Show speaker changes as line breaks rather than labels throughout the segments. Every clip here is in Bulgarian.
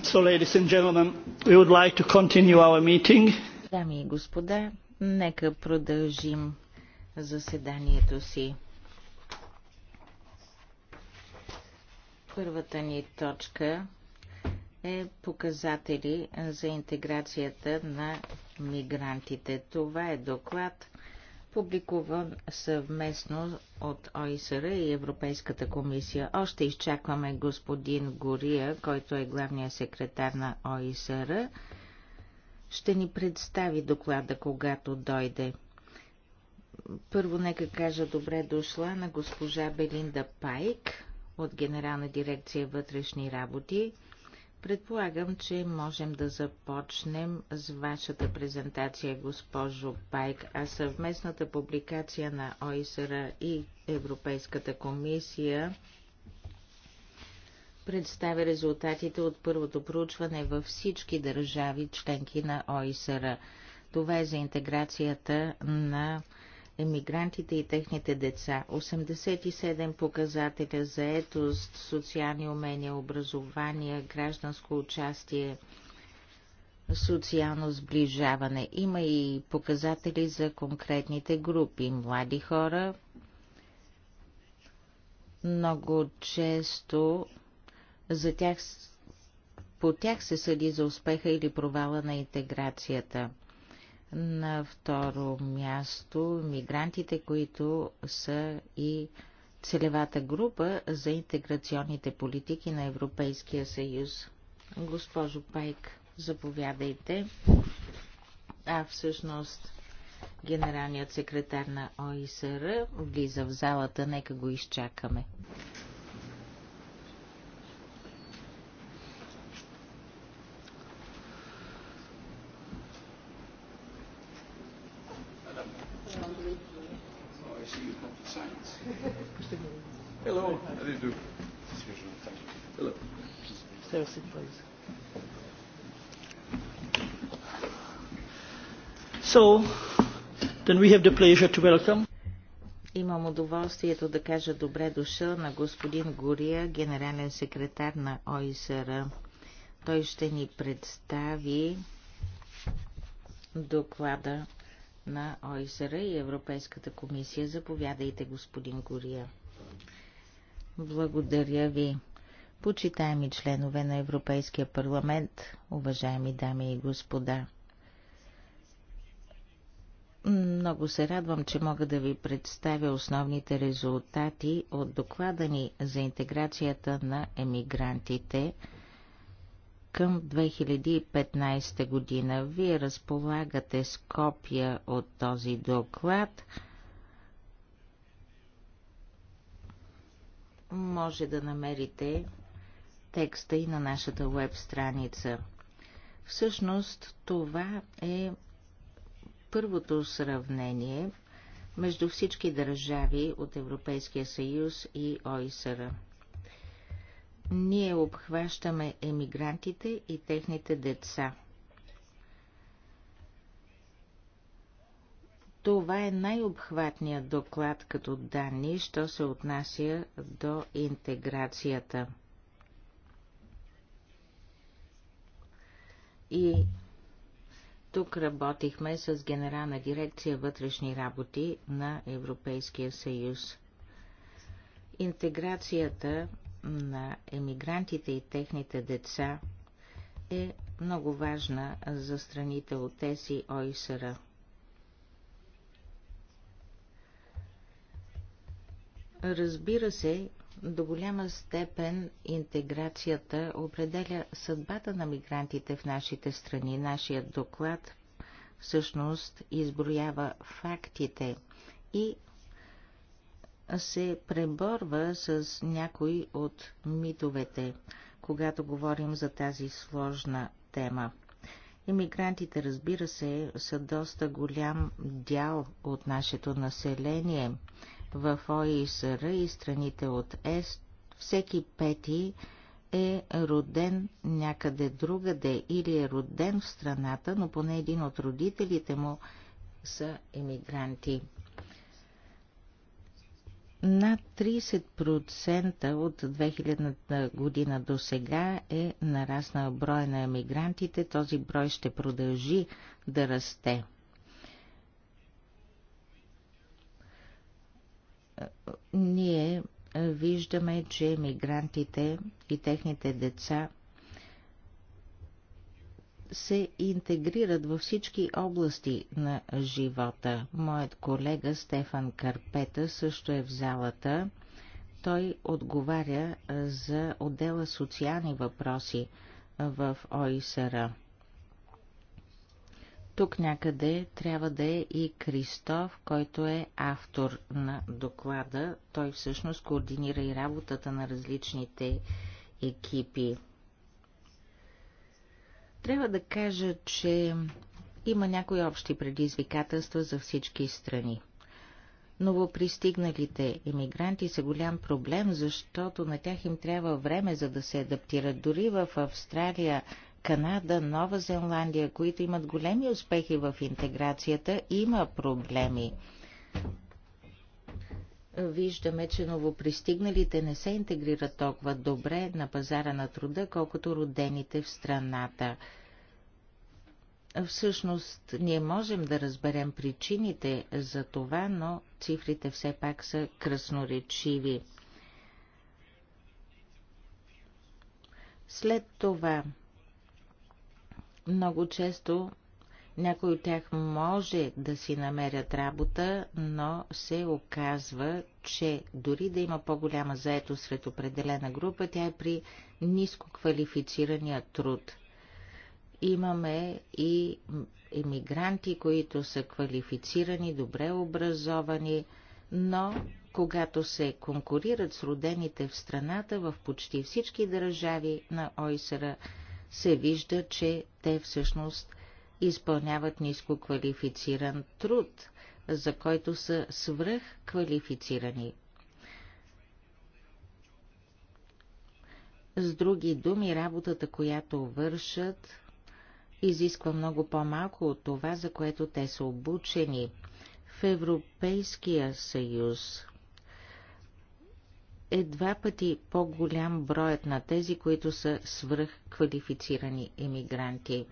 So, ladies and gentlemen, we would like to continue our meeting. Дами и господа, нека продължим заседанието си. Първата ни точка е показатели за интеграцията на мигрантите. Това е доклад публикуван съвместно от ОИСР и Европейската комисия. Още изчакваме господин Гория, който е главния секретар на ОИСР. Ще ни представи доклада, когато дойде. Първо нека кажа добре дошла на госпожа Белинда Пайк от Генерална дирекция вътрешни работи. Предполагам, че можем да започнем с вашата презентация, госпожо Пайк, а съвместната публикация на ОИСРА и Европейската комисия представя резултатите от първото проучване във всички държави членки на ОИСРА. Това е за интеграцията на Емигрантите и техните деца. 87 показателя за етост, социални умения, образование, гражданско участие, социално сближаване. Има и показатели за конкретните групи. Млади хора много често за тях, по тях се съди за успеха или провала на интеграцията – на второ място мигрантите, които са и целевата група за интеграционните политики на Европейския съюз. Госпожо Пайк, заповядайте. А всъщност генералният секретар на ОИСР влиза в залата. Нека го изчакаме. So, then we have the pleasure to welcome. Имам удоволствието да кажа добре дошъл на господин Гория, генерален секретар на ОИСР. Той ще ни представи доклада на ОИСР и Европейската комисия. Заповядайте, господин Гория. Благодаря ви. Почитаеми членове на Европейския парламент, уважаеми дами и господа. Много се радвам, че мога да ви представя основните резултати от доклада ни за интеграцията на емигрантите към 2015 година. Вие разполагате с копия от този доклад. Може да намерите текста и на нашата веб страница. Всъщност това е първото сравнение между всички държави от Европейския съюз и ОИСР. Ние обхващаме емигрантите и техните деца. Това е най-обхватният доклад като данни, що се отнася до интеграцията. И тук работихме с Генерална дирекция вътрешни работи на Европейския съюз. Интеграцията на емигрантите и техните деца е много важна за страните от тези ОИСРА. ОИСР. Разбира се, до голяма степен интеграцията определя съдбата на мигрантите в нашите страни. Нашият доклад всъщност изброява фактите и се преборва с някои от митовете, когато говорим за тази сложна тема. Имигрантите, разбира се, са доста голям дял от нашето население в ОИСР и страните от ЕС всеки пети е роден някъде другаде или е роден в страната, но поне един от родителите му са емигранти. Над 30% от 2000 година до сега е нараснал брой на емигрантите. Този брой ще продължи да расте. ние виждаме, че мигрантите и техните деца се интегрират във всички области на живота. Моят колега Стефан Карпета също е в залата. Той отговаря за отдела социални въпроси в ОИСРА. Тук някъде трябва да е и Кристоф, който е автор на доклада. Той всъщност координира и работата на различните екипи. Трябва да кажа, че има някои общи предизвикателства за всички страни. Новопристигналите емигранти са голям проблем, защото на тях им трябва време за да се адаптират. Дори в Австралия Канада, Нова Зеландия, които имат големи успехи в интеграцията, има проблеми. Виждаме, че новопристигналите не се интегрират толкова добре на пазара на труда, колкото родените в страната. Всъщност, ние можем да разберем причините за това, но цифрите все пак са красноречиви. След това много често някой от тях може да си намерят работа, но се оказва, че дори да има по-голяма заето сред определена група, тя е при ниско квалифицирания труд. Имаме и емигранти, които са квалифицирани, добре образовани, но когато се конкурират с родените в страната в почти всички държави на ОИСРА, се вижда, че те всъщност изпълняват ниско квалифициран труд, за който са свръхквалифицирани. С други думи, работата, която вършат, изисква много по-малко от това, за което те са обучени. В Европейския съюз е два пъти по-голям броят на тези, които са свръхквалифицирани емигранти.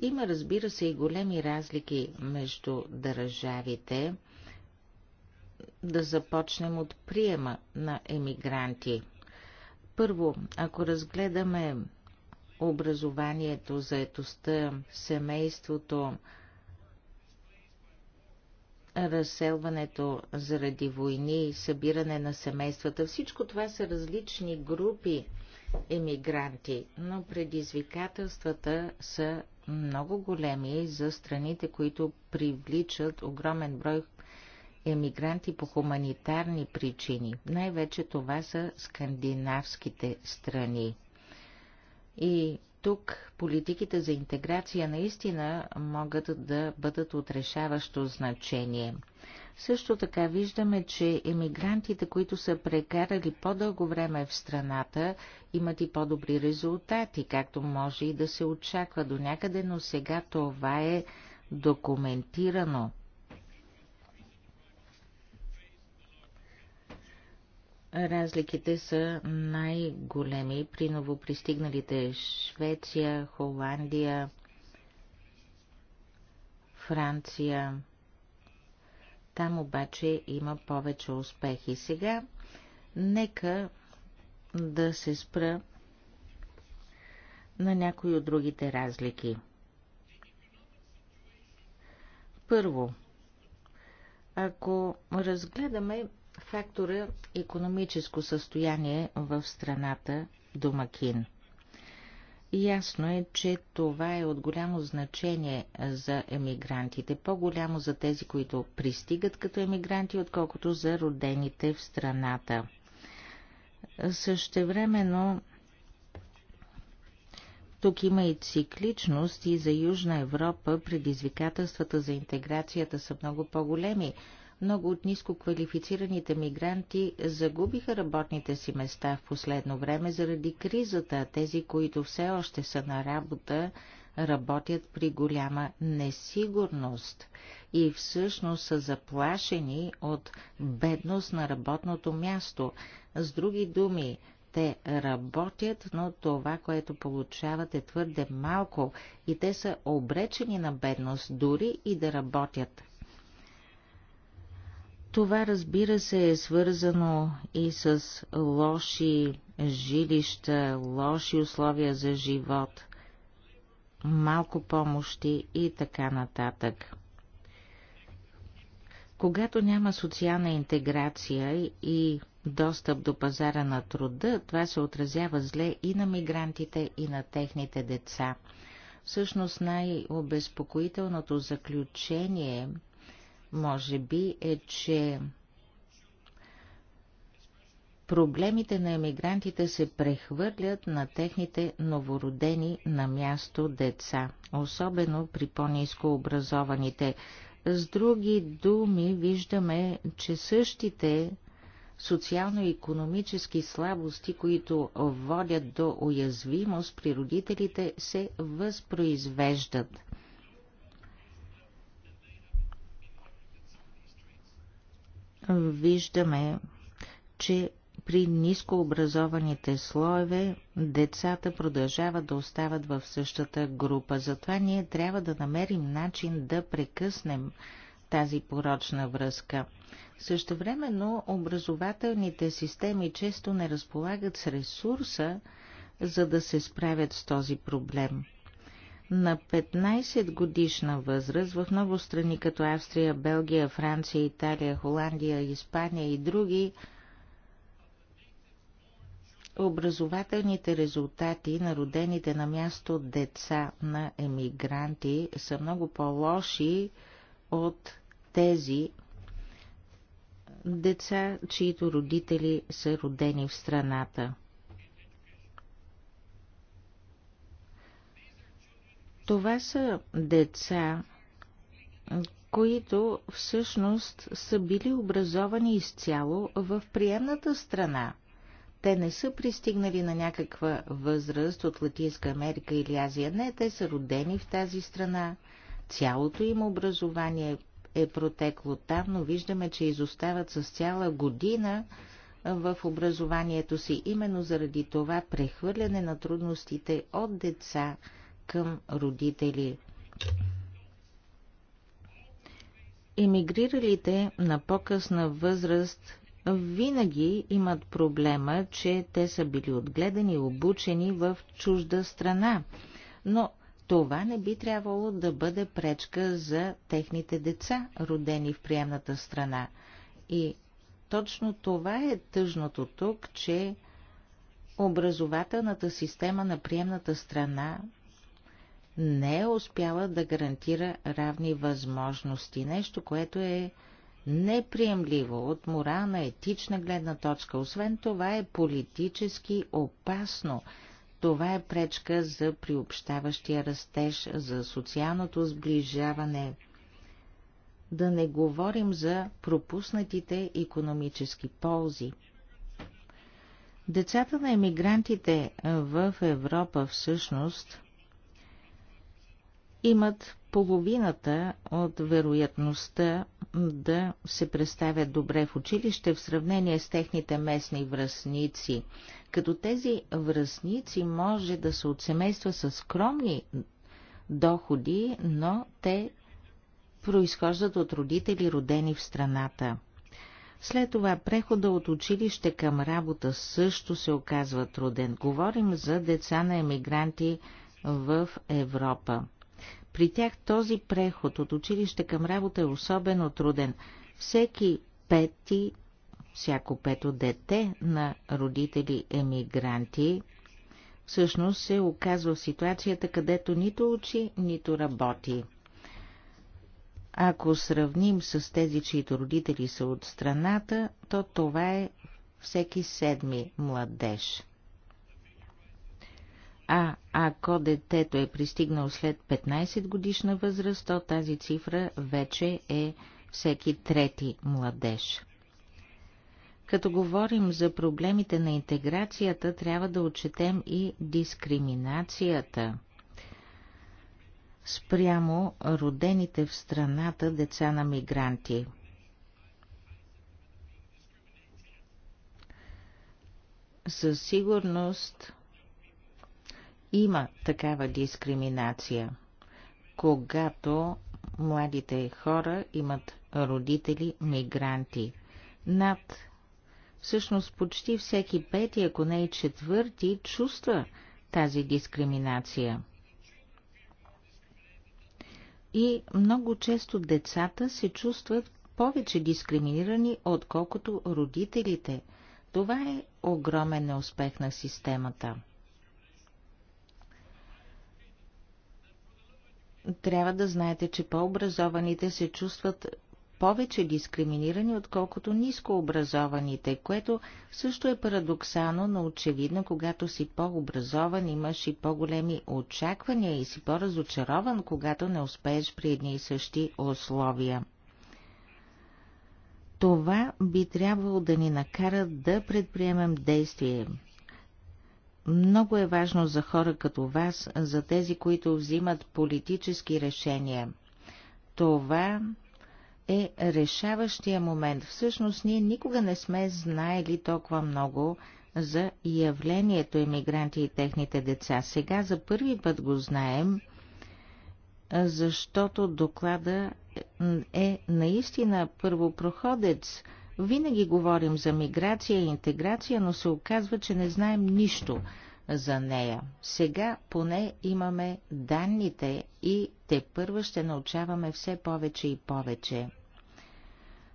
Има, разбира се, и големи разлики между държавите. Да започнем от приема на емигранти. Първо, ако разгледаме образованието, заетостта, семейството, разселването заради войни, събиране на семействата. Всичко това са различни групи емигранти, но предизвикателствата са много големи за страните, които привличат огромен брой емигранти по хуманитарни причини. Най-вече това са скандинавските страни. И тук политиките за интеграция наистина могат да бъдат отрешаващо значение. Също така виждаме, че емигрантите, които са прекарали по-дълго време в страната, имат и по-добри резултати, както може и да се очаква до някъде, но сега това е документирано. Разликите са най-големи при новопристигналите Швеция, Холандия, Франция. Там обаче има повече успехи. Сега нека да се спра на някои от другите разлики. Първо, ако разгледаме фактора економическо състояние в страната домакин. Ясно е, че това е от голямо значение за емигрантите, по-голямо за тези, които пристигат като емигранти, отколкото за родените в страната. Същевременно тук има и цикличност и за Южна Европа предизвикателствата за интеграцията са много по-големи, много от ниско квалифицираните мигранти загубиха работните си места в последно време заради кризата. Тези, които все още са на работа, работят при голяма несигурност и всъщност са заплашени от бедност на работното място. С други думи, те работят, но това, което получават е твърде малко и те са обречени на бедност, дори и да работят. Това, разбира се, е свързано и с лоши жилища, лоши условия за живот, малко помощи и така нататък. Когато няма социална интеграция и достъп до пазара на труда, това се отразява зле и на мигрантите, и на техните деца. Всъщност най-обезпокоителното заключение може би, е, че проблемите на емигрантите се прехвърлят на техните новородени на място деца, особено при по-низко образованите. С други думи, виждаме, че същите социално-економически слабости, които водят до уязвимост при родителите, се възпроизвеждат – виждаме, че при нискообразованите слоеве децата продължават да остават в същата група. Затова ние трябва да намерим начин да прекъснем тази порочна връзка. Също но образователните системи често не разполагат с ресурса, за да се справят с този проблем. На 15 годишна възраст в много страни като Австрия, Белгия, Франция, Италия, Холандия, Испания и други образователните резултати на родените на място деца на емигранти са много по-лоши от тези деца, чието родители са родени в страната. Това са деца, които всъщност са били образовани изцяло в приемната страна. Те не са пристигнали на някаква възраст от Латинска Америка или Азия. Не, те са родени в тази страна. Цялото им образование е протекло там, но виждаме, че изостават с цяла година в образованието си. Именно заради това прехвърляне на трудностите от деца – към родители. Емигриралите на по-късна възраст винаги имат проблема, че те са били отгледани и обучени в чужда страна, но това не би трябвало да бъде пречка за техните деца, родени в приемната страна. И точно това е тъжното тук, че образователната система на приемната страна не е успяла да гарантира равни възможности. Нещо, което е неприемливо от морална, етична гледна точка. Освен това е политически опасно. Това е пречка за приобщаващия растеж, за социалното сближаване. Да не говорим за пропуснатите економически ползи. Децата на емигрантите в Европа всъщност имат половината от вероятността да се представят добре в училище в сравнение с техните местни връзници, като тези връзници може да са от семейства с скромни доходи, но те произхождат от родители, родени в страната. След това прехода от училище към работа също се оказва труден. Говорим за деца на емигранти в Европа. При тях този преход от училище към работа е особено труден. Всеки пети, всяко пето дете на родители емигранти всъщност се оказва в ситуацията, където нито учи, нито работи. Ако сравним с тези, чието родители са от страната, то това е всеки седми младеж а ако детето е пристигнало след 15 годишна възраст, то тази цифра вече е всеки трети младеж. Като говорим за проблемите на интеграцията, трябва да отчетем и дискриминацията спрямо родените в страната деца на мигранти. Със сигурност има такава дискриминация, когато младите хора имат родители мигранти. Над всъщност почти всеки пети, ако не и четвърти, чувства тази дискриминация. И много често децата се чувстват повече дискриминирани, отколкото родителите. Това е огромен неуспех на системата. Трябва да знаете, че по-образованите се чувстват повече дискриминирани, отколкото нискообразованите, което също е парадоксално, но очевидно, когато си по-образован, имаш и по-големи очаквания и си по-разочарован, когато не успееш при едни и същи условия. Това би трябвало да ни накара да предприемем действие, много е важно за хора като вас, за тези, които взимат политически решения. Това е решаващия момент. Всъщност ние никога не сме знаели толкова много за явлението емигранти и техните деца. Сега за първи път го знаем, защото доклада е наистина първопроходец – винаги говорим за миграция и интеграция, но се оказва, че не знаем нищо за нея. Сега поне имаме данните и те първа ще научаваме все повече и повече.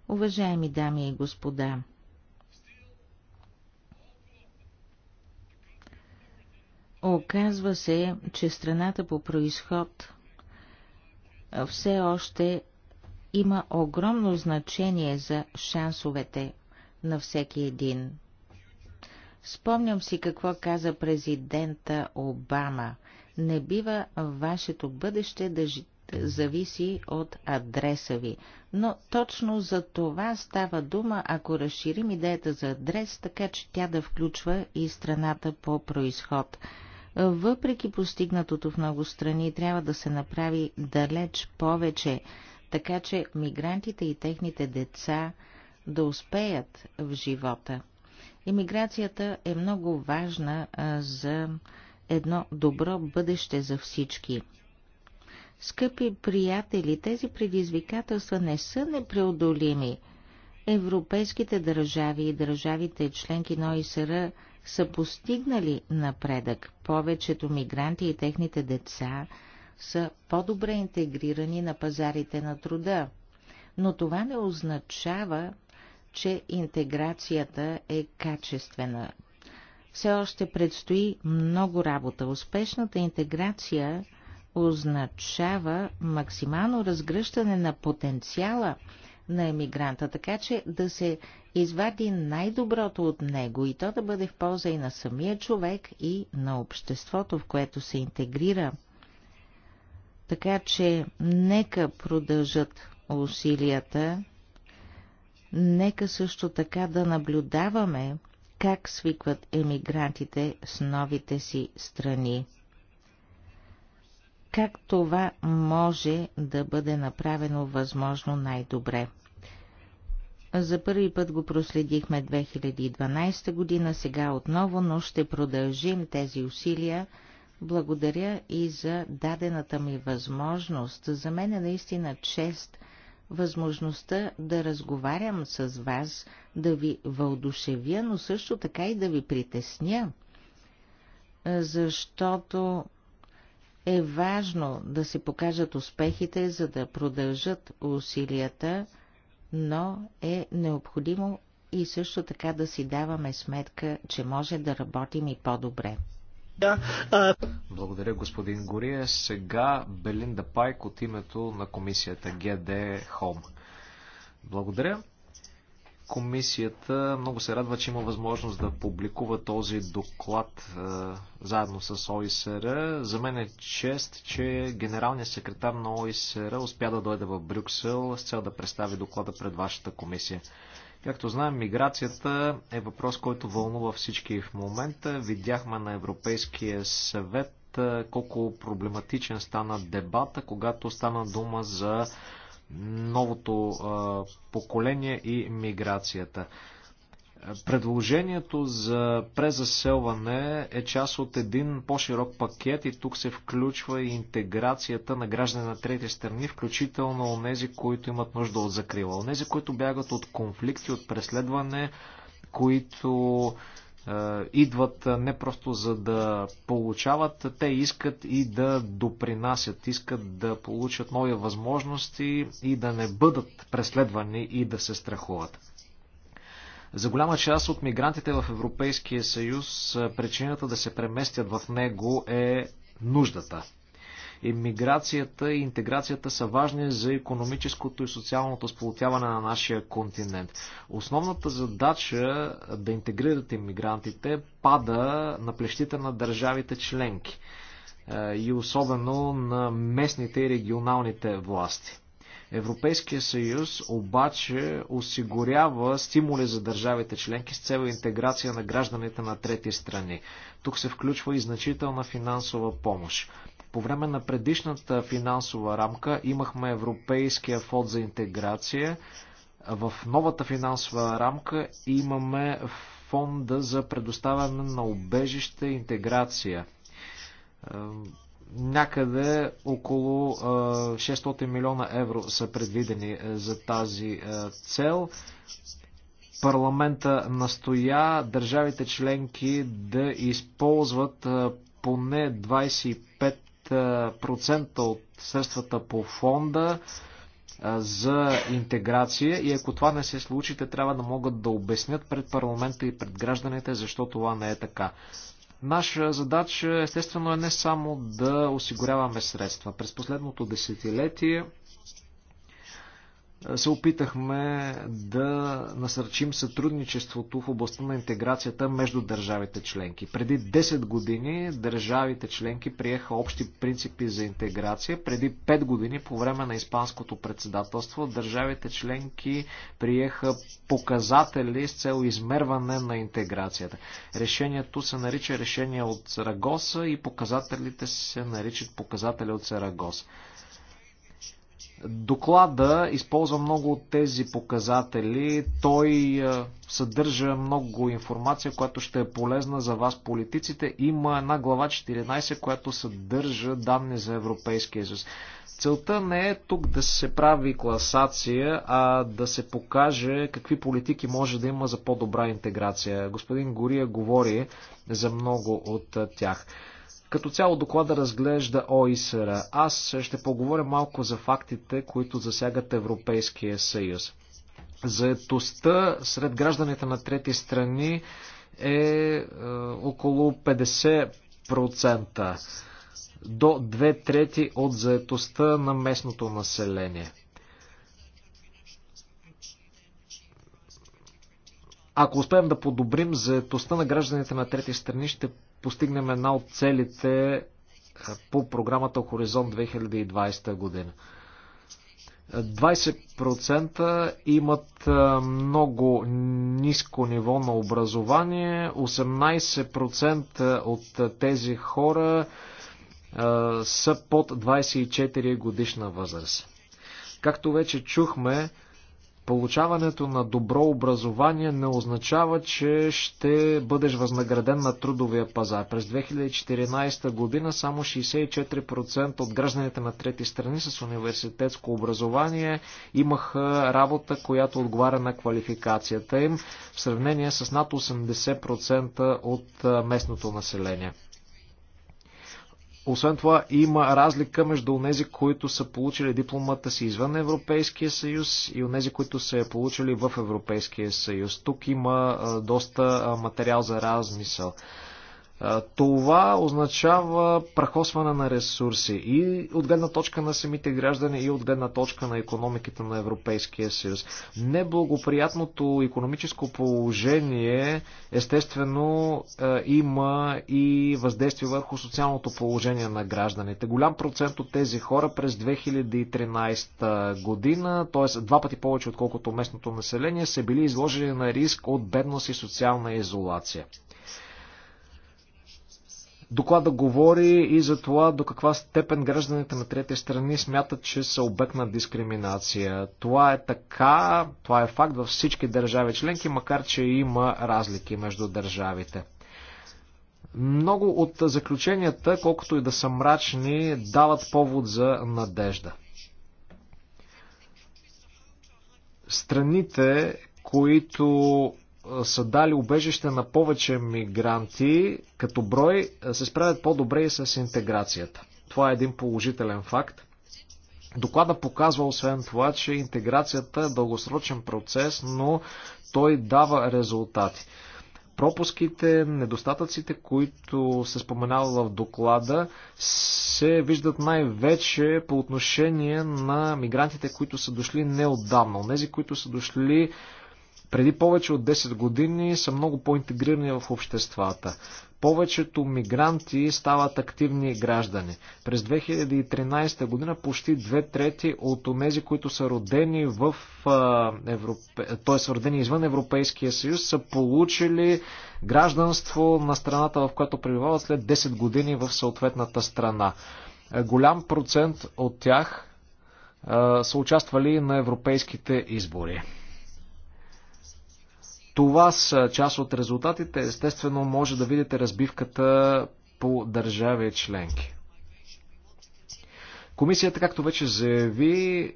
Уважаеми дами и господа, оказва се, че страната по происход все още има огромно значение за шансовете на всеки един. Спомням си какво каза президента Обама. Не бива вашето бъдеще да зависи от адреса ви. Но точно за това става дума, ако разширим идеята за адрес, така че тя да включва и страната по происход. Въпреки постигнатото в много страни, трябва да се направи далеч повече така че мигрантите и техните деца да успеят в живота. Имиграцията е много важна за едно добро бъдеще за всички. Скъпи приятели, тези предизвикателства не са непреодолими. Европейските държави и държавите членки на ОИСР са постигнали напредък. Повечето мигранти и техните деца са по-добре интегрирани на пазарите на труда. Но това не означава, че интеграцията е качествена. Все още предстои много работа. Успешната интеграция означава максимално разгръщане на потенциала на емигранта, така че да се извади най-доброто от него и то да бъде в полза и на самия човек, и на обществото, в което се интегрира. Така че нека продължат усилията, нека също така да наблюдаваме как свикват емигрантите с новите си страни. Как това може да бъде направено възможно най-добре? За първи път го проследихме 2012 година, сега отново, но ще продължим тези усилия благодаря и за дадената ми възможност. За мен е наистина чест възможността да разговарям с вас, да ви вълдушевя, но също така и да ви притесня, защото е важно да се покажат успехите, за да продължат усилията, но е необходимо и също така да си даваме сметка, че може да работим и по-добре.
Благодаря, господин Гория. Сега Белинда Пайк от името на комисията GD Хом. Благодаря. Комисията много се радва, че има възможност да публикува този доклад е, заедно с ОИСР. За мен е чест, че генералният секретар на ОИСР успя да дойде в Брюксел с цел да представи доклада пред вашата комисия. Както знаем, миграцията е въпрос, който вълнува всички в момента. Видяхме на Европейския съвет колко проблематичен стана дебата, когато стана дума за новото поколение и миграцията. Предложението за презаселване е част от един по-широк пакет и тук се включва и интеграцията на граждани на трети страни, включително онези, които имат нужда от закрила. Онези, които бягат от конфликти, от преследване, които е, идват не просто за да получават, те искат и да допринасят, искат да получат нови възможности и да не бъдат преследвани и да се страхуват. За голяма част от мигрантите в Европейския съюз причината да се преместят в него е нуждата. Иммиграцията и интеграцията са важни за економическото и социалното сполутяване на нашия континент. Основната задача да интегрират иммигрантите пада на плещите на държавите членки и особено на местните и регионалните власти. Европейския съюз обаче осигурява стимули за държавите членки с цел интеграция на гражданите на трети страни. Тук се включва и значителна финансова помощ. По време на предишната финансова рамка имахме Европейския фонд за интеграция. В новата финансова рамка имаме фонда за предоставяне на обежище интеграция Някъде около 600 милиона евро са предвидени за тази цел. Парламента настоя държавите членки да използват поне 25% от средствата по фонда за интеграция и ако това не се случи, те трябва да могат да обяснят пред парламента и пред гражданите защо това не е така. Наша задача естествено е не само да осигуряваме средства. През последното десетилетие се опитахме да насърчим сътрудничеството в областта на интеграцията между държавите членки. Преди 10 години държавите членки приеха общи принципи за интеграция. Преди 5 години, по време на Испанското председателство, държавите членки приеха показатели с цел измерване на интеграцията. Решението се нарича решение от Сарагоса и показателите се наричат показатели от Сарагоса. Доклада използва много от тези показатели. Той е, съдържа много информация, която ще е полезна за вас, политиците. Има една глава 14, която съдържа данни за Европейския съюз. Целта не е тук да се прави класация, а да се покаже какви политики може да има за по-добра интеграция. Господин Гория говори за много от тях. Като цяло доклада разглежда ОИСР. Аз ще поговоря малко за фактите, които засягат Европейския съюз. Заетостта сред гражданите на трети страни е, е около 50% до две трети от заетостта на местното население. Ако успеем да подобрим заетостта на гражданите на трети страни, ще постигнем една от целите е, по програмата Хоризонт 2020 година. 20% имат е, много ниско ниво на образование, 18% от е, тези хора са под 24 годишна възраст. Както вече чухме, Получаването на добро образование не означава, че ще бъдеш възнаграден на трудовия пазар. През 2014 година само 64% от гражданите на трети страни с университетско образование имаха работа, която отговаря на квалификацията им в сравнение с над 80% от местното население. Освен това, има разлика между онези, които са получили дипломата си извън Европейския съюз и онези, които са я получили в Европейския съюз. Тук има доста материал за размисъл. Това означава прахосване на ресурси и от гледна точка на самите граждани, и от гледна точка на економиките на Европейския съюз. Неблагоприятното економическо положение естествено има и въздействие върху социалното положение на гражданите. Голям процент от тези хора през 2013 година, т.е. два пъти повече отколкото местното население, са били изложени на риск от бедност и социална изолация. Доклада говори и за това до каква степен гражданите на трети страни смятат, че са обект на дискриминация. Това е така, това е факт във всички държави членки, макар че има разлики между държавите. Много от заключенията, колкото и да са мрачни, дават повод за надежда. Страните, които са дали убежище на повече мигранти като брой, се справят по-добре и с интеграцията. Това е един положителен факт. Доклада показва освен това, че интеграцията е дългосрочен процес, но той дава резултати. Пропуските, недостатъците, които се споменава в доклада, се виждат най-вече по отношение на мигрантите, които са дошли неотдавна. Онези, които са дошли преди повече от 10 години са много по-интегрирани в обществата. Повечето мигранти стават активни граждани. През 2013 година почти две трети от тези, които са родени, в, Европе... Тоест, родени извън Европейския съюз, са получили гражданство на страната, в която пребивават след 10 години в съответната страна. Голям процент от тях са участвали на европейските избори. Това са част от резултатите. Естествено, може да видите разбивката по държави членки. Комисията, както вече заяви,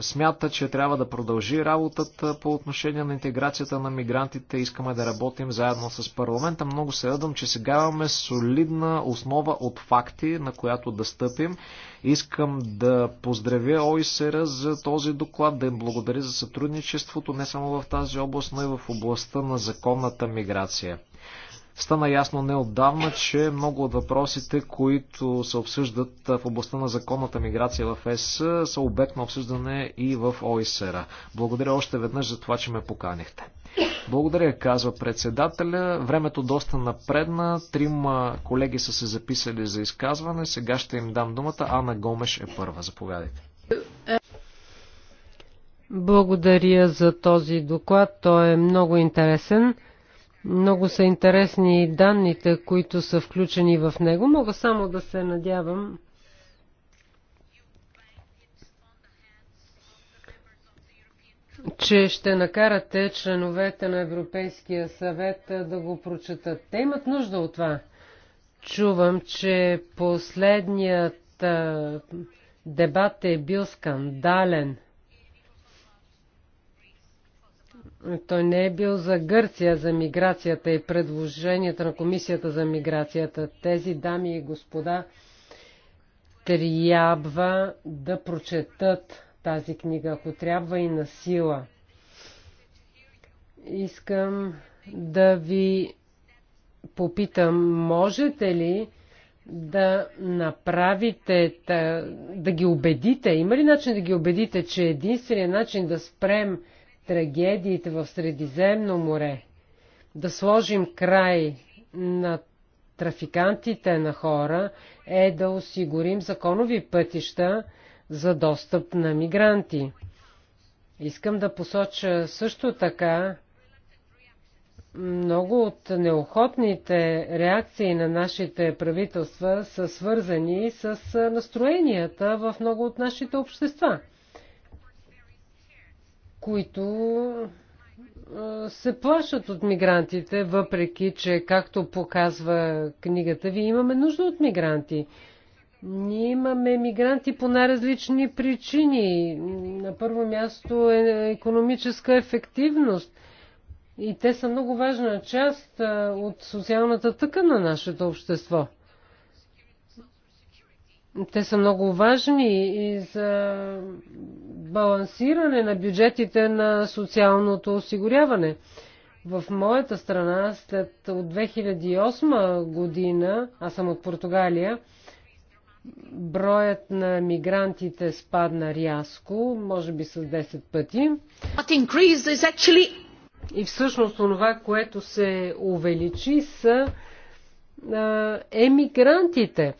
смята, че трябва да продължи работата по отношение на интеграцията на мигрантите. Искаме да работим заедно с парламента. Много се радвам, че сега имаме солидна основа от факти, на която да стъпим. Искам да поздравя ОИСР за този доклад, да им благодаря за сътрудничеството не само в тази област, но и в областта на законната миграция. Стана ясно неотдавна, че много от въпросите, които се обсъждат в областта на законната миграция в ЕС, са обект на обсъждане и в ОИСР. Благодаря още веднъж за това, че ме поканихте. Благодаря, казва председателя. Времето доста напредна. Трима колеги са се записали за изказване. Сега ще им дам думата. Ана Гомеш е първа. Заповядайте.
Благодаря за този доклад. Той е много интересен. Много са интересни данните, които са включени в него. Мога само да се надявам, че ще накарате членовете на Европейския съвет да го прочетат. Те имат нужда от това. Чувам, че последният дебат е бил скандален. Той не е бил за Гърция, за миграцията и предложенията на Комисията за миграцията. Тези дами и господа трябва да прочетат тази книга, ако трябва и на сила. Искам да ви попитам, можете ли да направите, да ги убедите, има ли начин да ги убедите, че единственият начин да спрем трагедиите в Средиземно море, да сложим край на трафикантите на хора, е да осигурим законови пътища за достъп на мигранти. Искам да посоча също така много от неохотните реакции на нашите правителства са свързани с настроенията в много от нашите общества – които се плашат от мигрантите, въпреки че, както показва книгата ви, имаме нужда от мигранти. Ние имаме мигранти по най-различни причини. На първо място е економическа ефективност. И те са много важна част от социалната тъка на нашето общество. Те са много важни и за балансиране на бюджетите на социалното осигуряване. В моята страна, след от 2008 година, аз съм от Португалия, броят на мигрантите спадна рязко, може би с 10 пъти. Actually... И всъщност това, което се увеличи, са а, емигрантите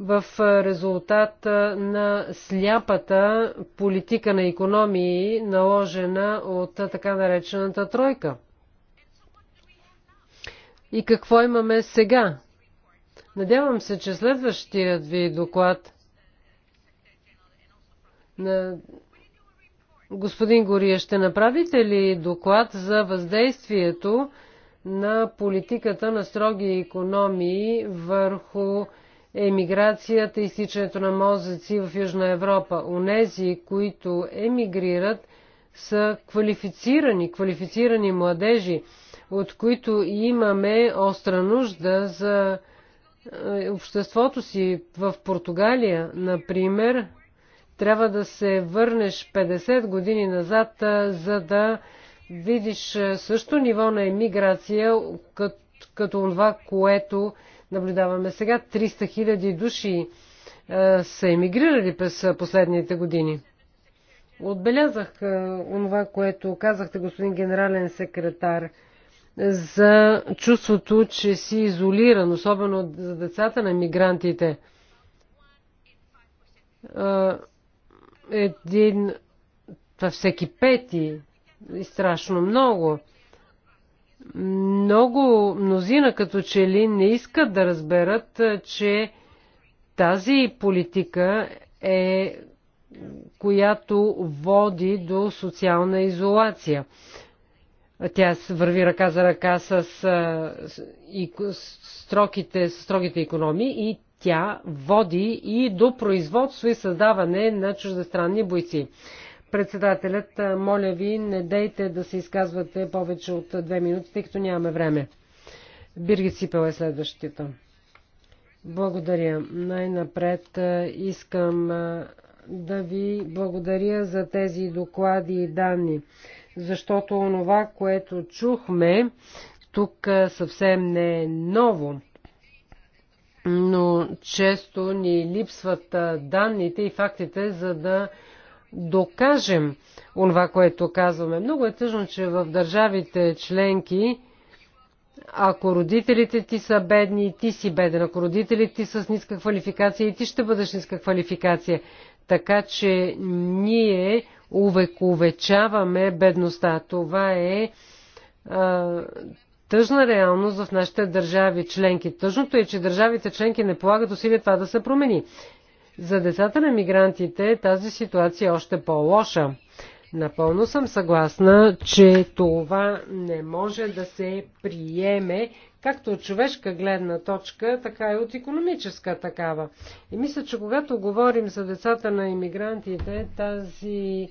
в резултат на сляпата политика на економии, наложена от така наречената тройка. И какво имаме сега? Надявам се, че следващият ви доклад на господин Гория, ще направите ли доклад за въздействието на политиката на строги економии върху емиграцията и изтичането на мозъци в Южна Европа. Онези, които емигрират, са квалифицирани, квалифицирани младежи, от които имаме остра нужда за е, обществото си в Португалия, например, трябва да се върнеш 50 години назад, за да видиш също ниво на емиграция, като, като това, което наблюдаваме сега. 300 000 души са емигрирали през последните години. Отбелязах онова, което казахте, господин генерален секретар, за чувството, че си изолиран, особено за децата на мигрантите. Един, това всеки пети, и страшно много. Много мнозина като че ли не искат да разберат, че тази политика е която води до социална изолация. Тя върви ръка за ръка с, и, строките, с строгите економии и тя води и до производство и създаване на чуждестранни бойци. Председателят, моля ви, не дейте да се изказвате повече от две минути, тъй като нямаме време. Биргит Сипел е следващата. Благодаря. Най-напред искам да ви благодаря за тези доклади и данни, защото онова, което чухме, тук съвсем не е ново, но често ни липсват данните и фактите, за да докажем онова, което казваме. Много е тъжно, че в държавите членки, ако родителите ти са бедни, ти си беден. Ако родителите ти са с ниска квалификация, и ти ще бъдеш ниска квалификация. Така че ние увековечаваме бедността. Това е а, тъжна реалност в нашите държави членки. Тъжното е, че държавите членки не полагат усилия това да се промени. За децата на мигрантите тази ситуация е още по-лоша. Напълно съм съгласна, че това не може да се приеме както от човешка гледна точка, така и от економическа такава. И мисля, че когато говорим за децата на иммигрантите, тази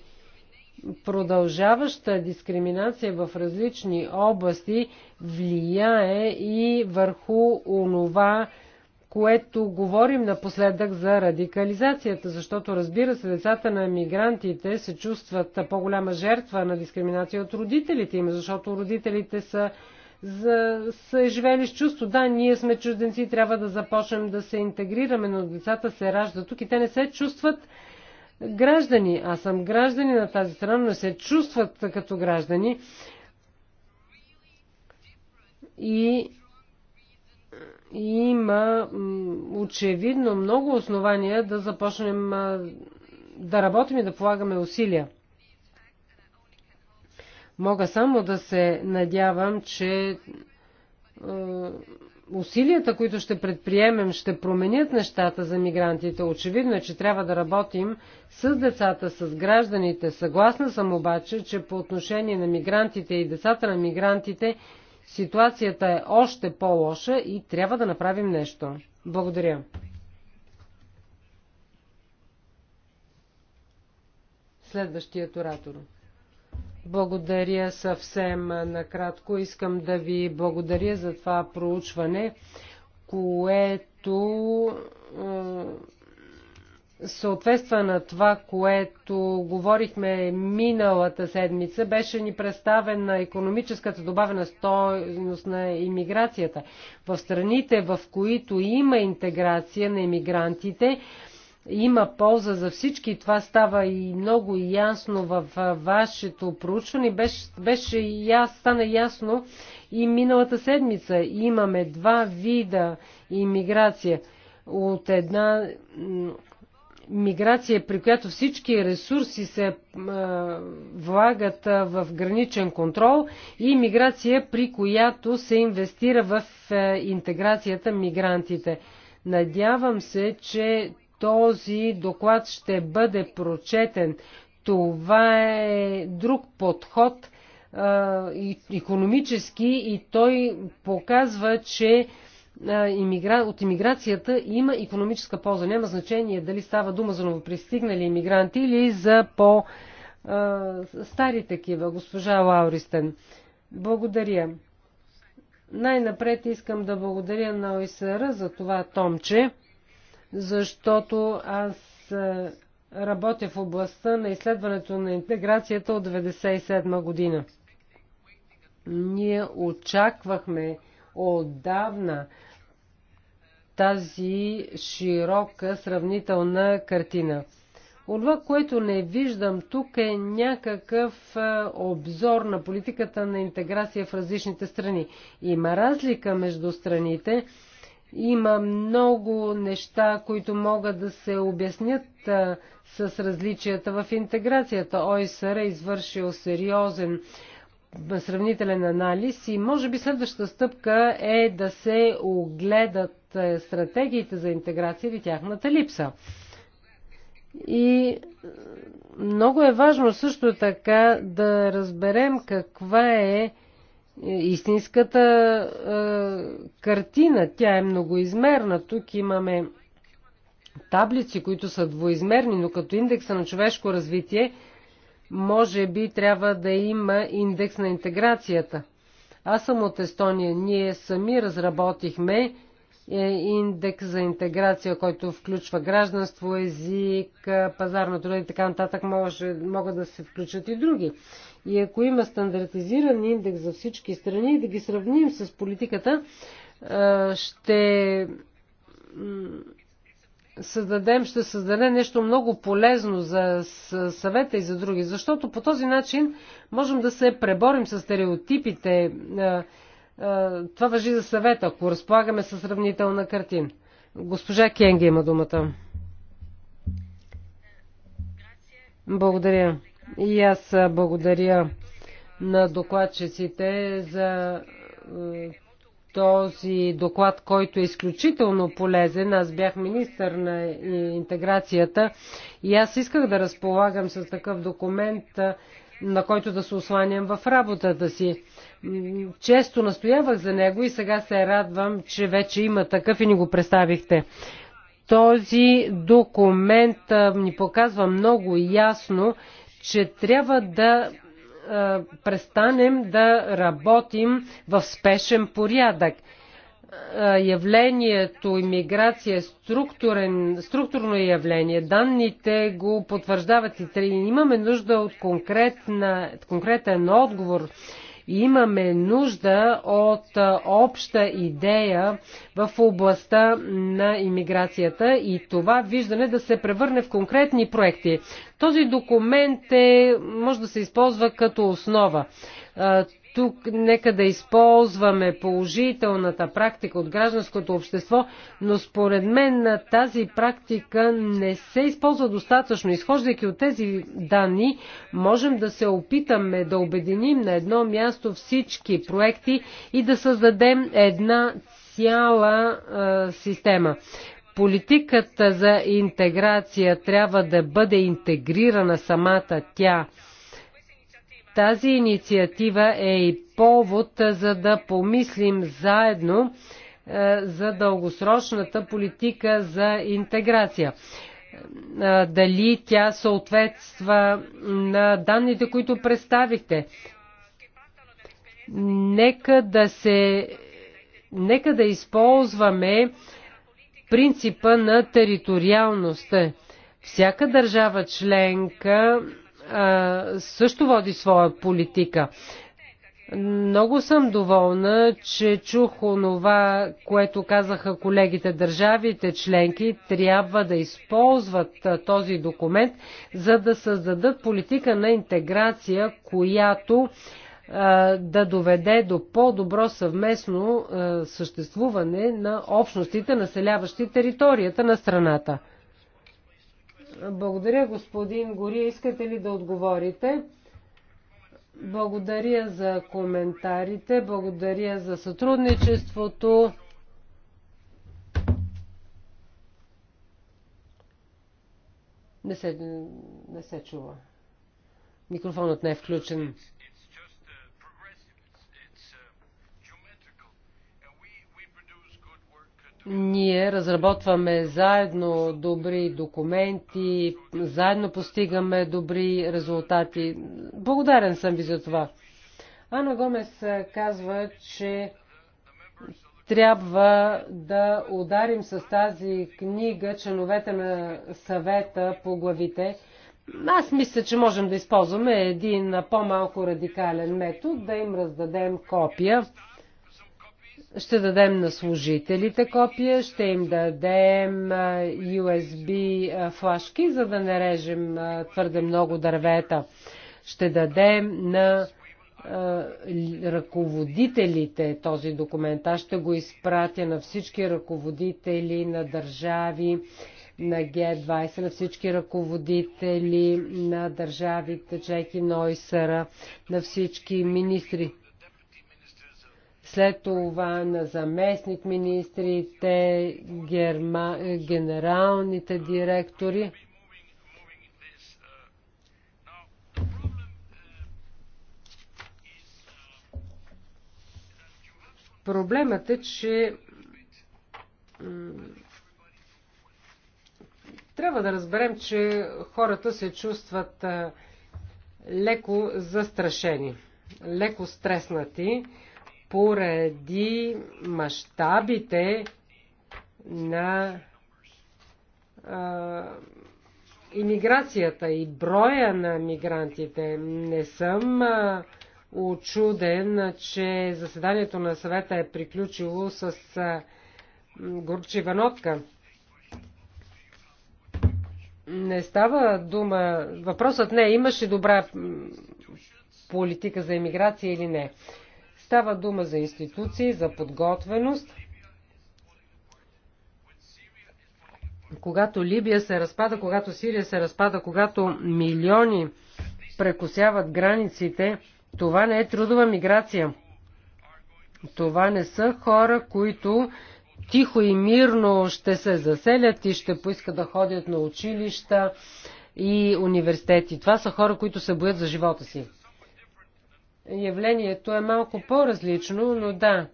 продължаваща дискриминация в различни области влияе и върху онова, което говорим напоследък за радикализацията, защото разбира се, децата на мигрантите се чувстват по-голяма жертва на дискриминация от родителите им, защото родителите са, за, са живели с чувство, да, ние сме чужденци, трябва да започнем да се интегрираме, но децата се раждат тук и те не се чувстват граждани. Аз съм граждани на тази страна, но се чувстват като граждани. И има очевидно много основания да започнем да работим и да полагаме усилия. Мога само да се надявам, че усилията, които ще предприемем, ще променят нещата за мигрантите. Очевидно е, че трябва да работим с децата, с гражданите. Съгласна съм обаче, че по отношение на мигрантите и децата на мигрантите ситуацията е още по-лоша и трябва да направим нещо. Благодаря. Следващият оратор. Благодаря съвсем накратко. Искам да ви благодаря за това проучване, което е, съответства на това, което говорихме миналата седмица, беше ни представена економическата добавена стойност на иммиграцията. В страните, в които има интеграция на иммигрантите, има полза за всички. Това става и много ясно в вашето проучване. Беше, беше я, стана ясно и миналата седмица. Имаме два вида иммиграция. От една миграция, при която всички ресурси се влагат в граничен контрол и миграция, при която се инвестира в интеграцията мигрантите. Надявам се, че този доклад ще бъде прочетен. Това е друг подход, економически, и той показва, че от иммиграцията има економическа полза. Няма значение дали става дума за новопристигнали иммигранти или за по-стари такива, госпожа Лауристен. Благодаря. Най-напред искам да благодаря на ОСР за това томче, защото аз работя в областта на изследването на интеграцията от 1997 година. Ние очаквахме отдавна тази широка сравнителна картина. Отва, което не виждам тук е някакъв обзор на политиката на интеграция в различните страни. Има разлика между страните, има много неща, които могат да се обяснят с различията в интеграцията. ОИСР е извършил сериозен сравнителен анализ и може би следващата стъпка е да се огледат е, стратегиите за интеграция или тяхната липса. И е, много е важно също така да разберем каква е, е истинската е, картина. Тя е многоизмерна. Тук имаме таблици, които са двоизмерни, но като индекса на човешко развитие – може би трябва да има индекс на интеграцията. Аз съм от Естония. Ние сами разработихме е, индекс за интеграция, който включва гражданство, език, е, пазар на труда и така нататък, може, могат да се включат и други. И ако има стандартизиран индекс за всички страни, да ги сравним с политиката, е, ще създадем, ще създаде нещо много полезно за съвета и за други, защото по този начин можем да се преборим с стереотипите. Това въжи за съвета, ако разполагаме със сравнителна картина. Госпожа Кенги, има думата. Благодаря. И аз благодаря на докладчиците за този доклад, който е изключително полезен. Аз бях министър на интеграцията и аз исках да разполагам с такъв документ, на който да се осланям в работата си. Често настоявах за него и сега се радвам, че вече има такъв и ни го представихте. Този документ ни показва много ясно, че трябва да е, престанем да работим в спешен порядък. Е, явлението иммиграция е структурно явление. Данните го потвърждават и имаме нужда от конкретен отговор Имаме нужда от обща идея в областта на иммиграцията и това виждане да се превърне в конкретни проекти. Този документ е, може да се използва като основа. Тук нека да използваме положителната практика от гражданското общество, но според мен тази практика не се използва достатъчно. Изхождайки от тези данни, можем да се опитаме да обединим на едно място всички проекти и да създадем една цяла а, система. Политиката за интеграция трябва да бъде интегрирана самата тя тази инициатива е и повод за да помислим заедно за дългосрочната политика за интеграция. Дали тя съответства на данните, които представихте. Нека да се нека да използваме принципа на териториалност. Всяка държава членка също води своя политика. Много съм доволна, че чух онова, което казаха колегите държавите членки, трябва да използват този документ, за да създадат политика на интеграция, която да доведе до по-добро съвместно съществуване на общностите, населяващи територията на страната. Благодаря, господин Гория. Искате ли да отговорите? Благодаря за коментарите, благодаря за сътрудничеството. Не се, не се чува. Микрофонът не е включен. Ние разработваме заедно добри документи, заедно постигаме добри резултати. Благодарен съм ви за това. Ана Гомес е, казва, че трябва да ударим с тази книга членовете на съвета по главите. Аз мисля, че можем да използваме един по-малко радикален метод, да им раздадем копия ще дадем на служителите копия, ще им дадем USB флашки, за да не режем твърде много дървета. Ще дадем на ръководителите този документ. Аз ще го изпратя на всички ръководители на държави, на Г20, на всички ръководители на държавите, чеки Нойсера, на всички министри след това на заместник министрите, герма, генералните директори. Проблемът е, че трябва да разберем, че хората се чувстват леко застрашени, леко стреснати поради мащабите на а, иммиграцията и броя на мигрантите. Не съм а, очуден, че заседанието на съвета е приключило с а, горчива нотка. Не става дума. Въпросът не е имаш ли добра политика за иммиграция или не. Става дума за институции, за подготвеност. Когато Либия се разпада, когато Сирия се разпада, когато милиони прекусяват границите, това не е трудова миграция. Това не са хора, които тихо и мирно ще се заселят и ще поискат да ходят на училища и университети. Това са хора, които се боят за живота си явлението е малко по-различно, но да,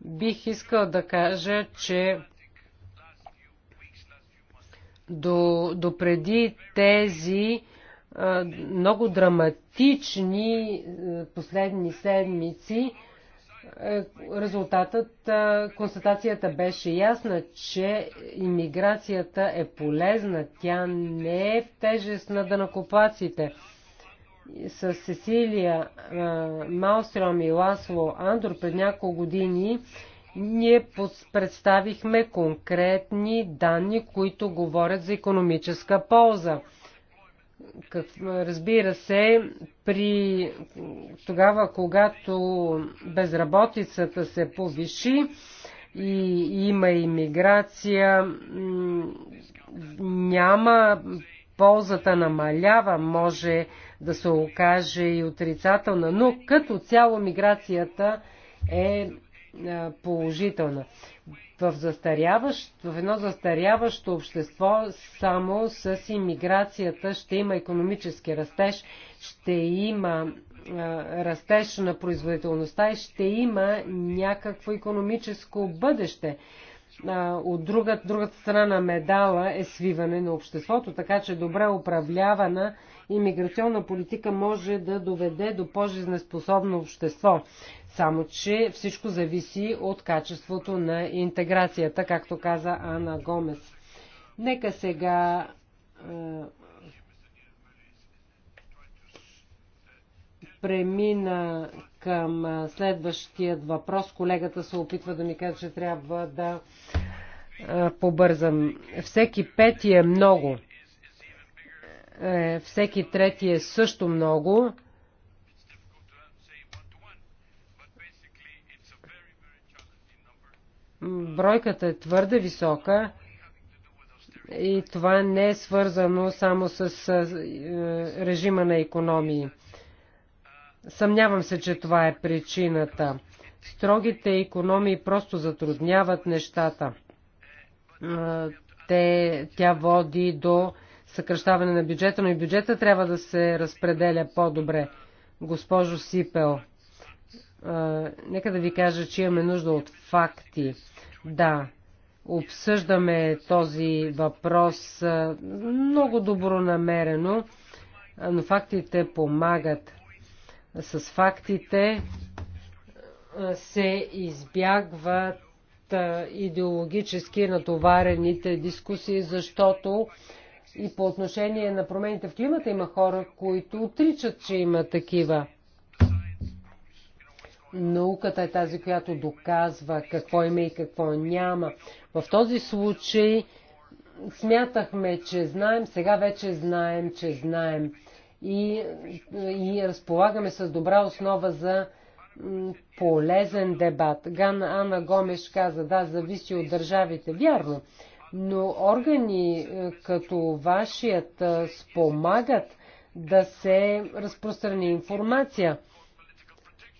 бих искал да кажа, че до, до преди тези а, много драматични последни седмици, е, резултатът, констатацията беше ясна, че иммиграцията е полезна, тя не е в тежест на дънакоплаците. Да с Сесилия Малстром и Ласло Андор пред няколко години ние представихме конкретни данни, които говорят за економическа полза. Как, разбира се, при тогава, когато безработицата се повиши и има иммиграция, няма ползата намалява, може да се окаже и отрицателна, но като цяло миграцията е положителна. В, застаряващ, в едно застаряващо общество само с иммиграцията ще има економически растеж, ще има растеж на производителността и ще има някакво економическо бъдеще от друга, другата страна на медала е свиване на обществото, така че добре управлявана иммиграционна политика може да доведе до по-жизнеспособно общество. Само, че всичко зависи от качеството на интеграцията, както каза Ана Гомес. Нека сега премина към следващият въпрос. Колегата се опитва да ми каже, че трябва да побързам. Всеки пети е много. Е, всеки трети е също много. Бройката е твърде висока и това не е свързано само с е, режима на економии. Съмнявам се, че това е причината. Строгите економии просто затрудняват нещата. Те, тя води до съкръщаване на бюджета, но и бюджета трябва да се разпределя по-добре. Госпожо Сипел, нека да ви кажа, че имаме нужда от факти. Да, обсъждаме този въпрос много добронамерено, но фактите помагат с фактите е, се избягват е, идеологически натоварените дискусии, защото и по отношение на промените в климата има хора, които отричат, че има такива. Науката е тази, която доказва какво има и какво няма. В този случай смятахме, че знаем, сега вече знаем, че знаем и, и разполагаме с добра основа за полезен дебат. Ган Ана Гомеш каза, да, зависи от държавите. Вярно, но органи е, като вашият е, спомагат да се разпространи информация.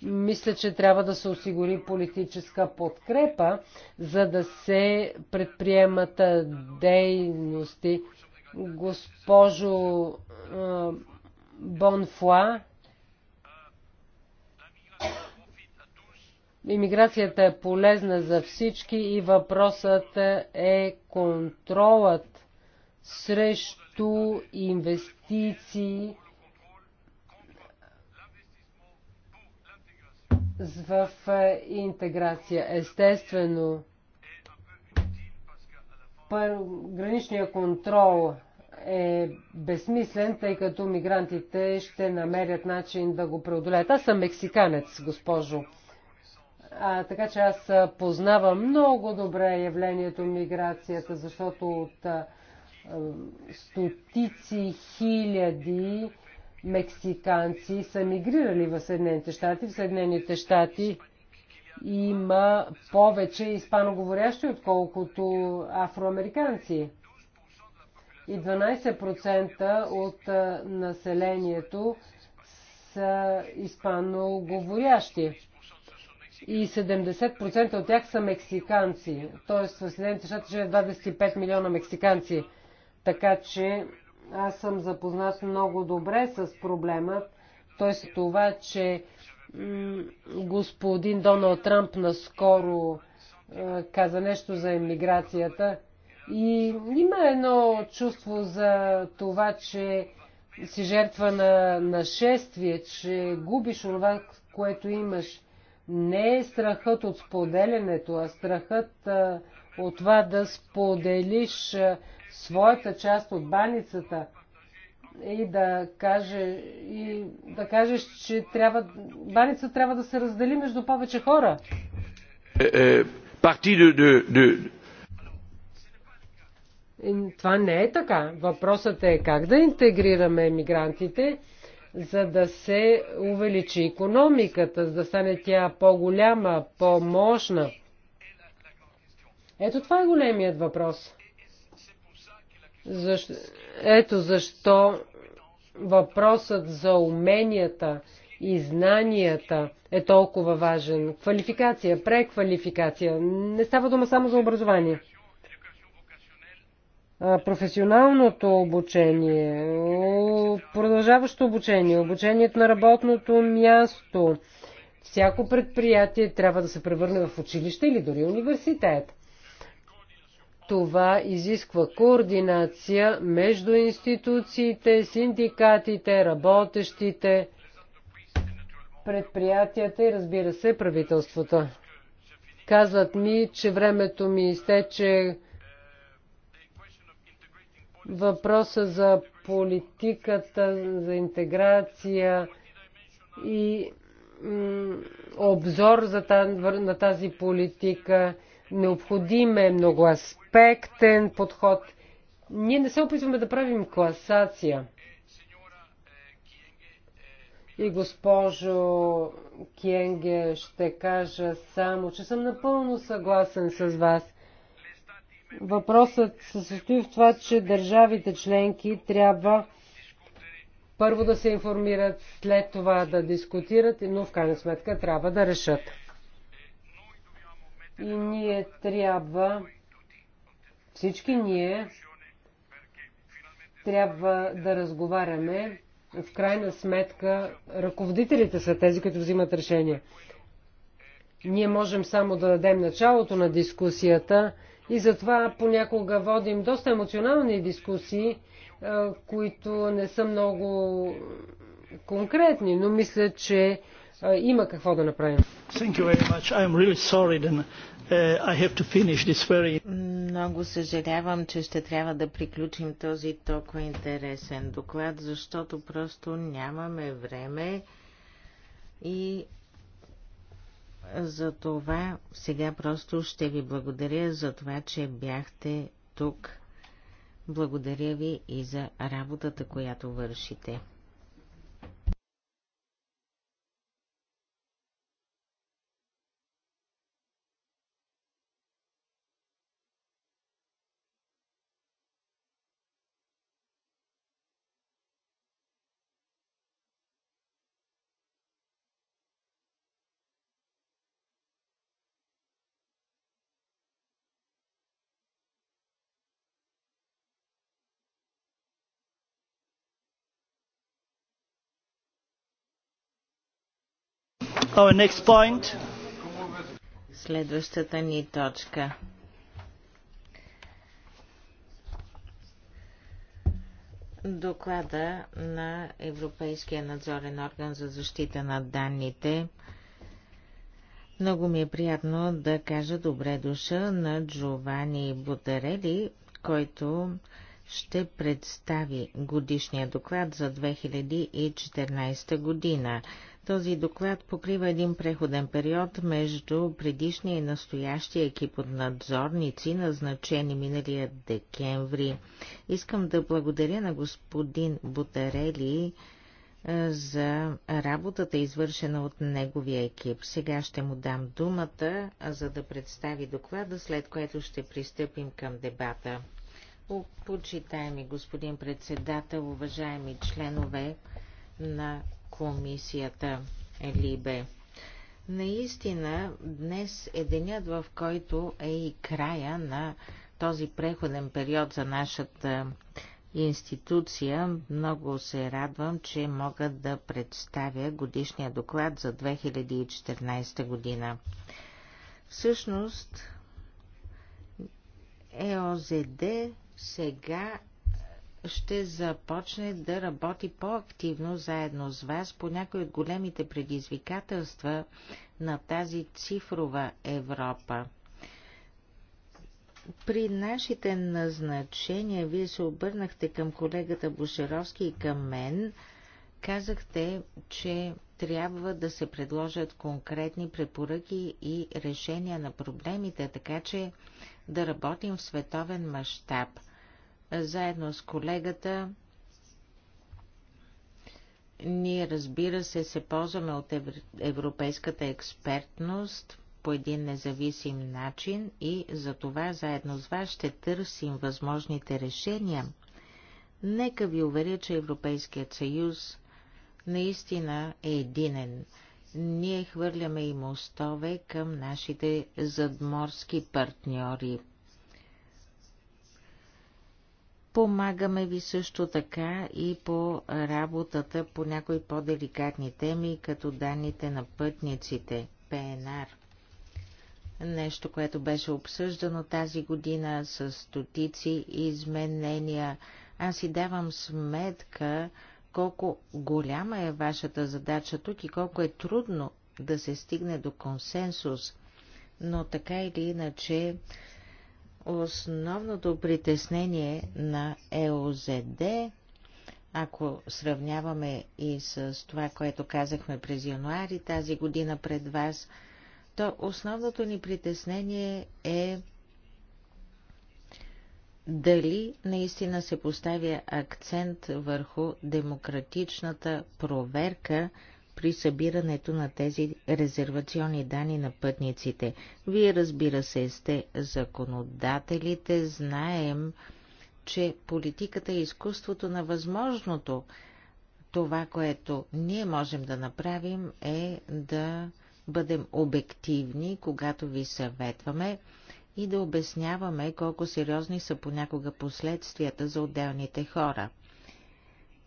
Мисля, че трябва да се осигури политическа подкрепа, за да се предприемат е, дейности. Госпожо Бонфуа. Имиграцията е полезна за всички и въпросът е контролът срещу инвестиции в е, интеграция. Естествено, Граничният граничния контрол е безсмислен, тъй като мигрантите ще намерят начин да го преодолеят. Аз съм мексиканец, госпожо. А, така че аз познавам много добре явлението миграцията, защото от а, стотици хиляди мексиканци са мигрирали в Съединените щати. В Съединените щати има повече испаноговорящи, отколкото афроамериканци и 12% от населението са испаноговорящи. И 70% от тях са мексиканци. Тоест в Съединените щати живеят 25 милиона мексиканци. Така че аз съм запознат много добре с проблемът. Тоест това, че господин Доналд Трамп наскоро каза нещо за иммиграцията. И има едно чувство за това, че си жертва на нашествие, че губиш това, което имаш. Не е страхът от споделянето, а страхът а, от това да споделиш а, своята част от баницата и да, каже, и да кажеш, че трябва, баница трябва да се раздели между повече хора.
Парти де, де, де,
това не е така. Въпросът е как да интегрираме мигрантите, за да се увеличи економиката, за да стане тя по-голяма, по-мощна. Ето това е големият въпрос. Защо, ето защо въпросът за уменията и знанията е толкова важен. Квалификация, преквалификация. Не става дума само за образование професионалното обучение, продължаващо обучение, обучението на работното място. Всяко предприятие трябва да се превърне в училище или дори университет. Това изисква координация между институциите, синдикатите, работещите, предприятията и разбира се правителствата. Казват ми, че времето ми изтече въпроса за политиката, за интеграция и обзор за тази, на тази политика. Необходим е многоаспектен подход. Ние не се опитваме да правим класация. И госпожо Кенге, ще кажа само, че съм напълно съгласен с вас. Въпросът се състои в това, че държавите членки трябва първо да се информират, след това да дискутират, но в крайна сметка трябва да решат. И ние трябва, всички ние, трябва да разговаряме. В крайна сметка, ръководителите са тези, които взимат решения. Ние можем само да дадем началото на дискусията и затова понякога водим доста емоционални дискусии, които не са много конкретни, но мисля, че има какво да направим. Uh,
много съжалявам, че ще трябва да приключим този толкова интересен доклад, защото просто нямаме време и за това сега просто ще ви благодаря за това, че бяхте тук. Благодаря ви и за работата, която вършите. Следващата ни точка. Доклада на Европейския надзорен орган за защита на данните. Много ми е приятно да кажа добре душа на Джовани Бутарели, който ще представи годишния доклад за 2014 година. Този доклад покрива един преходен период между предишния и настоящия екип от надзорници, назначени миналия декември. Искам да благодаря на господин Бутарели е, за работата, извършена от неговия екип. Сега ще му дам думата, за да представи доклада, след което ще пристъпим към дебата. Почитаеми господин председател, уважаеми членове на комисията Либе. Наистина, днес е денят, в който е и края на този преходен период за нашата институция. Много се радвам, че мога да представя годишния доклад за 2014 година. Всъщност, ЕОЗД сега ще започне да работи по-активно заедно с вас по някои от големите предизвикателства на тази цифрова Европа. При нашите назначения вие се обърнахте към колегата Бушеровски и към мен. Казахте, че трябва да се предложат конкретни препоръки и решения на проблемите, така че да работим в световен мащаб – заедно с колегата. Ние, разбира се, се ползваме от европейската експертност по един независим начин и за това заедно с вас ще търсим възможните решения. Нека ви уверя, че Европейският съюз наистина е единен. Ние хвърляме и мостове към нашите задморски партньори – Помагаме ви също така и по работата по някои по-деликатни теми, като данните на пътниците, ПНР. Нещо, което беше обсъждано тази година с стотици изменения. Аз си давам сметка колко голяма е вашата задача тук и колко е трудно да се стигне до консенсус. Но така или иначе, Основното притеснение на ЕОЗД, ако сравняваме и с това, което казахме през януари тази година пред вас, то основното ни притеснение е дали наистина се поставя акцент върху демократичната проверка при събирането на тези резервационни данни на пътниците. Вие, разбира се, сте законодателите, знаем, че политиката е изкуството на възможното. Това, което ние можем да направим е да бъдем обективни, когато ви съветваме и да обясняваме колко сериозни са понякога последствията за отделните хора –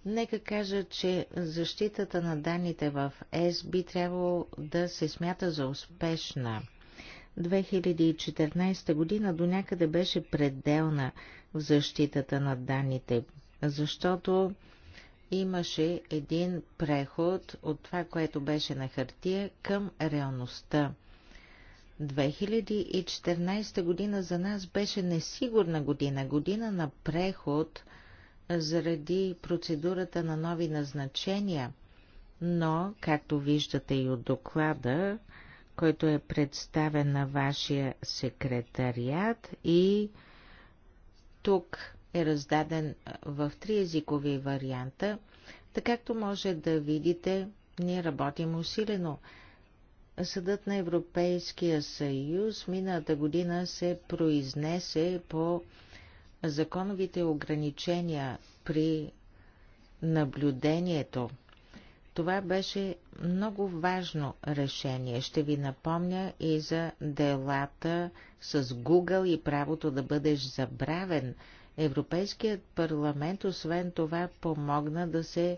Нека кажа, че защитата на данните в ЕС би трябвало да се смята за успешна. 2014 година до някъде беше пределна в защитата на данните, защото имаше един преход от това, което беше на хартия, към реалността. 2014 година за нас беше несигурна година, година на преход – заради процедурата на нови назначения, но, както виждате и от доклада, който е представен на вашия секретариат и тук е раздаден в три езикови варианта, така както може да видите, ние работим усилено. Съдът на Европейския съюз миналата година се произнесе по законовите ограничения при наблюдението. Това беше много важно решение. Ще ви напомня и за делата с Google и правото да бъдеш забравен. Европейският парламент освен това помогна да се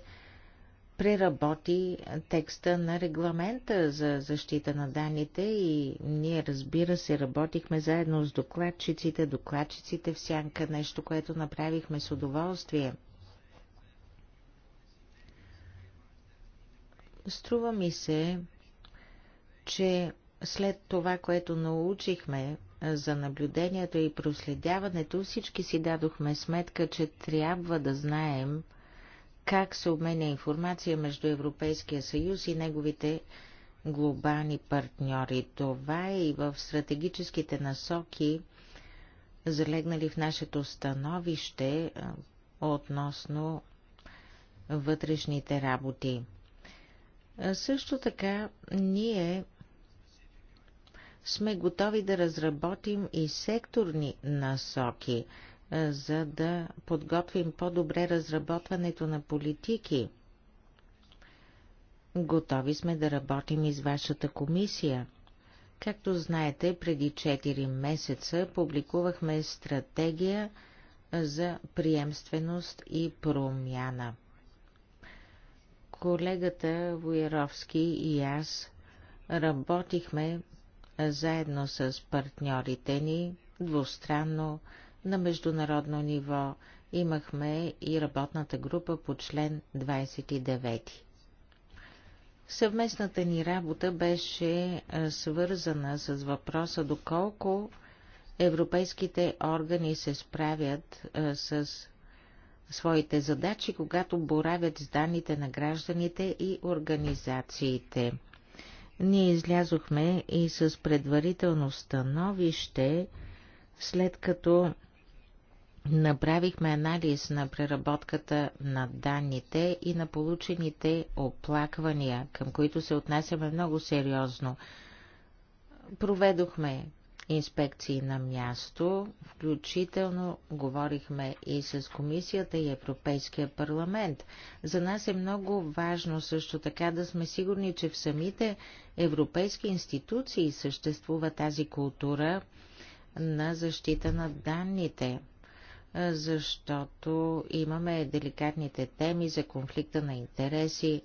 преработи текста на регламента за защита на данните и ние, разбира се, работихме заедно с докладчиците, докладчиците в сянка, нещо, което направихме с удоволствие. Струва ми се, че след това, което научихме за наблюдението и проследяването, всички си дадохме сметка, че трябва да знаем – как се обменя информация между Европейския съюз и неговите глобални партньори. Това е и в стратегическите насоки, залегнали в нашето становище относно вътрешните работи. Също така ние сме готови да разработим и секторни насоки – е, за да подготвим по-добре разработването на политики. Готови сме да работим и с вашата комисия. Както знаете, преди 4 месеца публикувахме стратегия за приемственост и промяна. Колегата Вояровски и аз работихме заедно с партньорите ни двустранно, на международно ниво. Имахме и работната група по член 29. Съвместната ни работа беше свързана с въпроса доколко европейските органи се справят с своите задачи, когато боравят с данните на гражданите и организациите. Ние излязохме и с предварително становище, след като Направихме анализ на преработката на данните и на получените оплаквания, към които се отнасяме много сериозно. Проведохме инспекции на място, включително говорихме и с Комисията и Европейския парламент. За нас е много важно също така да сме сигурни, че в самите европейски институции съществува тази култура на защита на данните – защото имаме деликатните теми за конфликта на интереси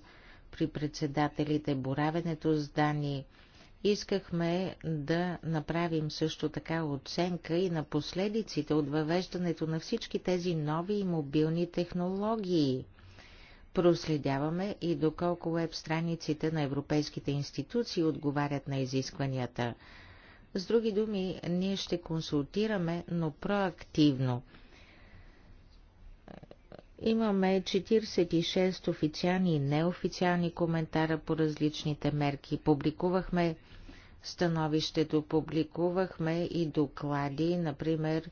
при председателите, боравенето с данни. Искахме да направим също така оценка и на последиците от въвеждането на всички тези нови и мобилни технологии. Проследяваме и доколко веб страниците на европейските институции отговарят на изискванията. С други думи, ние ще консултираме, но проактивно – Имаме 46 официални и неофициални коментара по различните мерки. Публикувахме становището, публикувахме и доклади, например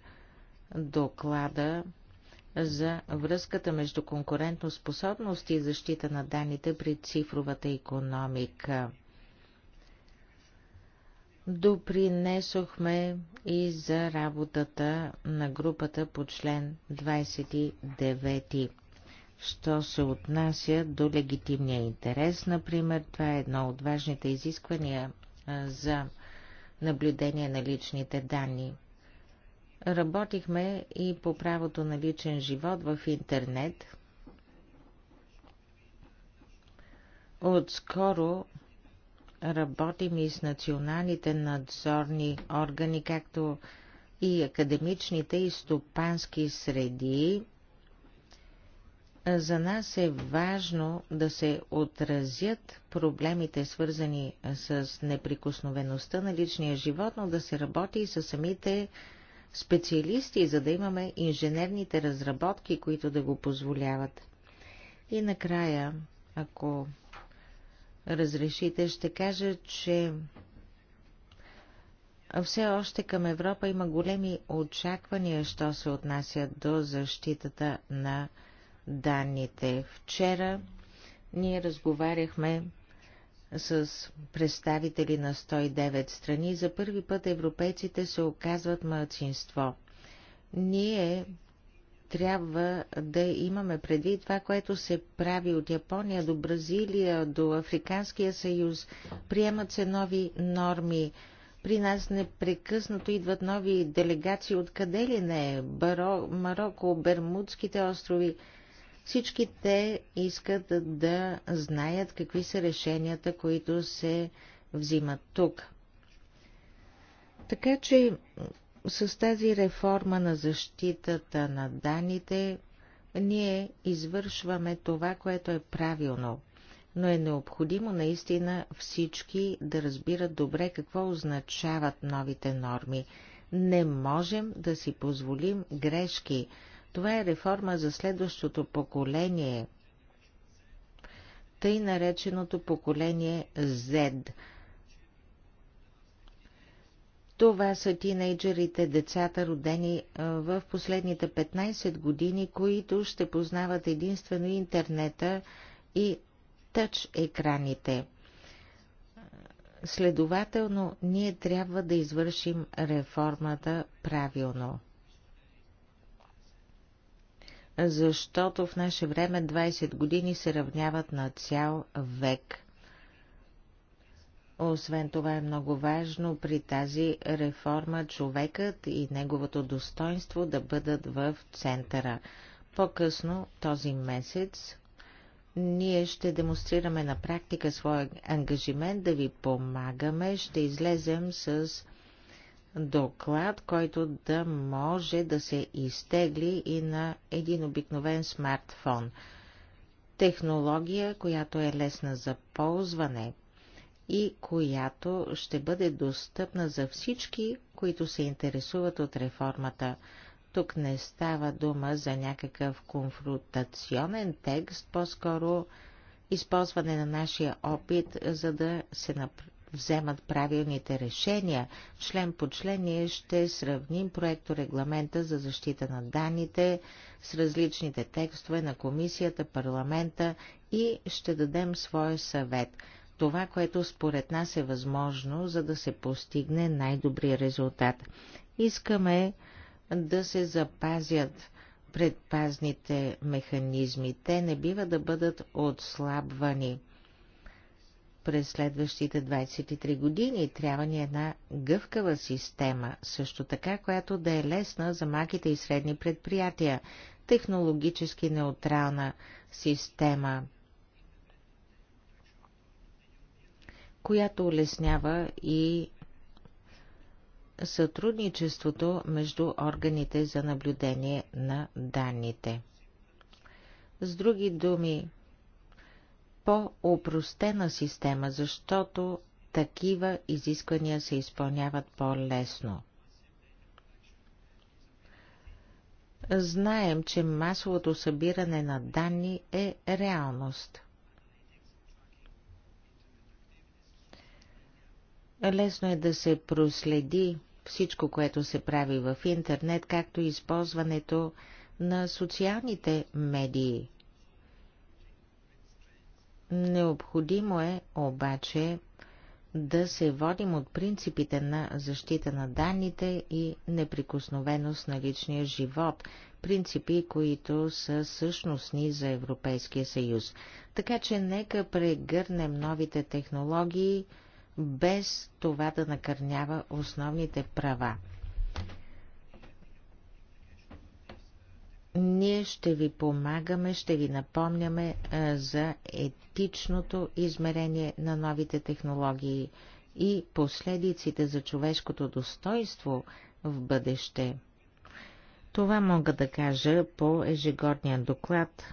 доклада за връзката между конкурентоспособност и защита на данните при цифровата економика – допринесохме и за работата на групата по член 29. Що се отнася до легитимния интерес, например, това е едно от важните изисквания за наблюдение на личните данни. Работихме и по правото на личен живот в интернет. Отскоро Работим и с националните надзорни органи, както и академичните и стопански среди. За нас е важно да се отразят проблемите, свързани с неприкосновеността на личния живот, но да се работи и с самите специалисти, за да имаме инженерните разработки, които да го позволяват. И накрая, ако разрешите, ще кажа, че все още към Европа има големи очаквания, що се отнася до защитата на данните. Вчера ние разговаряхме с представители на 109 страни. За първи път европейците се оказват младсинство. Ние трябва да имаме преди това, което се прави от Япония до Бразилия, до Африканския съюз. Приемат се нови норми. При нас непрекъснато идват нови делегации от къде ли не Баро, Марокко, Бермудските острови. Всички те искат да знаят какви са решенията, които се взимат тук. Така че с тази реформа на защитата на даните ние извършваме това, което е правилно, но е необходимо наистина всички да разбират добре какво означават новите норми. Не можем да си позволим грешки. Това е реформа за следващото поколение, тъй нареченото поколение Z – това са тинейджерите, децата, родени в последните 15 години, които ще познават единствено интернета и тъч екраните. Следователно, ние трябва да извършим реформата правилно. Защото в наше време 20 години се равняват на цял век – освен това е много важно при тази реформа човекът и неговото достоинство да бъдат в центъра. По-късно този месец ние ще демонстрираме на практика своя ангажимент да ви помагаме. Ще излезем с доклад, който да може да се изтегли и на един обикновен смартфон. Технология, която е лесна за ползване, и която ще бъде достъпна за всички, които се интересуват от реформата. Тук не става дума за някакъв конфронтационен текст, по-скоро използване на нашия опит, за да се направи вземат правилните решения. Член по член ние ще сравним проекто регламента за защита на данните с различните текстове на комисията, парламента и ще дадем своя съвет това, което според нас е възможно, за да се постигне най-добрия резултат. Искаме да се запазят предпазните механизми. Те не бива да бъдат отслабвани. През следващите 23 години трябва ни една гъвкава система, също така, която да е лесна за малките и средни предприятия, технологически неутрална система – която улеснява и сътрудничеството между органите за наблюдение на данните. С други думи, по-упростена система, защото такива изисквания се изпълняват по-лесно. Знаем, че масовото събиране на данни е реалност. Лесно е да се проследи всичко, което се прави в интернет, както и използването на социалните медии. Необходимо е обаче да се водим от принципите на защита на данните и неприкосновеност на личния живот, принципи, които са същностни за Европейския съюз. Така че нека прегърнем новите технологии – без това да накърнява основните права. Ние ще ви помагаме, ще ви напомняме е, за етичното измерение на новите технологии и последиците за човешкото достоинство в бъдеще. Това мога да кажа по ежегодния доклад,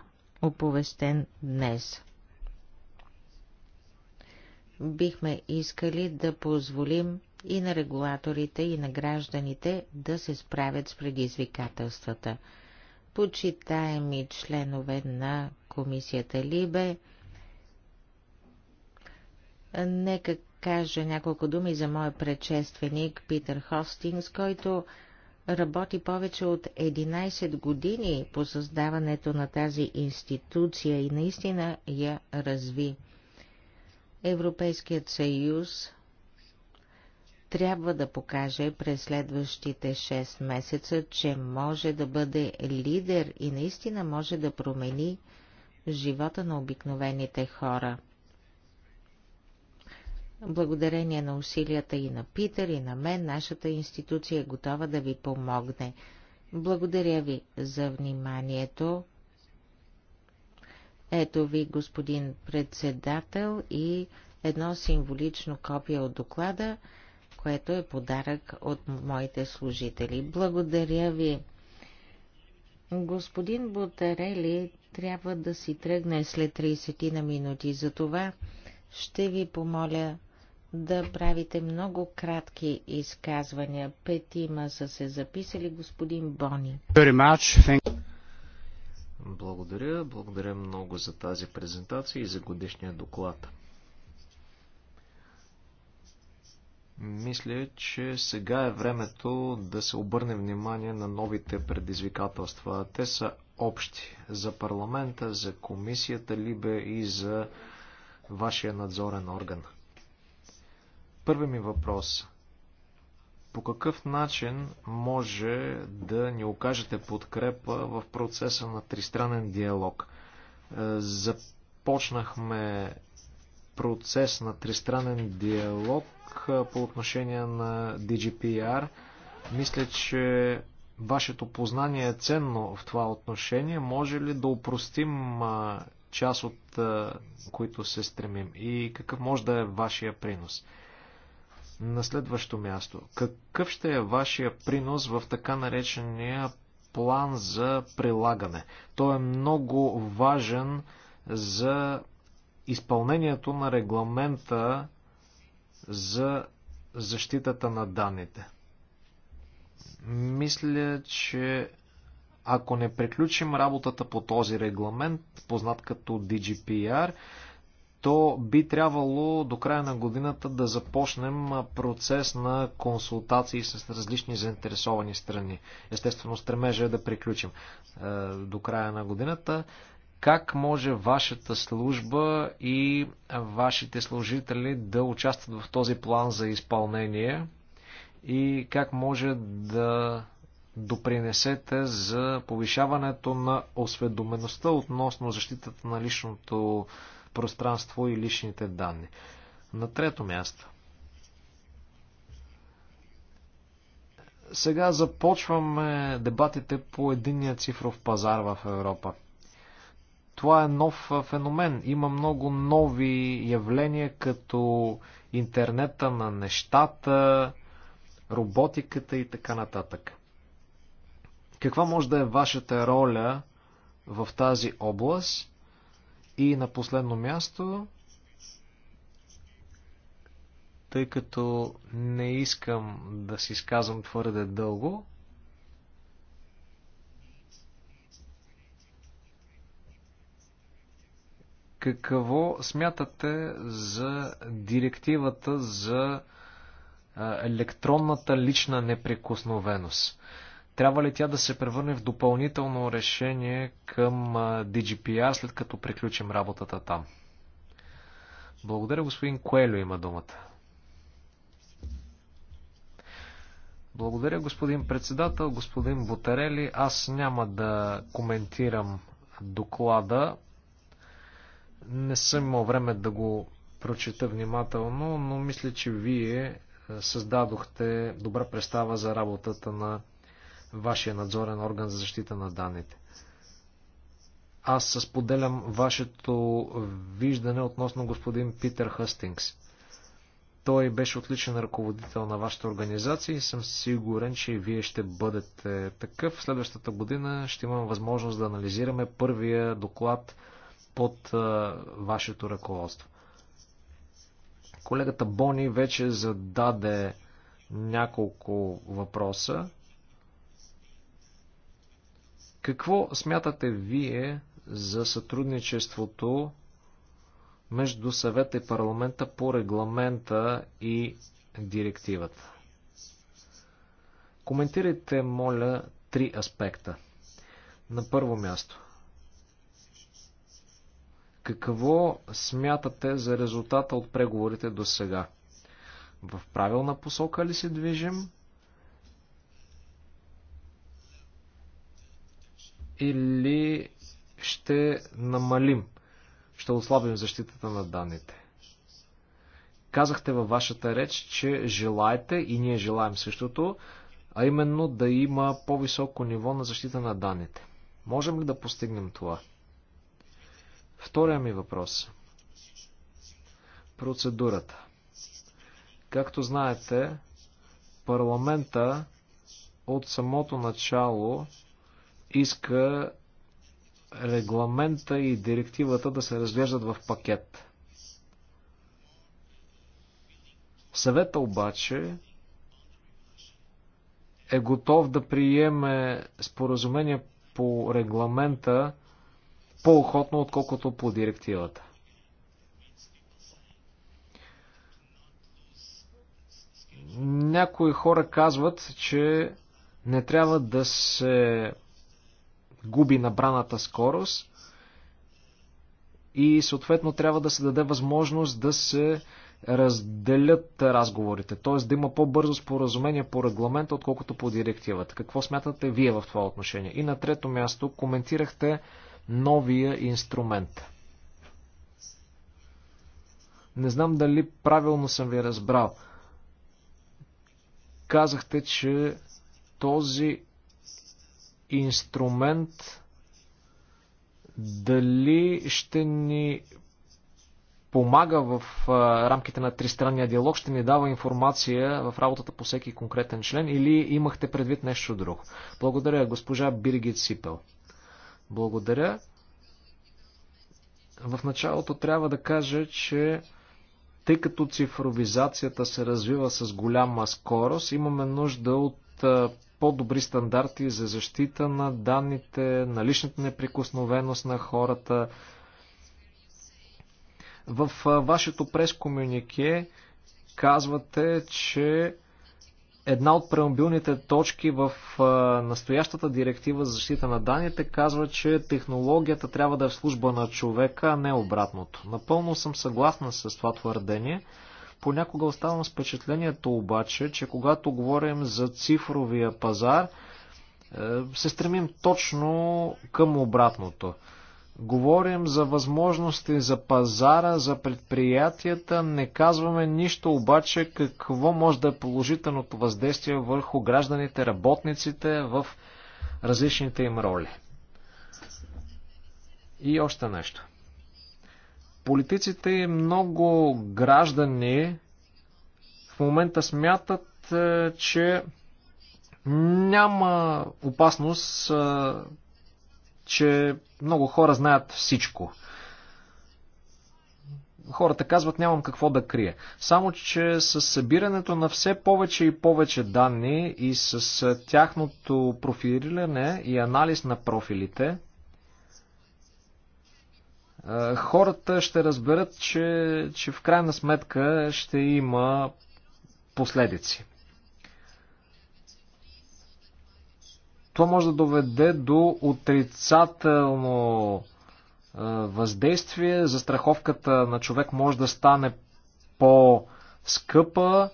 оповестен днес бихме искали да позволим и на регулаторите, и на гражданите да се справят с предизвикателствата. Почитаеми членове на комисията Либе, нека кажа няколко думи за моя предшественик Питър Хостингс, който работи повече от 11 години по създаването на тази институция и наистина я разви. Европейският съюз трябва да покаже през следващите 6 месеца, че може да бъде лидер и наистина може да промени живота на обикновените хора. Благодарение на усилията и на Питър, и на мен, нашата институция е готова да ви помогне. Благодаря ви за вниманието. Ето ви, господин председател, и едно символично копие от доклада, което е подарък от моите служители. Благодаря ви. Господин Бутарели трябва да си тръгне след 30 на минути, затова ще ви помоля да правите много кратки изказвания. Петима са се записали господин Бони.
Благодаря. Благодаря много за тази презентация и за годишния доклад. Мисля, че сега е времето да се обърне внимание на новите предизвикателства. Те са общи за парламента, за комисията Либе и за вашия надзорен орган. Първи ми въпрос по какъв начин може да ни окажете подкрепа в процеса на тристранен диалог? Е, започнахме процес на тристранен диалог е, по отношение на DGPR. Мисля, че вашето познание е ценно в това отношение. Може ли да упростим е, част от които се стремим и какъв може да е вашия принос? На следващо място, какъв ще е вашия принос в така наречения план за прилагане? Той е много важен за изпълнението на регламента за защитата на данните. Мисля, че ако не приключим работата по този регламент, познат като DGPR, то би трябвало до края на годината да започнем процес на консултации с различни заинтересовани страни. Естествено, стремежа е да приключим до края на годината. Как може вашата служба и вашите служители да участват в този план за изпълнение и как може да допринесете за повишаването на осведомеността относно защитата на личното пространство и личните данни. На трето място. Сега започваме дебатите по единния цифров пазар в Европа. Това е нов феномен. Има много нови явления, като интернета на нещата, роботиката и така нататък. Каква може да е вашата роля в тази област и на последно място, тъй като не искам да си изказвам твърде дълго, какво смятате за директивата за електронната лична неприкосновеност? Трябва ли тя да се превърне в допълнително решение към DGPR, след като приключим работата там? Благодаря, господин Коелю има думата. Благодаря, господин председател, господин Бутарели. Аз няма да коментирам доклада. Не съм имал време да го прочета внимателно, но мисля, че вие създадохте добра представа за работата на вашия надзорен орган за защита на данните. Аз споделям вашето виждане относно господин Питер Хъстингс. Той беше отличен ръководител на вашата организация и съм сигурен, че и вие ще бъдете такъв. Следващата година ще имам възможност да анализираме първия доклад под вашето ръководство. Колегата Бони вече зададе няколко въпроса. Какво смятате вие за сътрудничеството между съвета и парламента по регламента и директивата? Коментирайте, моля, три аспекта. На първо място. Какво смятате за резултата от преговорите до сега? В правилна посока ли се движим или ще намалим, ще ослабим защитата на данните. Казахте във вашата реч, че желаете и ние желаем същото, а именно да има по-високо ниво на защита на данните. Можем ли да постигнем това? Втория ми въпрос. Процедурата. Както знаете, парламента от самото начало иска регламента и директивата да се разглеждат в пакет. Съвета обаче е готов да приеме споразумение по регламента по-охотно, отколкото по директивата. Някои хора казват, че не трябва да се губи набраната скорост и съответно трябва да се даде възможност да се разделят разговорите, т.е. да има по-бързо споразумение по регламента, отколкото по директивата. Какво смятате вие в това отношение? И на трето място коментирахте новия инструмент. Не знам дали правилно съм ви разбрал. Казахте, че този инструмент дали ще ни помага в рамките на тристранния диалог, ще ни дава информация в работата по всеки конкретен член или имахте предвид нещо друго? Благодаря, госпожа Биргит Сипел. Благодаря. В началото трябва да кажа, че тъй като цифровизацията се развива с голяма скорост, имаме нужда от по-добри стандарти за защита на данните, на личната неприкосновеност на хората. В вашето прескомюнике казвате, че една от преамбилните точки в настоящата директива за защита на данните казва, че технологията трябва да е в служба на човека, а не обратното. Напълно съм съгласна с това твърдение. Понякога оставам с впечатлението обаче, че когато говорим за цифровия пазар, е, се стремим точно към обратното. Говорим за възможности за пазара, за предприятията, не казваме нищо обаче какво може да е положителното въздействие върху гражданите, работниците в различните им роли. И още нещо. Политиците и много граждани в момента смятат, е, че няма опасност, е, че много хора знаят всичко. Хората казват, нямам какво да крия. Само, че с събирането на все повече и повече данни и с е, тяхното профилиране и анализ на профилите, хората ще разберат, че, че в крайна сметка ще има последици. Това може да доведе до отрицателно въздействие. Застраховката на човек може да стане по-скъпа,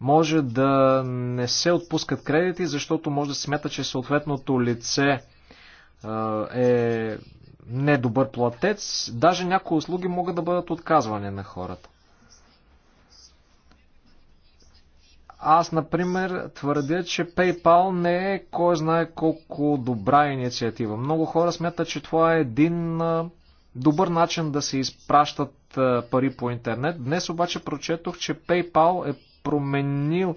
може да не се отпускат кредити, защото може да смята, че съответното лице е недобър платец, даже някои услуги могат да бъдат отказвани на хората. Аз, например, твърдя, че PayPal не е кой знае колко добра инициатива. Много хора смятат, че това е един добър начин да се изпращат пари по интернет. Днес обаче прочетох, че PayPal е променил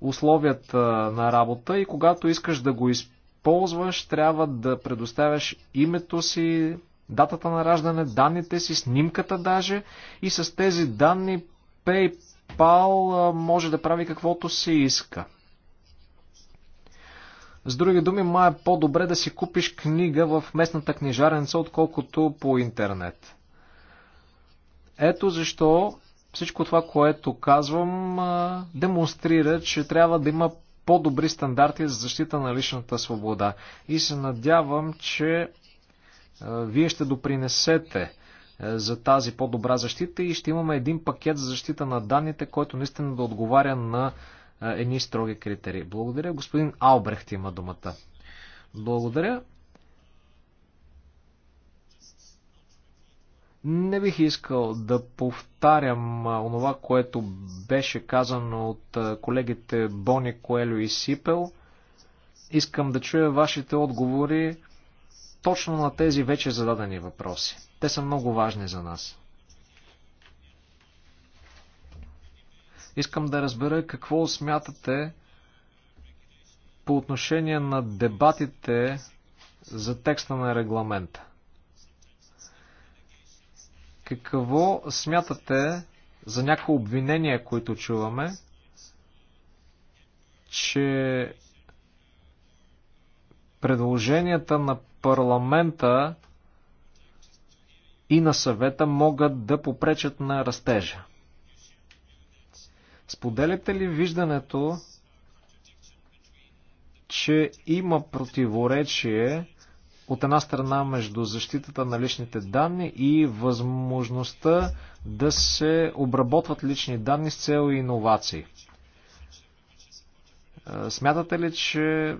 условията на работа и когато искаш да го изпращаш, ползваш, трябва да предоставяш името си, датата на раждане, данните си, снимката даже и с тези данни PayPal може да прави каквото си иска. С други думи, ма е по-добре да си купиш книга в местната книжаренца, отколкото по интернет. Ето защо всичко това, което казвам, демонстрира, че трябва да има по-добри стандарти за защита на личната свобода. И се надявам, че е, вие ще допринесете е, за тази по-добра защита и ще имаме един пакет за защита на данните, който наистина да отговаря на е, едни строги критерии. Благодаря. Господин Албрехт има думата. Благодаря. Не бих искал да повтарям онова, което беше казано от колегите Бони Коелю и Сипел. Искам да чуя вашите отговори точно на тези вече зададени въпроси. Те са много важни за нас. Искам да разбера какво смятате по отношение на дебатите за текста на регламента. Какво смятате за някои обвинения, които чуваме, че предложенията на парламента и на съвета могат да попречат на растежа. Споделяте ли виждането, че има противоречие от една страна между защитата на личните данни и възможността да се обработват лични данни с цел и иновации. Е, смятате ли, че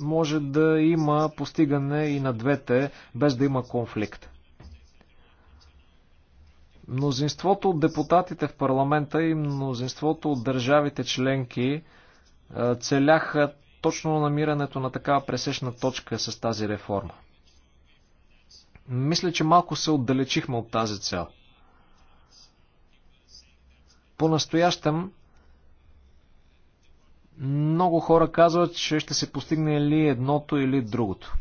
може да има постигане и на двете, без да има конфликт? Мнозинството от депутатите в парламента и мнозинството от държавите членки е, целяха точно намирането на такава пресечна точка с тази реформа. Мисля, че малко се отдалечихме от тази цел. По-настоящем много хора казват, че ще се постигне ли едното или другото.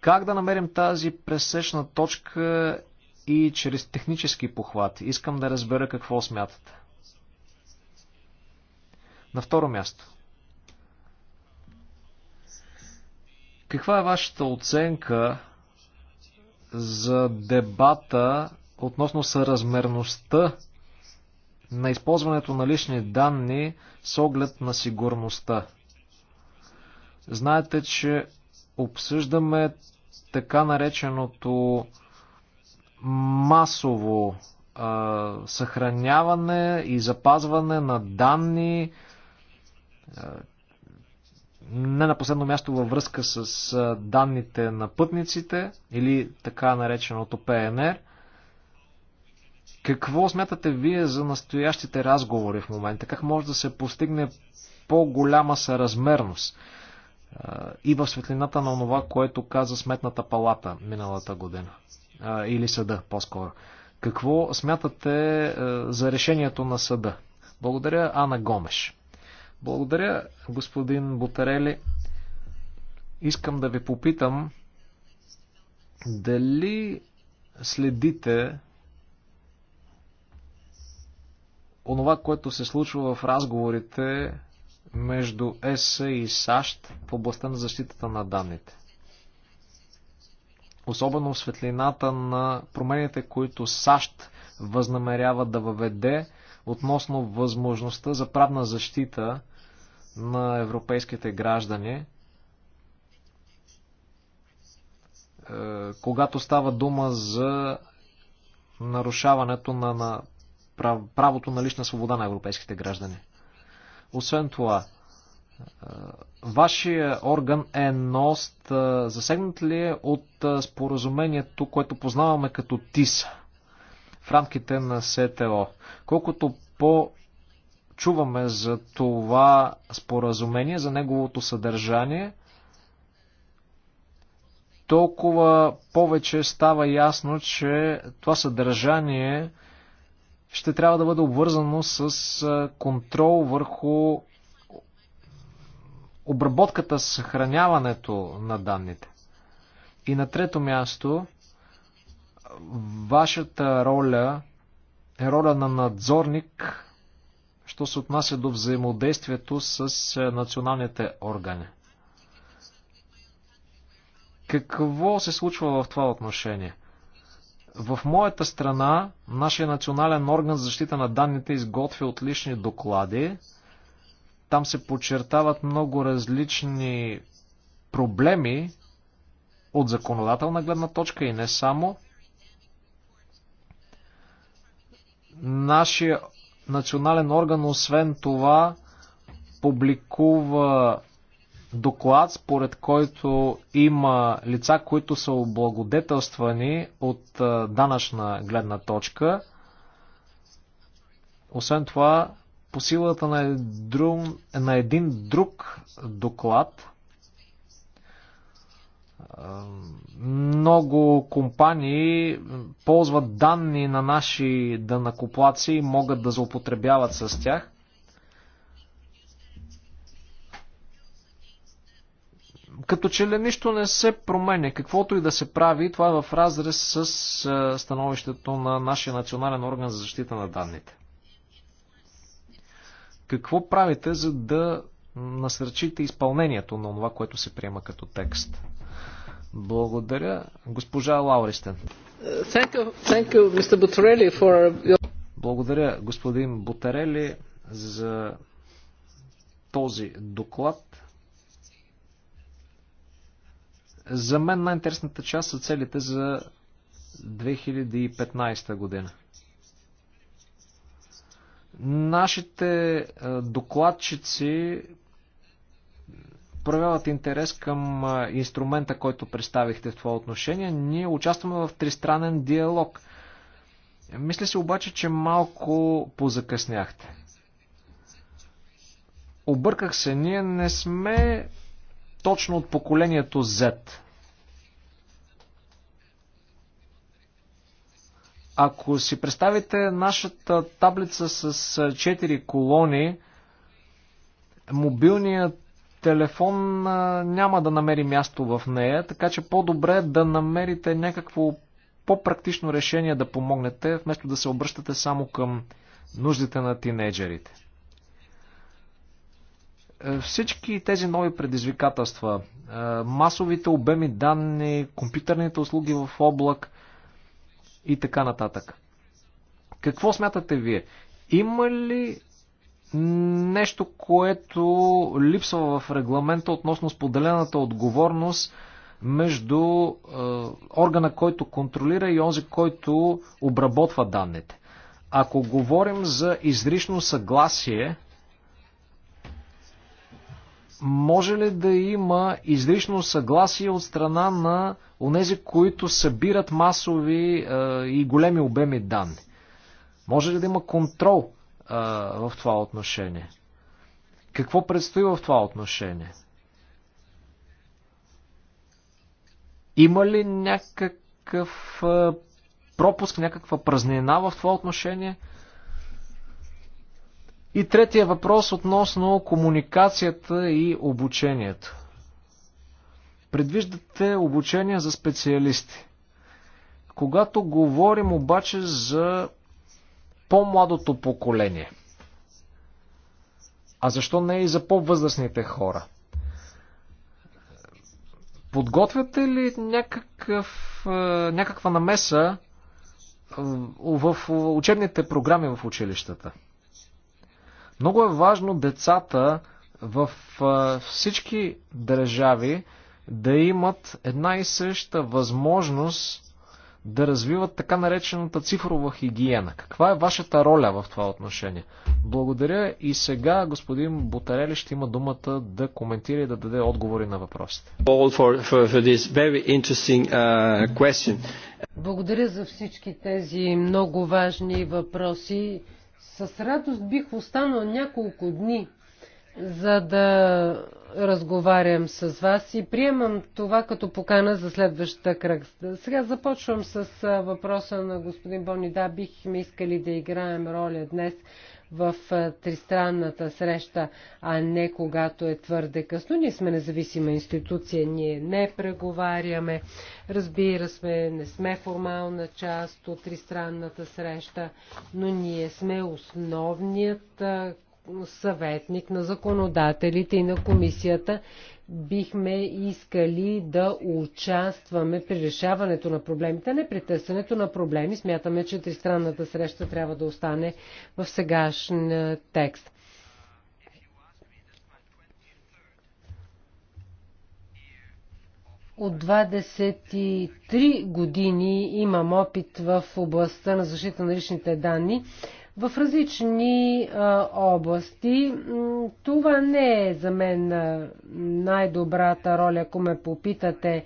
Как да намерим тази пресечна точка и чрез технически похват? Искам да разбера какво смятате. На второ място. Каква е вашата оценка за дебата относно съразмерността на използването на лични данни с оглед на сигурността? Знаете, че обсъждаме така нареченото масово а, съхраняване и запазване на данни не на последно място във връзка с данните на пътниците или така нареченото ПНР. Какво смятате вие за настоящите разговори в момента? Как може да се постигне по-голяма съразмерност и в светлината на това, което каза Сметната палата миналата година? Или съда, по-скоро. Какво смятате за решението на съда? Благодаря, Ана Гомеш. Благодаря, господин Бутарели. Искам да ви попитам дали следите онова, което се случва в разговорите между ЕС и САЩ в областта на защитата на данните. Особено в светлината на промените, които САЩ възнамерява да въведе относно възможността за правна защита на европейските граждани, е, когато става дума за нарушаването на, на правото на лична свобода на европейските граждани. Освен това, е, вашия орган е НОСТ е, засегнат ли е от споразумението, което познаваме като ТИСА в рамките на СТО? Колкото по чуваме за това споразумение, за неговото съдържание, толкова повече става ясно, че това съдържание ще трябва да бъде обвързано с контрол върху обработката, съхраняването на данните. И на трето място, вашата роля е роля на надзорник що се отнася до взаимодействието с е, националните органи. Какво се случва в това отношение? В моята страна, нашия национален орган за защита на данните изготвя отлични доклади. Там се подчертават много различни проблеми от законодателна гледна точка и не само. Нашия национален орган, освен това, публикува доклад, според който има лица, които са облагодетелствани от данъчна гледна точка. Освен това, по силата на един друг доклад, много компании ползват данни на наши данакоплаци и могат да злоупотребяват с тях. Като че ли нищо не се променя, каквото и да се прави, това е в разрез с становището на нашия национален орган за защита на данните. Какво правите, за да насърчите изпълнението на това, което се приема като текст? Благодаря. Госпожа Лауристен. Thank you, thank you, Mr. for your... Благодаря, господин Бутарели, за този доклад. За мен най-интересната част са целите за 2015 година. Нашите докладчици проявяват интерес към инструмента, който представихте в това отношение. Ние участваме в тристранен диалог. Мисля се обаче, че малко позакъсняхте. Обърках се, ние не сме точно от поколението Z. Ако си представите нашата таблица с 4 колони, мобилният телефон няма да намери място в нея, така че по-добре да намерите някакво по-практично решение да помогнете, вместо да се обръщате само към нуждите на тинейджерите. Е, всички тези нови предизвикателства, е, масовите обеми данни, компютърните услуги в облак и така нататък. Какво смятате вие? Има ли нещо, което липсва в регламента относно споделената отговорност между е, органа, който контролира и онзи, който обработва данните. Ако говорим за изрично съгласие, може ли да има изрично съгласие от страна на онези, които събират масови е, и големи обеми данни? Може ли да има контрол в това отношение? Какво предстои в това отношение? Има ли някакъв пропуск, някаква празнина в това отношение? И третия въпрос относно комуникацията и обучението. Предвиждате обучение за специалисти. Когато говорим обаче за по-младото поколение. А защо не и за по-възрастните хора? Подготвяте ли някакъв, е, някаква намеса е, в учебните програми в училищата? Много е важно децата в е, всички държави да имат една и съща възможност да развиват така наречената цифрова хигиена. Каква е вашата роля в това отношение? Благодаря и сега господин Бутарели ще има думата да коментира и да даде отговори на въпросите. Uh,
Благодаря за всички тези много важни въпроси. С радост бих останал няколко дни, за да разговарям с вас и приемам това като покана за следващата кръг. Сега започвам с въпроса на господин Бони. Да, бихме искали да играем роля днес в тристранната среща, а не когато е твърде късно. Ние сме независима институция, ние не преговаряме. Разбира сме, не сме формална част от тристранната среща, но ние сме основният съветник на законодателите и на комисията, бихме искали да участваме при решаването на проблемите, не при търсенето на проблеми. Смятаме, че тристранната среща трябва да остане в сегашния е, текст. От 23 години имам опит в областта на защита на личните данни в различни а, области. Това не е за мен най-добрата роля, ако ме попитате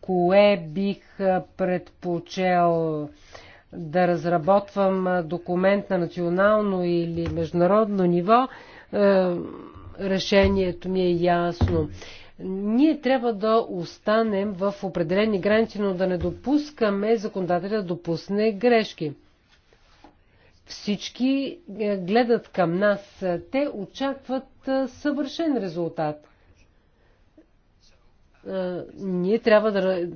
кое бих предпочел да разработвам документ на национално или международно ниво. Решението ми е ясно. Ние трябва да останем в определени граници, но да не допускаме законодателя да допусне грешки. Всички е, гледат към нас. Те очакват е, съвършен резултат. Е, ние трябва да,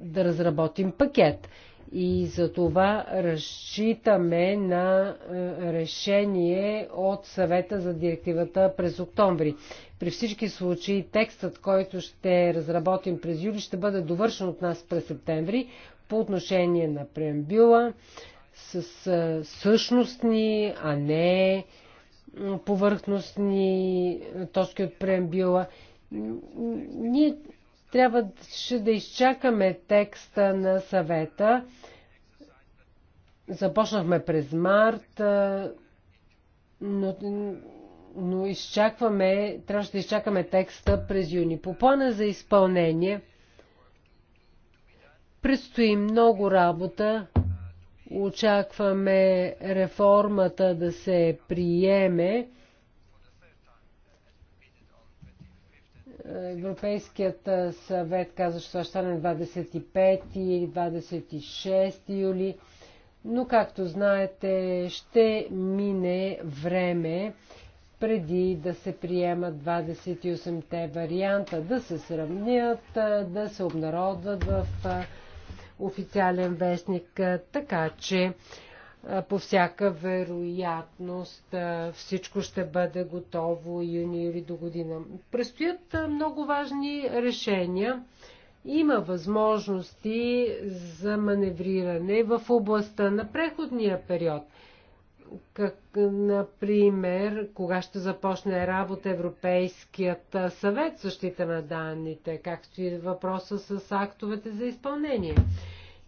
да разработим пакет и за това разчитаме на решение от съвета за директивата през октомври. При всички случаи текстът, който ще разработим през юли, ще бъде довършен от нас през септември по отношение на преамбюла, с същностни, а не повърхностни точки от преамбила. Ние трябваше да изчакаме текста на съвета. Започнахме през март, но, но изчакваме, трябваше да изчакаме текста през юни. По плана за изпълнение предстои много работа, Очакваме реформата да се приеме. Европейският съвет каза, че това ще стане 25 или 26 юли, но както знаете, ще мине време преди да се приемат 28-те варианта, да се сравнят, да се обнародват в официален вестник, така че по всяка вероятност всичко ще бъде готово юни или до година. Престоят много важни решения. Има възможности за маневриране в областта на преходния период – как, например, кога ще започне работа Европейският съвет защита на данните, както и въпроса с актовете за изпълнение.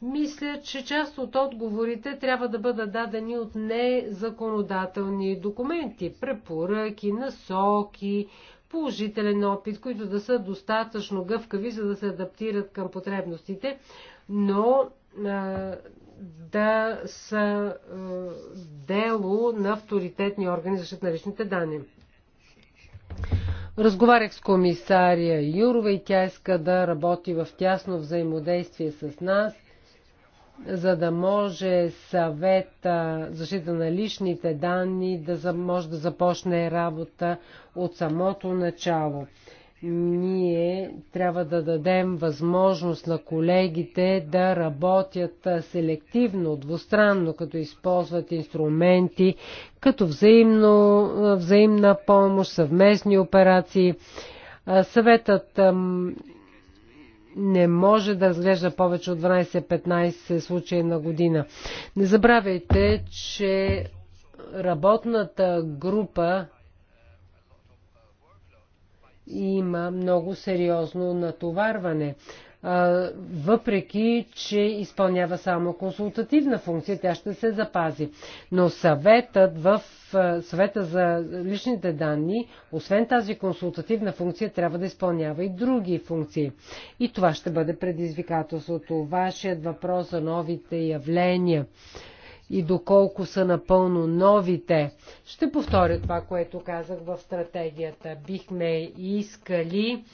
Мисля, че част от отговорите трябва да бъдат дадени от незаконодателни документи, препоръки, насоки, положителен опит, които да са достатъчно гъвкави, за да се адаптират към потребностите, но да са е, дело на авторитетни органи за защита на личните данни. Разговарях с комисария Юрова и тя иска да работи в тясно взаимодействие с нас, за да може съвета защита на личните данни да може да започне работа от самото начало ние трябва да дадем възможност на колегите да работят селективно, двустранно, като използват инструменти, като взаимно, взаимна помощ, съвместни операции. Съветът не може да разглежда повече от 12-15 случаи на година. Не забравяйте, че работната група има много сериозно натоварване. Въпреки, че изпълнява само консултативна функция, тя ще се запази. Но съветът в съвета за личните данни, освен тази консултативна функция, трябва да изпълнява и други функции. И това ще бъде предизвикателството. Вашият въпрос за новите явления и доколко са напълно новите. Ще повторя това, което казах в стратегията. Бихме искали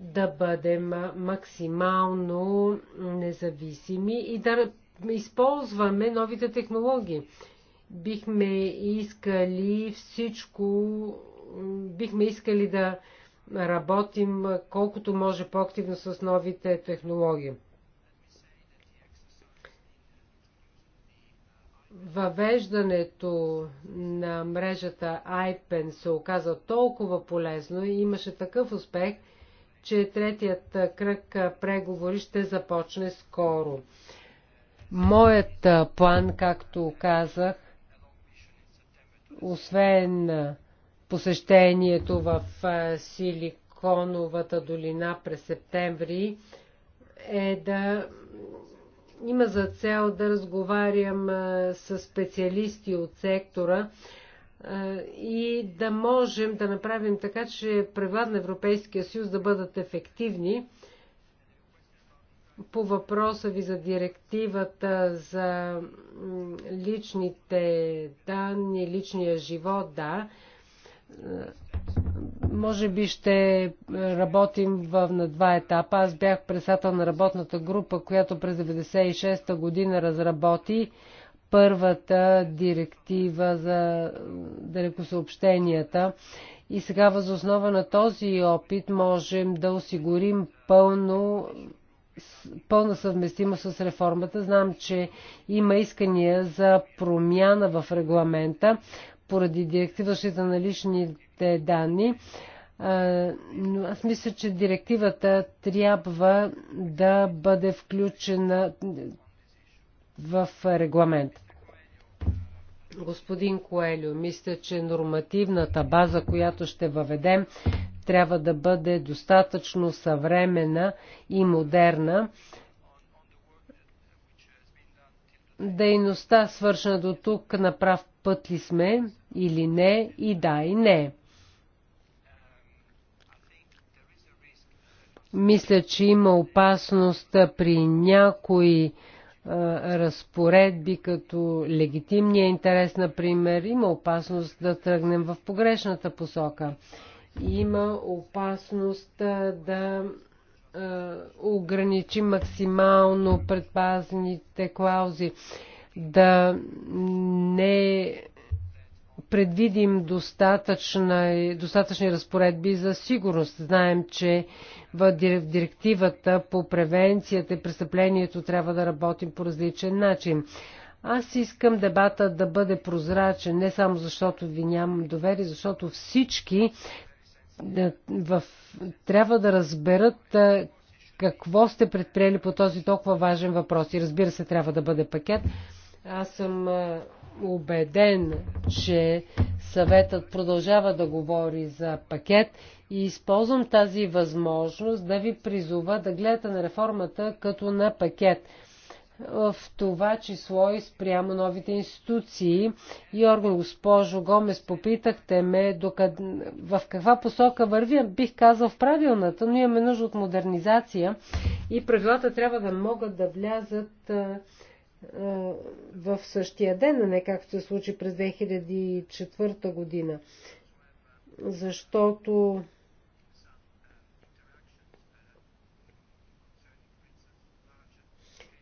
да бъдем максимално независими и да използваме новите технологии. Бихме искали всичко, бихме искали да работим колкото може по-активно с новите технологии. въвеждането на мрежата iPen се оказа толкова полезно и имаше такъв успех, че третият кръг преговори ще започне скоро. Моят план, както казах, освен посещението в Силиконовата долина през септември, е да има за цел да разговарям с специалисти от сектора и да можем да направим така, че правилата на Европейския съюз да бъдат ефективни. По въпроса ви за директивата за личните данни, личния живот, да, може би ще е, работим в, на два етапа. Аз бях председател на работната група, която през 1996 година разработи първата директива за далекосъобщенията. И сега възоснова на този опит можем да осигурим пълно, пълна съвместимост с реформата. Знам, че има искания за промяна в регламента поради директива ще на личните данни. Но аз мисля, че директивата трябва да бъде включена в регламент. Господин Коелю, мисля, че нормативната база, която ще въведем, трябва да бъде достатъчно съвременна и модерна. Дейността, свършена до тук, на прав път ли сме или не, и да, и не. Мисля, че има опасност при някои разпоредби, като легитимния интерес, например, има опасност да тръгнем в погрешната посока. Има опасност да ограничим максимално предпазните клаузи да не предвидим достатъчни, достатъчни разпоредби за сигурност. Знаем, че в директивата по превенцията и престъплението трябва да работим по различен начин. Аз искам дебата да бъде прозрачен, не само защото ви нямам доверие, защото всички е, в... трябва да разберат е, какво сте предприели по този толкова важен въпрос. И разбира се, трябва да бъде пакет. Аз съм убеден, че съветът продължава да говори за пакет и използвам тази възможност да ви призова да гледате на реформата като на пакет. В това число и спрямо новите институции и орган госпожо Гомес, попитахте ме докъд... в каква посока вървя. Бих казал в правилната, но имаме нужда от модернизация и правилата трябва да могат да влязат в същия ден, а не както се случи през 2004 година. Защото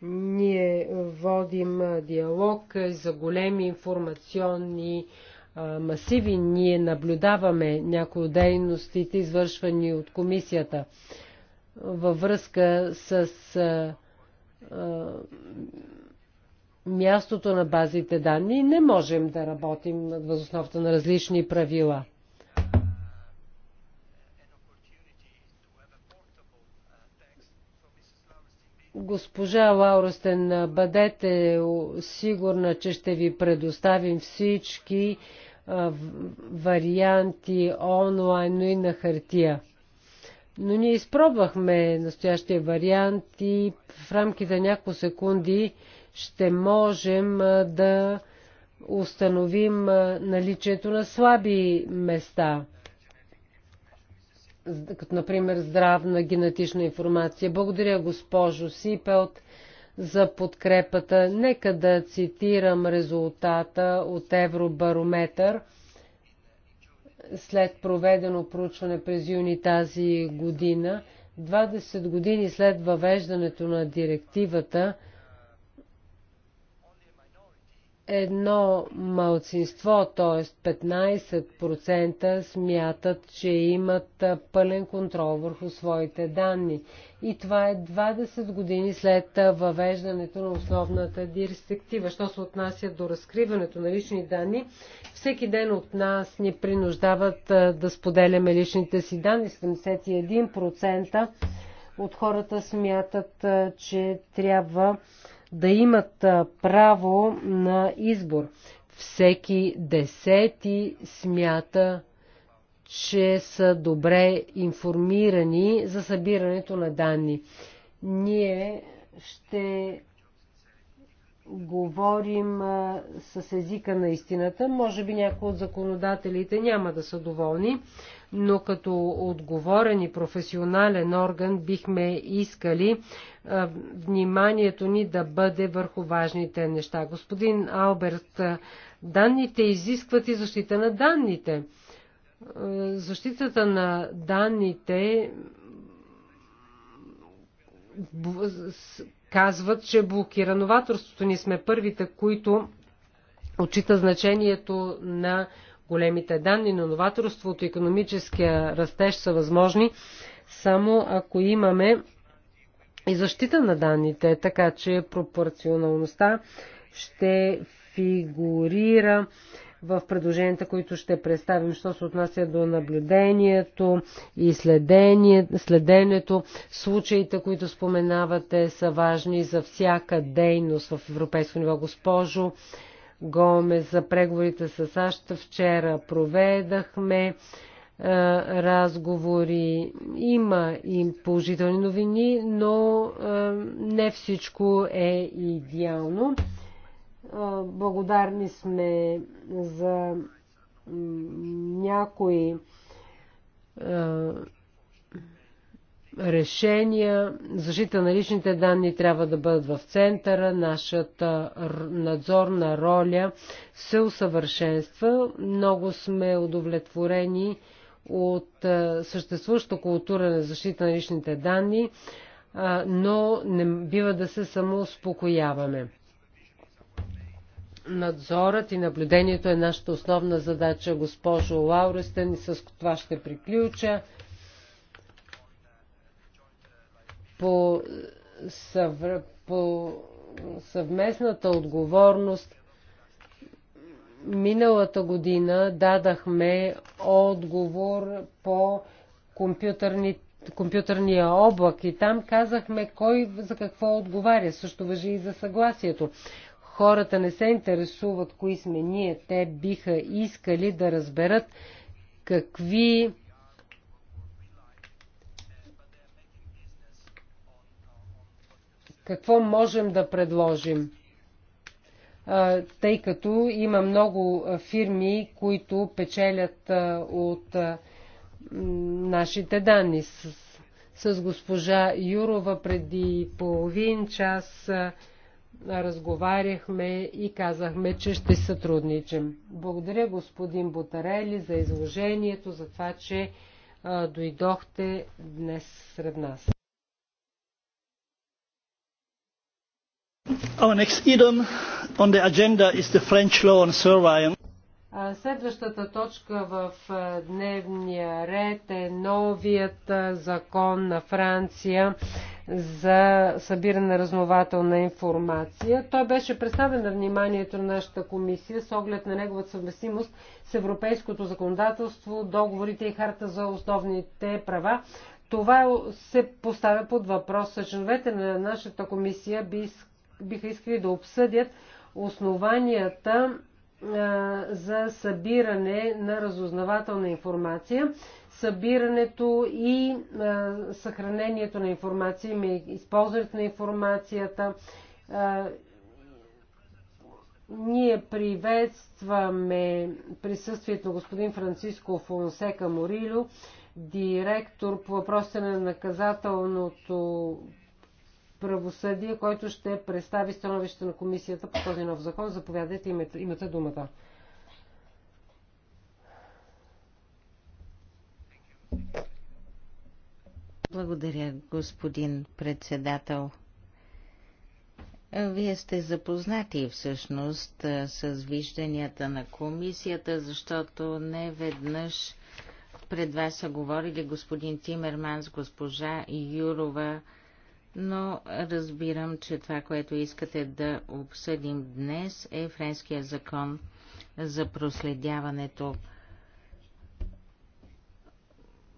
ние водим диалог за големи информационни масиви. Ние наблюдаваме някои от дейностите, извършвани от комисията във връзка с мястото на базите данни. Не можем да работим въз основата на различни правила. Госпожа Лауростен, бъдете сигурна, че ще ви предоставим всички варианти онлайн, но и на хартия. Но ние изпробвахме настоящия вариант и в рамките на няколко секунди ще можем да установим наличието на слаби места, като например здравна генетична информация. Благодаря госпожо Сипелт за подкрепата. Нека да цитирам резултата от Евробарометър след проведено проучване през юни тази година. 20 години след въвеждането на директивата, едно малцинство, т.е. 15% смятат, че имат пълен контрол върху своите данни. И това е 20 години след въвеждането на основната директива. Що се отнася до разкриването на лични данни, всеки ден от нас ни принуждават да споделяме личните си данни. 71% от хората смятат, че трябва да имат право на избор. Всеки десети смята, че са добре информирани за събирането на данни. Ние ще говорим а, с езика на истината. Може би някои от законодателите няма да са доволни, но като отговорен и професионален орган бихме искали вниманието ни да бъде върху важните неща. Господин Алберт, данните изискват и защита на данните. Защитата на данните казват, че блокира новаторството. Ние сме първите, които отчита значението на големите данни, но новаторството и економическия растеж са възможни само ако имаме и защита на данните, така че пропорционалността ще фигурира в предложенията, които ще представим, що се отнася до наблюдението и следение, следенето. Случаите, които споменавате, са важни за всяка дейност в европейско ниво. Госпожо Гомес за преговорите с САЩ. Вчера проведахме е, разговори. Има и положителни новини, но е, не всичко е идеално. Е, благодарни сме за някои решения, защита на личните данни трябва да бъдат в центъра, нашата надзорна роля се усъвършенства. Много сме удовлетворени от е, съществуваща култура на защита на личните данни, е, но не бива да се самоуспокояваме. Надзорът и наблюдението е нашата основна задача, госпожо Лаурестен, и с това ще приключа. по, съв... по съвместната отговорност миналата година дадахме отговор по компютърни, компютърния облак и там казахме кой за какво отговаря. Също въжи и за съгласието. Хората не се интересуват кои сме ние. Те биха искали да разберат какви какво можем да предложим. Тъй като има много фирми, които печелят от нашите данни. С, с госпожа Юрова преди половин час разговаряхме и казахме, че ще сътрудничим. Благодаря господин Бутарели за изложението, за това, че дойдохте днес сред нас. Следващата точка в дневния ред е новият закон на Франция за събиране на разнователна информация. Той беше представен на вниманието на нашата комисия с оглед на неговата съвместимост с европейското законодателство, договорите и харта за основните права. Това е, се поставя под въпрос. Членовете на нашата комисия би искали биха искали да обсъдят основанията за събиране на разузнавателна информация. Събирането и съхранението на информация, използването на информацията. Ние приветстваме присъствието на господин Франциско Фонсека Морилю, директор по въпросите на наказателното правосъдие, който ще представи становище на комисията по този нов закон. Заповядайте, имате, имате думата.
Благодаря, господин председател. Вие сте запознати всъщност с вижданията на комисията, защото не веднъж пред вас са говорили господин Тимерманс, госпожа Юрова, но разбирам, че това, което искате да обсъдим днес е френския закон за проследяването.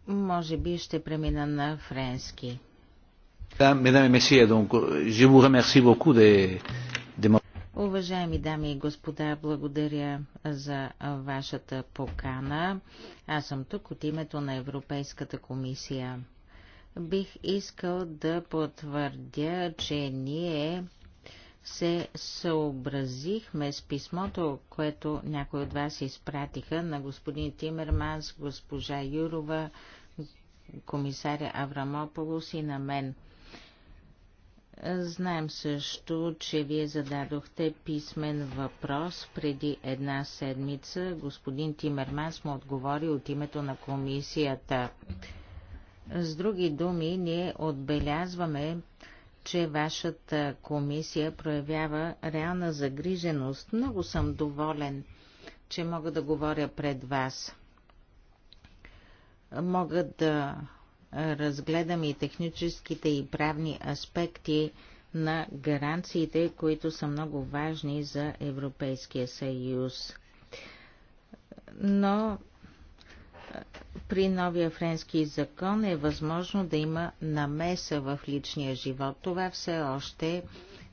Може би ще премина на френски.
Mesdames et messieurs, донко, je vous remercie beaucoup de, de...
Уважаеми дами и господа, благодаря за вашата покана. Аз съм тук от името на Европейската комисия бих искал да потвърдя, че ние се съобразихме с писмото, което някои от вас изпратиха на господин Тимерманс, госпожа Юрова, комисаря Аврамополос и на мен. Знаем също, че вие зададохте писмен въпрос преди една седмица. Господин Тимерманс му отговори от името на комисията. С други думи, ние отбелязваме, че вашата комисия проявява реална загриженост. Много съм доволен, че мога да говоря пред вас. Мога да разгледам и техническите и правни аспекти на гаранциите, които са много важни за Европейския съюз. Но при новия френски закон е възможно да има намеса в личния живот. Това все още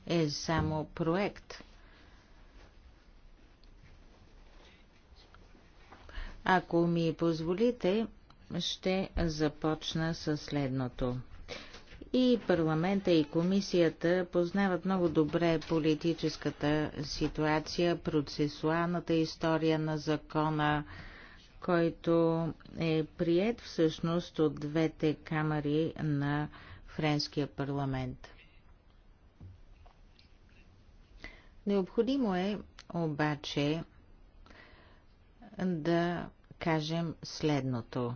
е само проект. Ако ми позволите, ще започна с следното. И парламента и комисията познават много добре политическата ситуация, процесуалната история на закона, който е прият всъщност от двете камери на Френския парламент. Необходимо е обаче да кажем следното.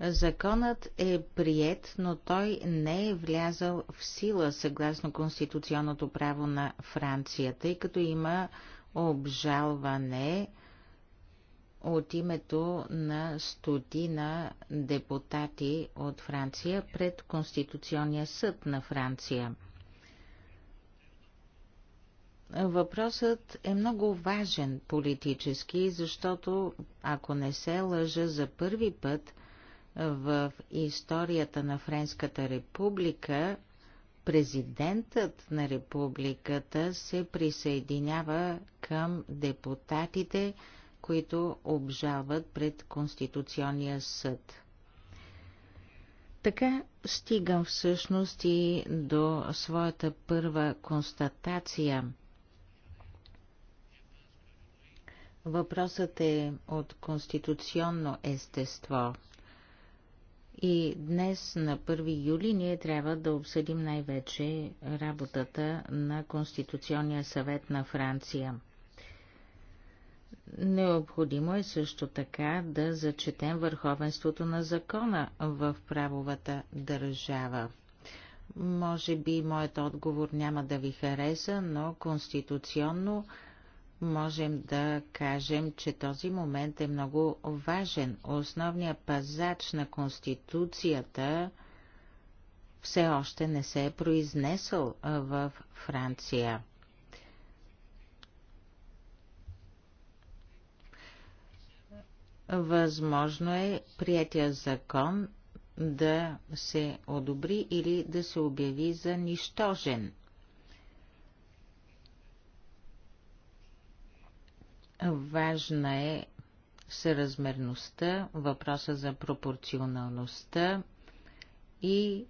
Законът е прият, но той не е влязал в сила съгласно конституционното право на Франция, тъй като има обжалване от името на стотина депутати от Франция пред Конституционния съд на Франция. Въпросът е много важен политически, защото, ако не се лъжа за първи път в историята на Френската република, президентът на републиката се присъединява към депутатите, които обжават пред Конституционния съд. Така стигам всъщност и до своята първа констатация. Въпросът е от конституционно естество. И днес, на 1 юли, ние трябва да обсъдим най-вече работата на Конституционния съвет на Франция – Необходимо е също така да зачетем върховенството на закона в правовата държава. Може би моят отговор няма да ви хареса, но конституционно можем да кажем, че този момент е много важен. Основният пазач на Конституцията все още не се е произнесъл в Франция. възможно е приятия закон да се одобри или да се обяви за нищожен. Важна е съразмерността, въпроса за пропорционалността и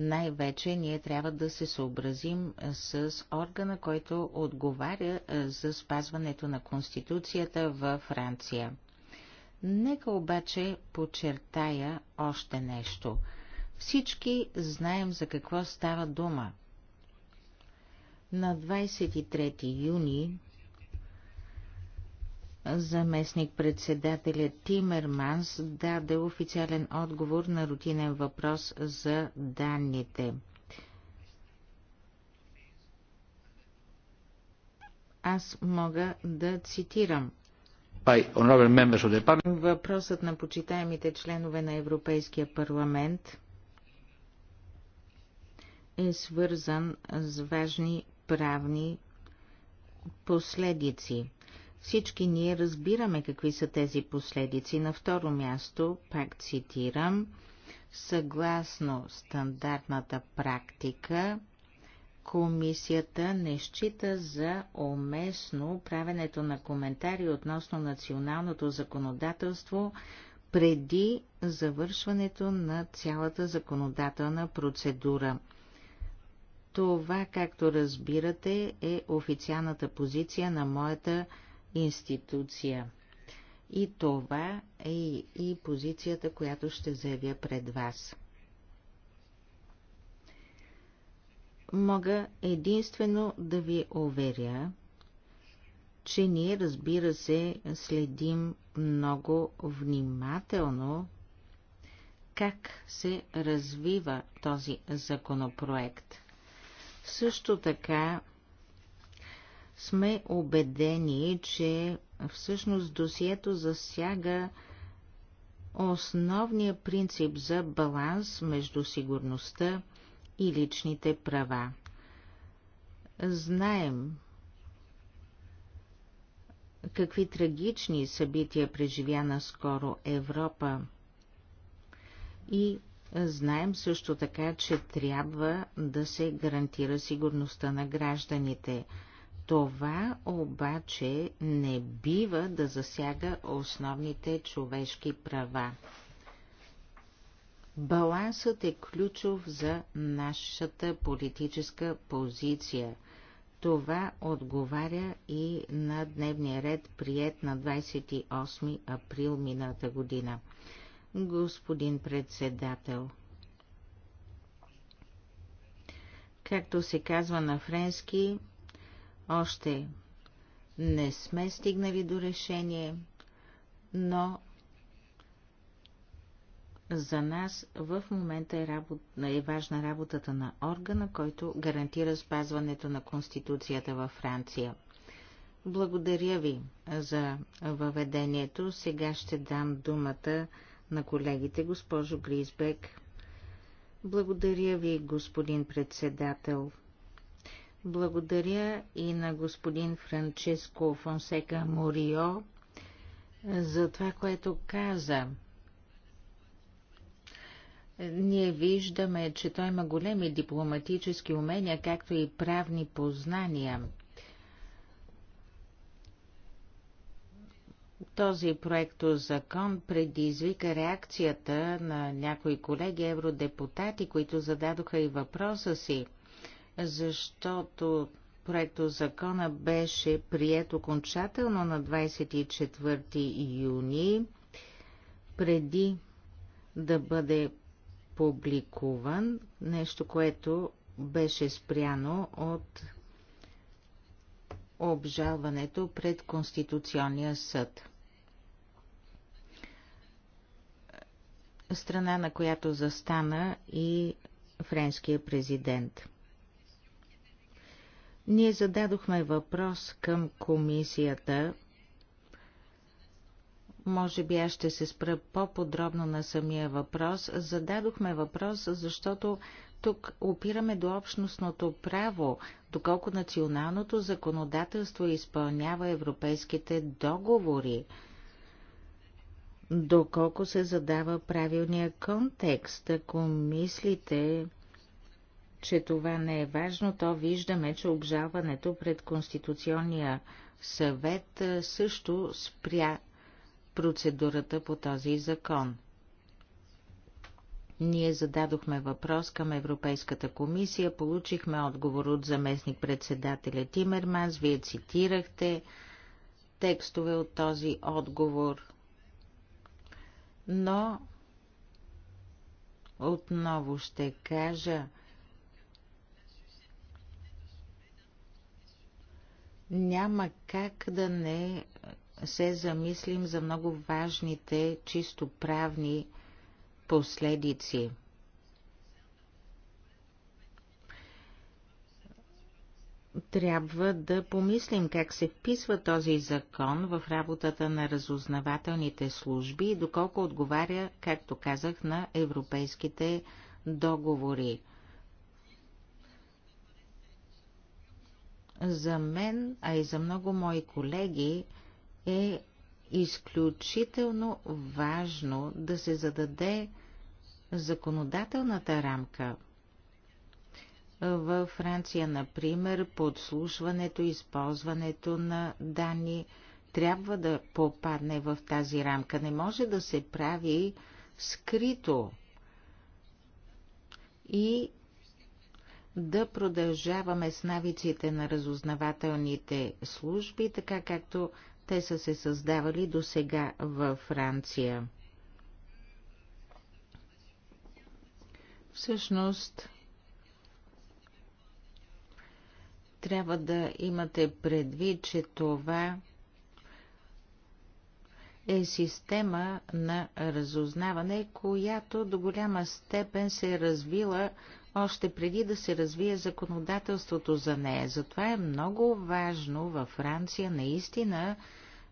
най-вече ние трябва да се съобразим е, с органа, който отговаря е, за спазването на Конституцията във Франция. Нека обаче подчертая още нещо. Всички знаем за какво става дума. На 23 юни Заместник председателя Тимерманс даде официален отговор на рутинен въпрос за данните. Аз мога да цитирам. Въпросът на почитаемите членове на Европейския парламент е свързан с важни правни последици всички ние разбираме какви са тези последици. На второ място, пак цитирам, съгласно стандартната практика, Комисията не счита за уместно правенето на коментари относно националното законодателство преди завършването на цялата законодателна процедура. Това, както разбирате, е официалната позиция на моята институция. И това е и позицията, която ще заявя пред вас. Мога единствено да ви уверя, че ние, разбира се, следим много внимателно как се развива този законопроект. Също така сме убедени, че всъщност досието засяга основния принцип за баланс между сигурността и личните права. Знаем какви трагични събития преживя наскоро Европа и знаем също така, че трябва да се гарантира сигурността на гражданите – това обаче не бива да засяга основните човешки права. Балансът е ключов за нашата политическа позиция. Това отговаря и на дневния ред, прият на 28 април мината година. Господин председател, както се казва на френски, още не сме стигнали до решение, но за нас в момента е, работ... е важна работата на органа, който гарантира спазването на Конституцията във Франция. Благодаря ви за въведението. Сега ще дам думата на колегите, госпожо Гризбек. Благодаря ви, господин председател. Благодаря и на господин Франческо Фонсека Морио за това, което каза. Ние виждаме, че той има големи дипломатически умения, както и правни познания. Този проекто закон предизвика реакцията на някои колеги евродепутати, които зададоха и въпроса си – защото проекто закона беше прият окончателно на 24 юни, преди да бъде публикуван, нещо, което беше спряно от обжалването пред Конституционния съд. Страна, на която застана и френския президент – ние зададохме въпрос към комисията. Може би аз ще се спра по-подробно на самия въпрос. Зададохме въпрос, защото тук опираме до общностното право, доколко националното законодателство изпълнява европейските договори, доколко се задава правилния контекст. Ако мислите, че това не е важно, то виждаме, че обжалването пред Конституционния съвет също спря процедурата по този закон. Ние зададохме въпрос към Европейската комисия, получихме отговор от заместник-председателя Тимерманс, вие цитирахте текстове от този отговор. Но отново ще кажа, Няма как да не се замислим за много важните, чисто правни последици. Трябва да помислим как се вписва този закон в работата на разузнавателните служби и доколко отговаря, както казах, на европейските договори. за мен, а и за много мои колеги е изключително важно да се зададе законодателната рамка. Във Франция, например, подслушването, използването на данни трябва да попадне в тази рамка. Не може да се прави скрито. И да продължаваме с навиците на разузнавателните служби, така както те са се създавали до сега във Франция. Всъщност, трябва да имате предвид, че това е система на разузнаване, която до голяма степен се е развила още преди да се развие законодателството за нея. Затова е много важно във Франция наистина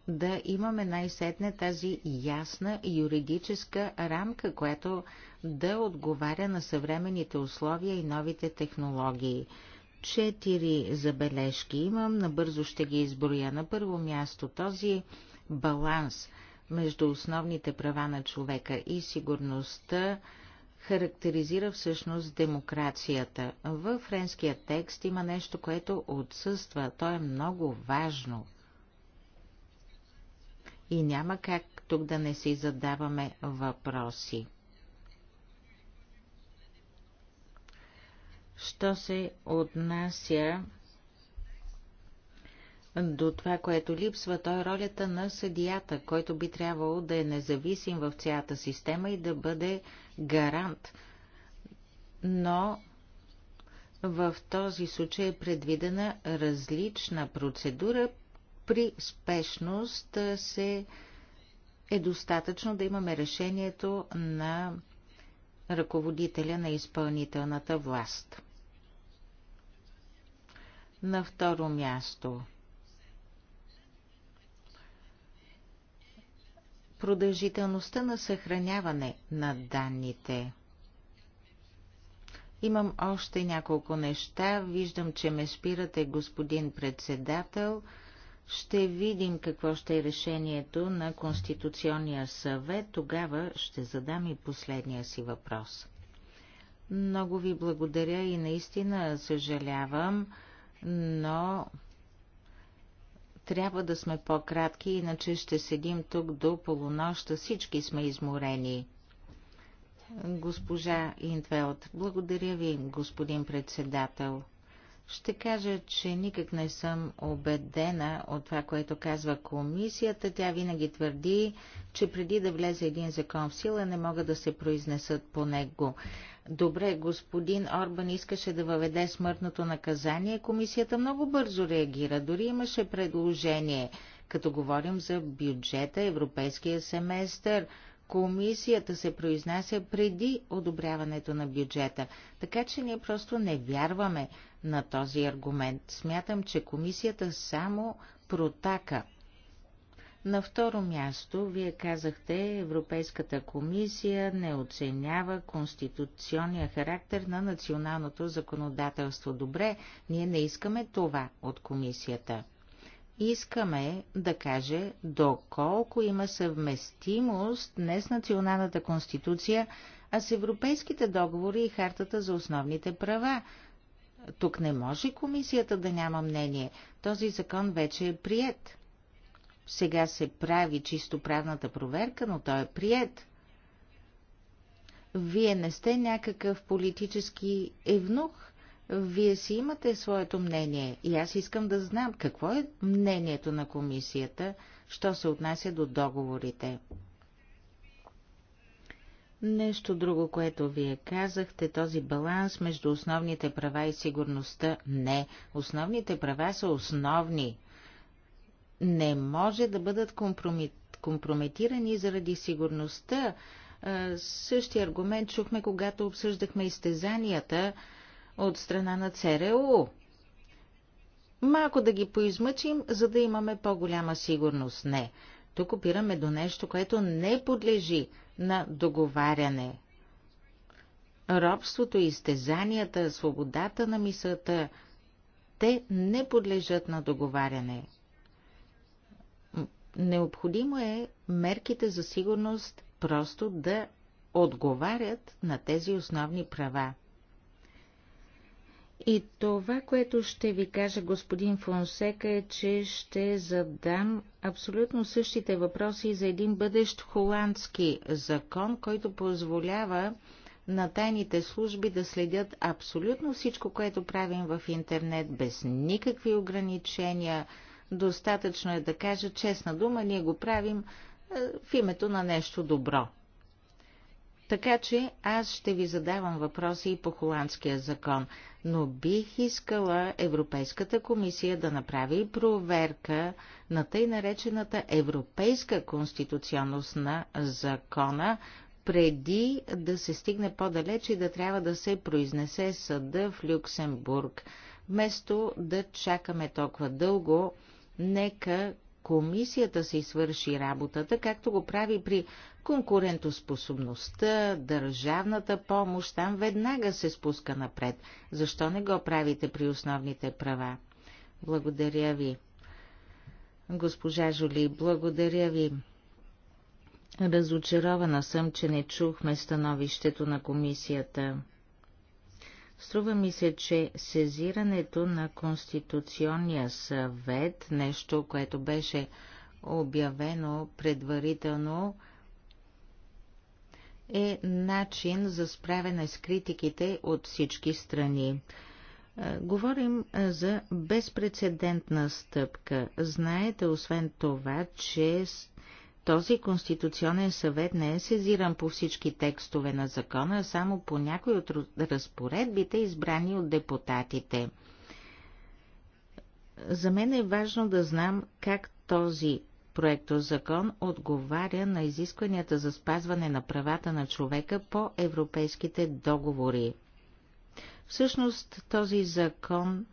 да имаме най-сетне тази ясна юридическа рамка, която да отговаря на съвременните условия и новите технологии. Четири забележки имам, набързо ще ги изброя. На първо място този баланс между основните права на човека и сигурността характеризира всъщност демокрацията. Във френския текст има нещо, което отсъства. То е много важно. И няма как тук да не си задаваме въпроси. Що се отнася до това, което липсва, то е ролята на съдията, който би трябвало да е независим в цялата система и да бъде гарант. Но в този случай е предвидена различна процедура. При спешност се е достатъчно да имаме решението на ръководителя на изпълнителната власт. На второ място – продължителността на съхраняване на данните. Имам още няколко неща. Виждам, че ме спирате, господин председател. Ще видим какво ще е решението на Конституционния съвет. Тогава ще задам и последния си въпрос. Много ви благодаря и наистина съжалявам, но трябва да сме по-кратки, иначе ще седим тук до полунощ, всички сме изморени. Госпожа Интвелт, благодаря ви, господин председател. Ще кажа, че никак не съм убедена от това, което казва комисията. Тя винаги твърди, че преди да влезе един закон в сила, не могат да се произнесат по него. Добре, господин Орбан искаше да въведе смъртното наказание. Комисията много бързо реагира. Дори имаше предложение, като говорим за бюджета, европейския семестър. Комисията се произнася преди одобряването на бюджета, така че ние просто не вярваме на този аргумент. Смятам, че комисията само протака. На второ място, вие казахте, Европейската комисия не оценява конституционния характер на националното законодателство. Добре, ние не искаме това от комисията. Искаме да каже доколко има съвместимост не с националната конституция, а с европейските договори и хартата за основните права. Тук не може комисията да няма мнение. Този закон вече е прият. Сега се прави чисто правната проверка, но той е прият. Вие не сте някакъв политически евнух. Вие си имате своето мнение и аз искам да знам какво е мнението на комисията, що се отнася до договорите. Нещо друго, което вие казахте, този баланс между основните права и сигурността. Не, основните права са основни. Не може да бъдат компрометирани заради сигурността. Същия аргумент чухме, когато обсъждахме изтезанията от страна на ЦРУ. Малко да ги поизмъчим, за да имаме по-голяма сигурност. Не. Тук опираме до нещо, което не подлежи на договаряне. Робството, изтезанията, свободата на мисълта, те не подлежат на договаряне. Необходимо е мерките за сигурност просто да отговарят на тези основни права. И това, което ще ви кажа, господин Фонсека е, че ще задам абсолютно същите въпроси за един бъдещ холандски закон, който позволява на тайните служби да следят абсолютно всичко, което правим в интернет, без никакви ограничения. Достатъчно е да кажа честна дума, ние го правим е, в името на нещо добро. Така че аз ще ви задавам въпроси и по холандския закон, но бих искала Европейската комисия да направи проверка на тъй наречената европейска конституционност на закона, преди да се стигне по-далеч и да трябва да се произнесе съда в Люксембург. Вместо да чакаме толкова дълго, нека комисията си свърши работата, както го прави при конкурентоспособността, държавната помощ, там веднага се спуска напред. Защо не го правите при основните права? Благодаря ви. Госпожа Жули, благодаря ви. Разочарована съм, че не чухме становището на комисията. Струва ми се, че сезирането на Конституционния съвет, нещо, което беше обявено предварително, е начин за справяне с критиките от всички страни. Е, говорим е, за безпредседентна стъпка. Знаете, освен това, че този Конституционен съвет не е сезиран по всички текстове на закона, а само по някои от разпоредбите, избрани от депутатите. За мен е важно да знам как този проектозакон отговаря на изискванията за спазване на правата на човека по европейските договори. Всъщност този закон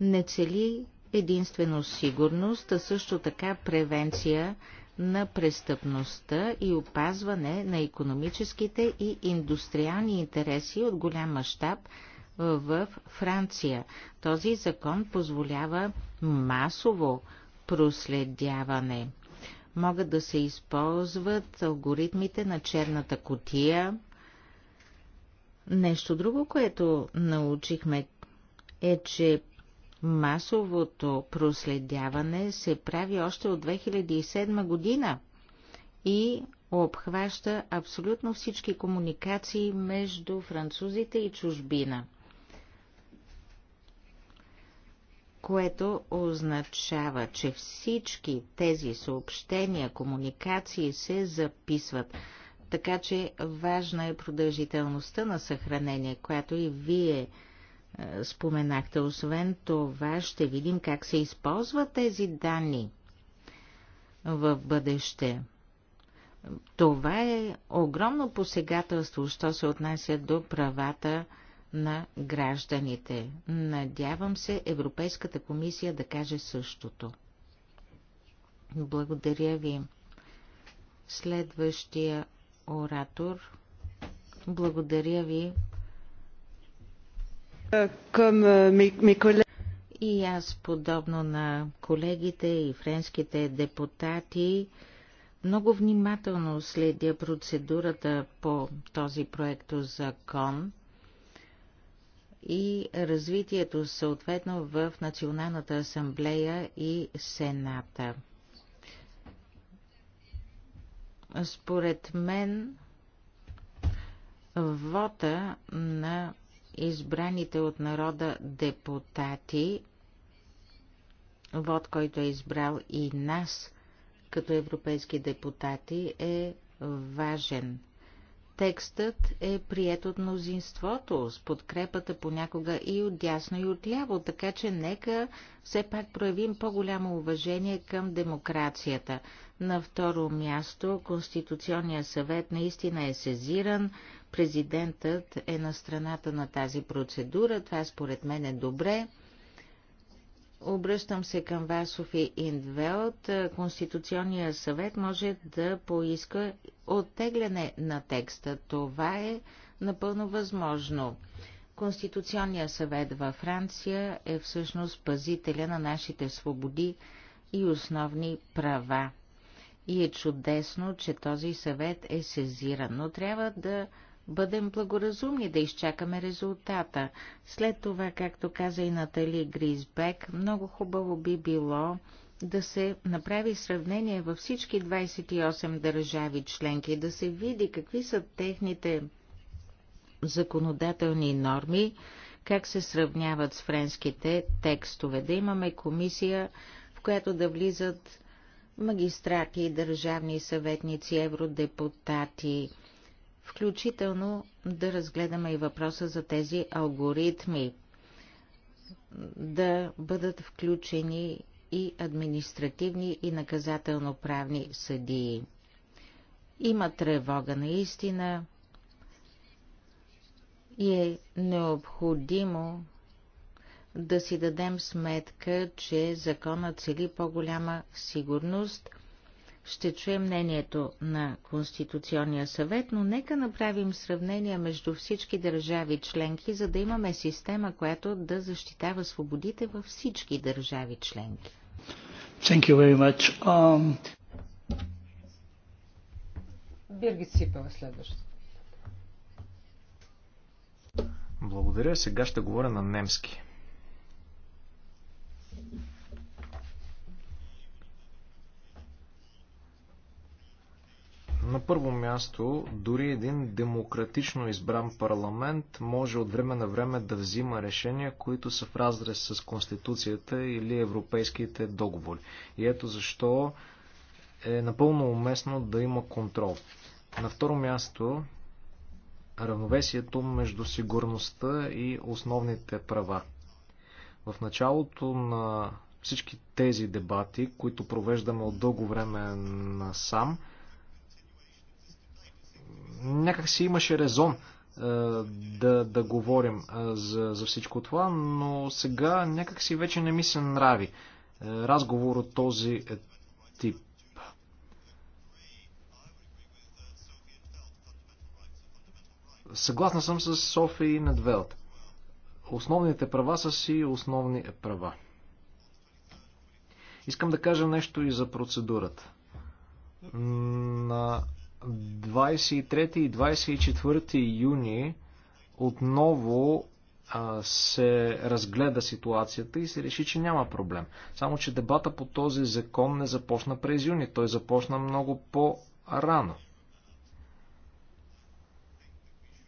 не цели единствено сигурност, а също така превенция на престъпността и опазване на економическите и индустриални интереси от голям мащаб в Франция. Този закон позволява масово проследяване. Могат да се използват алгоритмите на черната котия. Нещо друго, което научихме е, че Масовото проследяване се прави още от 2007 година и обхваща абсолютно всички комуникации между французите и чужбина, което означава, че всички тези съобщения, комуникации се записват, така че важна е продължителността на съхранение, която и вие е, споменахте. Освен това, ще видим как се използват тези данни в бъдеще. Това е огромно посегателство, що се отнася до правата на гражданите. Надявам се Европейската комисия да каже същото. Благодаря ви. Следващия оратор. Благодаря ви, Euh, и аз, подобно на колегите и френските депутати, много внимателно следя процедурата по този проекто закон и развитието съответно в Националната асамблея и Сената. Според мен, вота на избраните от народа депутати, вод, който е избрал и нас като европейски депутати, е важен. Текстът е прият от мнозинството, с подкрепата понякога и от дясно и от ляво, така че нека все пак проявим по-голямо уважение към демокрацията. На второ място Конституционният съвет наистина е сезиран, Президентът е на страната на тази процедура. Това според мен е добре. Обръщам се към вас, Софи Индвелт. Конституционният съвет може да поиска оттегляне на текста. Това е напълно възможно. Конституционният съвет във Франция е всъщност пазителя на нашите свободи и основни права. И е чудесно, че този съвет е сезиран, но трябва да бъдем благоразумни, да изчакаме резултата. След това, както каза и Натали Гризбек, много хубаво би било да се направи сравнение във всички 28 държави членки, да се види какви са техните законодателни норми, как се сравняват с френските текстове, да имаме комисия, в която да влизат магистрати, държавни съветници, евродепутати, включително да разгледаме и въпроса за тези алгоритми, да бъдат включени и административни и наказателно-правни съдии. Има тревога наистина и е необходимо да си дадем сметка, че законът цели по-голяма сигурност – ще чуем мнението на Конституционния съвет, но нека направим сравнение между всички държави членки, за да имаме система, която да защитава свободите във всички държави членки. Thank you very much. Um...
Биргит Сипева е следващо.
Благодаря. Сега ще говоря на немски. На първо място, дори един демократично избран парламент може от време на време да взима решения, които са в разрез с Конституцията или европейските договори. И ето защо е напълно уместно да има контрол. На второ място, равновесието между сигурността и основните права. В началото на всички тези дебати, които провеждаме от дълго време насам, сам, някак си имаше резон е, да, да говорим е, за, за всичко това, но сега някак си вече не ми се нрави е, разговор от този тип. Съгласна съм с София и Недвелт. Основните права са си основни права. Искам да кажа нещо и за процедурата. На 23 и 24 юни отново се разгледа ситуацията и се реши, че няма проблем. Само, че дебата по този закон не започна през юни, той започна много по-рано.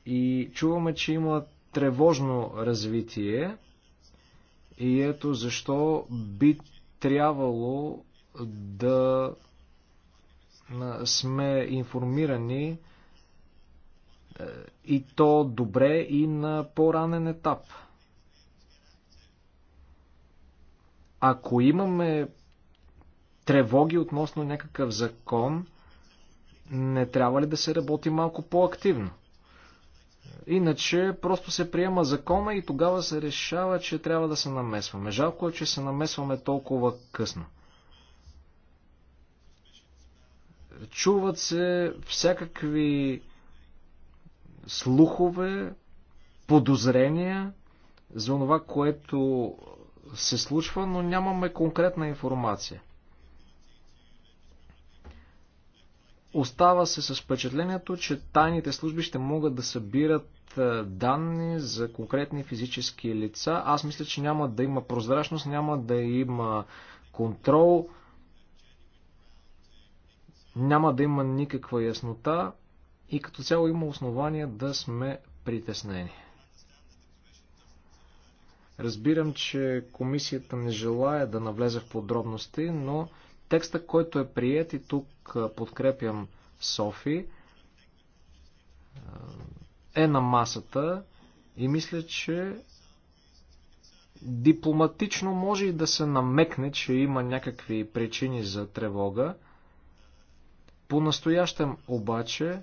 И чуваме, че има тревожно развитие и ето защо би трябвало да сме информирани е, и то добре и на по-ранен етап. Ако имаме тревоги относно някакъв закон, не трябва ли да се работи малко по-активно? Иначе просто се приема закона и тогава се решава, че трябва да се намесваме. Жалко е, че се намесваме толкова късно. Чуват се всякакви слухове, подозрения за това, което се случва, но нямаме конкретна информация. Остава се с впечатлението, че тайните служби ще могат да събират е, данни за конкретни физически лица. Аз мисля, че няма да има прозрачност, няма да има контрол няма да има никаква яснота и като цяло има основания да сме притеснени. Разбирам, че комисията не желая да навлезе в подробности, но текста, който е прият и тук подкрепям Софи, е на масата и мисля, че дипломатично може и да се намекне, че има някакви причини за тревога. По-настоящем обаче, е,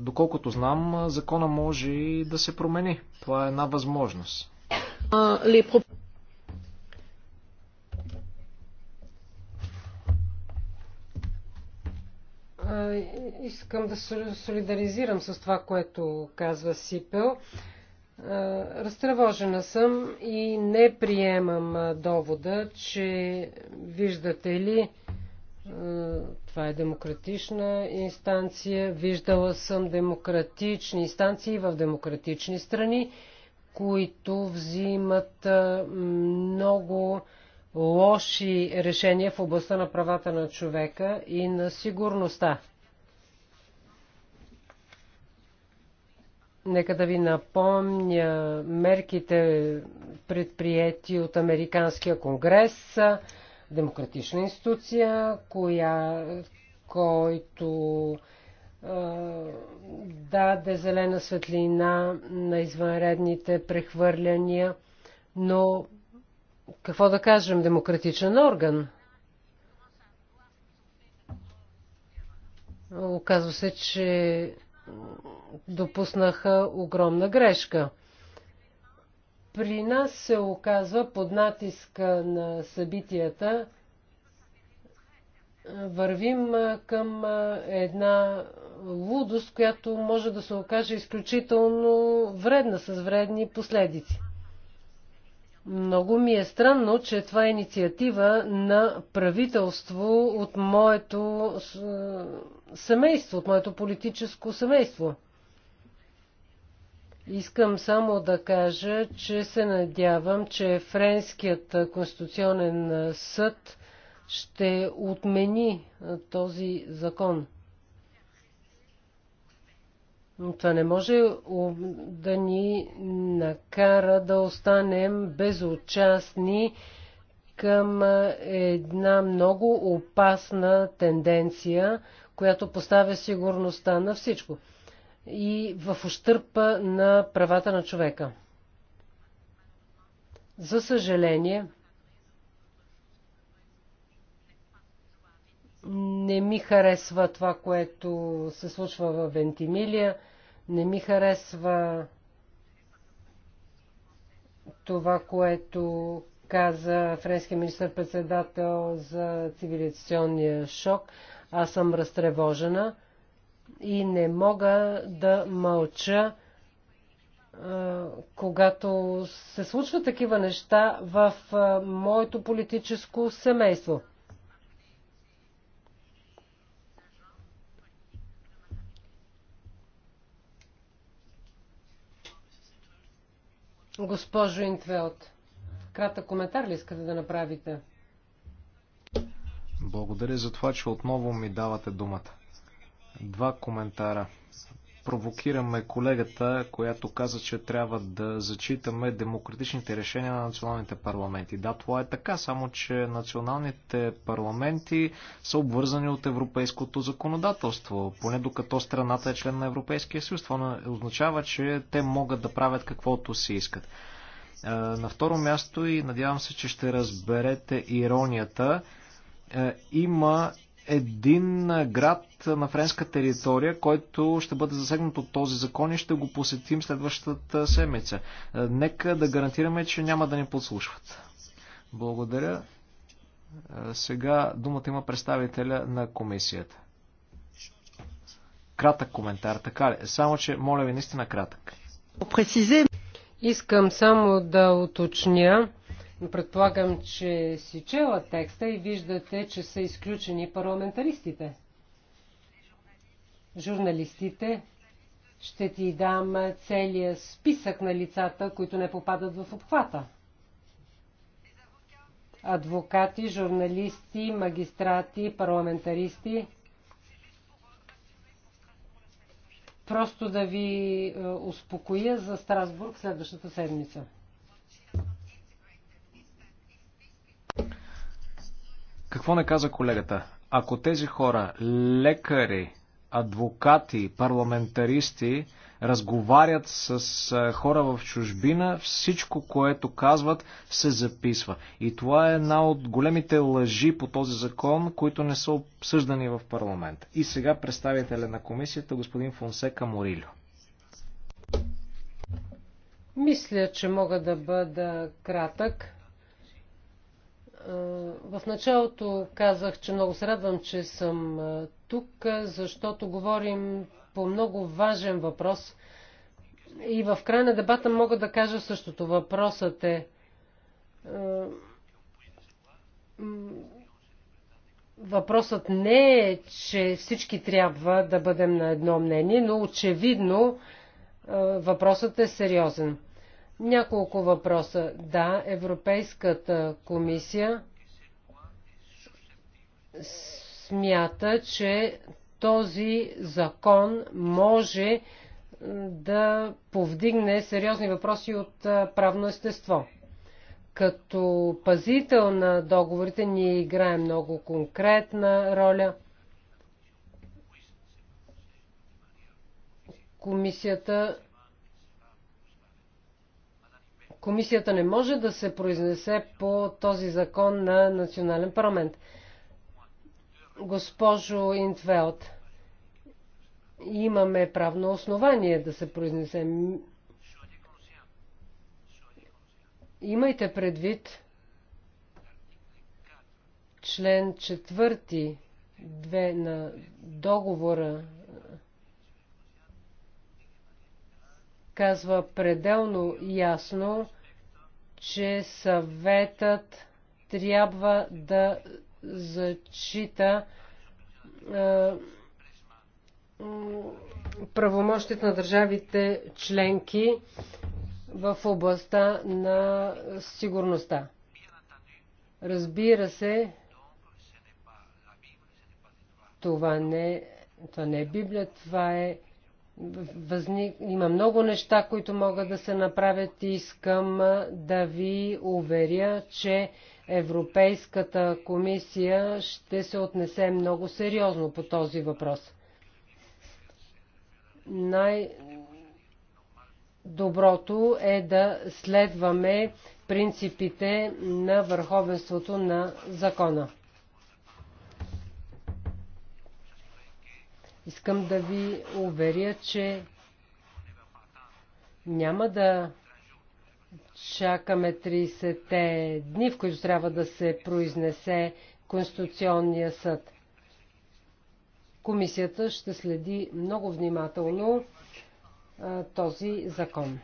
доколкото знам, закона може и да се промени. Това е една възможност.
Искам да солидаризирам с това, което казва Сипел. Разтревожена съм и не приемам довода, че виждате ли, това е демократична инстанция. Виждала съм демократични инстанции в демократични страни, които взимат много лоши решения в областта на правата на човека и на сигурността. Нека да ви напомня мерките предприяти от Американския конгрес, демократична институция, коя, който даде зелена светлина на извънредните прехвърляния, но какво да кажем, демократичен орган? Оказва се, че допуснаха огромна грешка. При нас се оказва под натиска на събитията вървим към една лудост, която може да се окаже изключително вредна, с вредни последици. Много ми е странно, че това е инициатива на правителство от моето семейство, от моето политическо семейство. Искам само да кажа, че се надявам, че Френският конституционен съд ще отмени този закон. Това не може да ни накара да останем безучастни към една много опасна тенденция, която поставя сигурността на всичко и в ущърпа на правата на човека. За съжаление, не ми харесва това, което се случва в Вентимилия, не ми харесва това, което каза френския министър-председател за цивилизационния шок. Аз съм разтревожена и не мога да мълча, когато се случват такива неща в моето политическо семейство. Госпожо Интвелт, кратък коментар ли искате да направите?
Благодаря за това, че отново ми давате думата. Два коментара. Провокираме колегата, която каза, че трябва да зачитаме демократичните решения на националните парламенти. Да, това е така, само че националните парламенти са обвързани от европейското законодателство, поне докато страната е член на Европейския съюз. Това означава, че те могат да правят каквото си искат. Е, на второ място и надявам се, че ще разберете иронията. Е, има един град на френска територия, който ще бъде засегнат от този закон и ще го посетим следващата седмица. Е, нека да гарантираме, че няма да ни подслушват. Благодаря. Е, сега думата има представителя на комисията. Кратък коментар, така ли? Само, че моля ви наистина кратък.
Искам само да уточня Предполагам, че си чела текста и виждате, че са изключени парламентаристите. Журналистите, ще ти дам целия списък на лицата, които не попадат в обхвата. Адвокати, журналисти, магистрати, парламентаристи. Просто да ви е, успокоя за Страсбург следващата седмица.
Какво не каза колегата? Ако тези хора, лекари, адвокати, парламентаристи, разговарят с хора в чужбина, всичко, което казват, се записва. И това е една от големите лъжи по този закон, които не са обсъждани в парламент. И сега представителя на комисията, господин Фонсека Морилю.
Мисля, че мога да бъда кратък. Е, в началото казах, че много се радвам, че съм е, тук, защото говорим по много важен въпрос. И в края на дебата мога да кажа същото. Въпросът е, е въпросът не е, че всички трябва да бъдем на едно мнение, но очевидно въпросът е сериозен. Няколко въпроса. Да, Европейската комисия смята, че този закон може да повдигне сериозни въпроси от правно естество. Като пазител на договорите ние играем много конкретна роля. Комисията комисията не може да се произнесе по този закон на национален парламент. Госпожо Интвелт, имаме правно основание да се произнесем. Имайте предвид член четвърти 2 на договора казва пределно ясно, че съветът трябва да зачита е, правомощите на държавите членки в областта на сигурността. Разбира се, това не, това не е Библия, това е Възник... Има много неща, които могат да се направят и искам да ви уверя, че Европейската комисия ще се отнесе много сериозно по този въпрос. Най... Доброто е да следваме принципите на върховенството на закона. Искам да ви уверя, че няма да чакаме 30-те дни, в които трябва да се произнесе Конституционния съд. Комисията ще следи много внимателно а, този закон.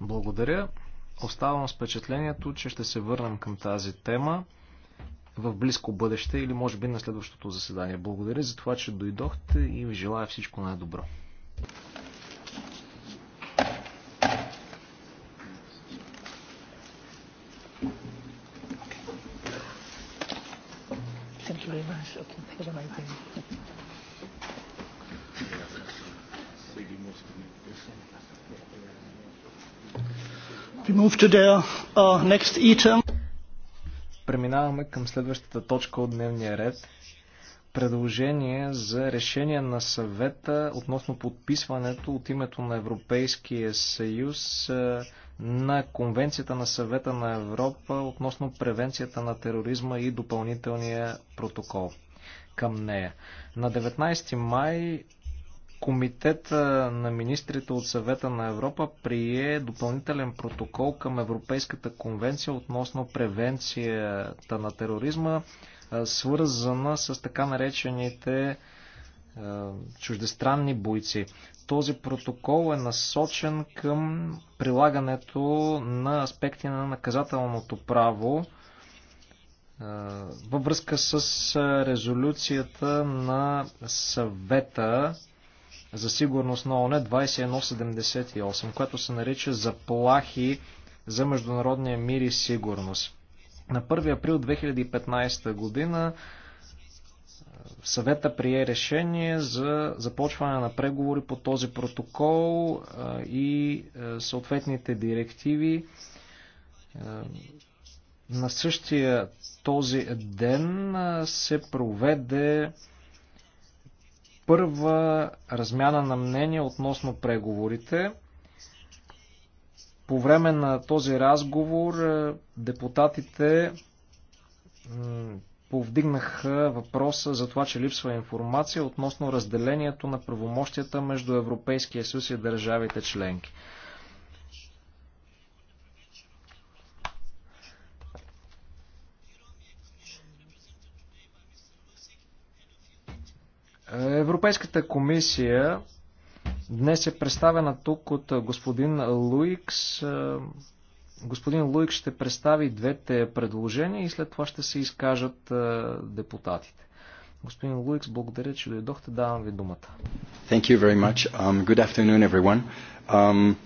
Благодаря. Оставам с впечатлението, че ще се върнем към тази тема в близко бъдеще или може би на следващото заседание. Благодаря за това, че дойдохте и ви желая всичко най-добро. We move to the uh, next item преминаваме към следващата точка от дневния ред. Предложение за решение на съвета относно подписването от името на Европейския съюз е, на Конвенцията на съвета на Европа относно превенцията на тероризма и допълнителния протокол към нея. На 19 май Комитета на министрите от съвета на Европа прие допълнителен протокол към Европейската конвенция относно превенцията на тероризма, свързана с така наречените чуждестранни бойци. Този протокол е насочен към прилагането на аспекти на наказателното право във връзка с резолюцията на съвета за сигурност на ОНЕ 2178, което се нарича заплахи за международния мир и сигурност. На 1 април 2015 година е, съвета прие решение за започване на преговори по този протокол е, и е, съответните директиви. На същия този ден се проведе първа размяна на мнение относно преговорите. По време на този разговор е, депутатите повдигнаха въпроса за това, че липсва информация относно разделението на правомощията между Европейския съюз и държавите членки. Европейската комисия днес е представена тук от господин Луикс. Господин Луикс ще представи двете предложения и след това ще се изкажат депутатите. Господин Луикс, благодаря, че дойдохте. Давам ви думата. Thank
you very much. Um, good afternoon, everyone. Um...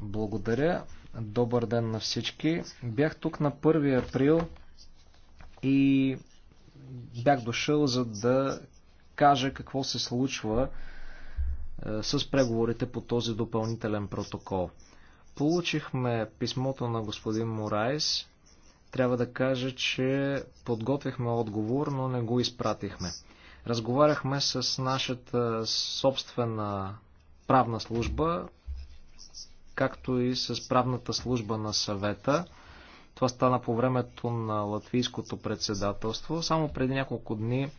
Благодаря. Добър ден на всички. Бях тук на 1 април и бях дошъл за да каже какво се случва е, с преговорите по този допълнителен протокол. Получихме писмото на господин Морайс. Трябва да кажа, че подготвихме отговор, но не го изпратихме. Разговаряхме с нашата собствена правна служба, както и с правната служба на съвета. Това стана по времето на латвийското председателство. Само преди няколко дни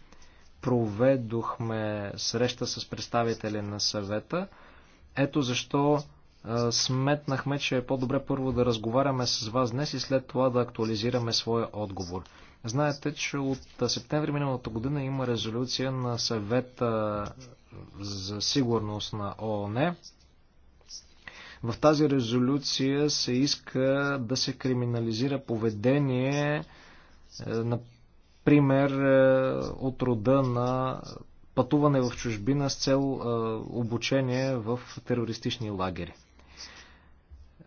проведохме среща с представители на съвета. Ето защо сметнахме, че е по-добре първо да разговаряме с вас днес и след това да актуализираме своя отговор. Знаете, че от септември миналата година има резолюция на съвета за сигурност на ООН. В тази резолюция се иска да се криминализира поведение, на пример е, от рода на пътуване в чужбина с цел е, обучение в терористични лагери.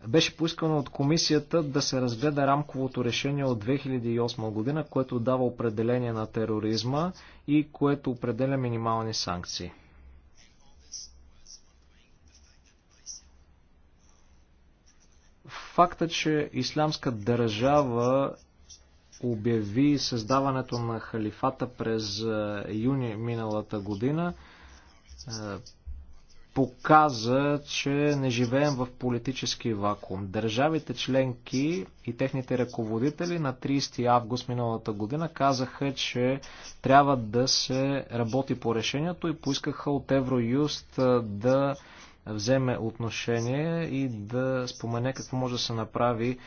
Беше поискано от комисията да се разгледа рамковото решение от 2008 година, което дава определение на тероризма и което определя минимални санкции. Факта, че ислямска държава обяви създаването на халифата през е, юни миналата година, е, показа, че не живеем в политически вакуум. Държавите членки и техните ръководители на 30 август миналата година казаха, че трябва да се работи по решението и поискаха от Евроюст е, да вземе отношение и да спомене какво може да се направи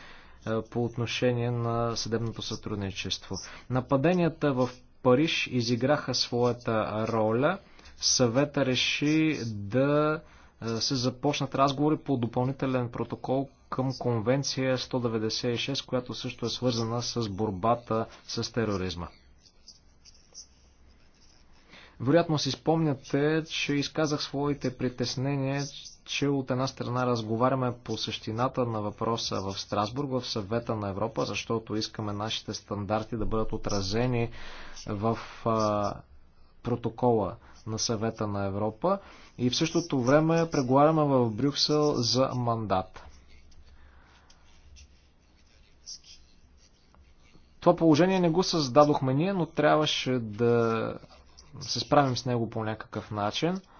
е, по отношение на съдебното сътрудничество. Нападенията в Париж изиграха своята роля. Съвета реши да е, се започнат разговори по допълнителен протокол към конвенция 196, която също е свързана с борбата с тероризма. Вероятно си спомняте, че изказах своите притеснения, че от една страна разговаряме по същината на въпроса в Страсбург, в съвета на Европа, защото искаме нашите стандарти да бъдат отразени в а, протокола на съвета на Европа и в същото време преговаряме в Брюксел за мандат. Това положение не го създадохме ние, но трябваше да се справим с него по някакъв начин –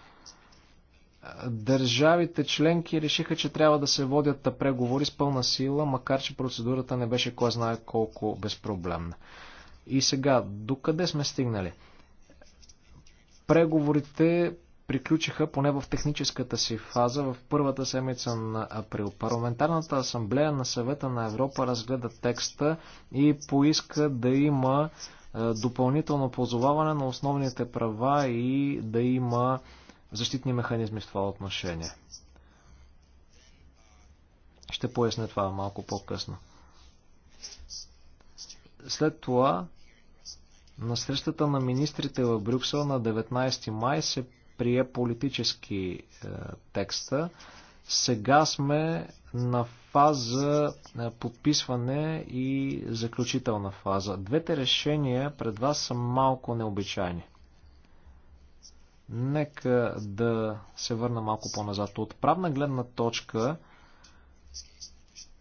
Държавите членки решиха, че трябва да се водят преговори с пълна сила, макар че процедурата не беше кой знае колко безпроблемна. И сега, докъде сме стигнали? Преговорите приключиха поне в техническата си фаза в първата седмица на април. Парламентарната асамблея на съвета на Европа разгледа текста и поиска да има е, допълнително позоваване на основните права и да има защитни механизми в това отношение. Ще поясня това малко по-късно. След това, на срещата на министрите в Брюксел на 19 май се прие политически е, текста. Сега сме на фаза е, подписване и заключителна фаза. Двете решения пред вас са малко необичайни. Нека да се върна малко по-назад. От правна гледна точка,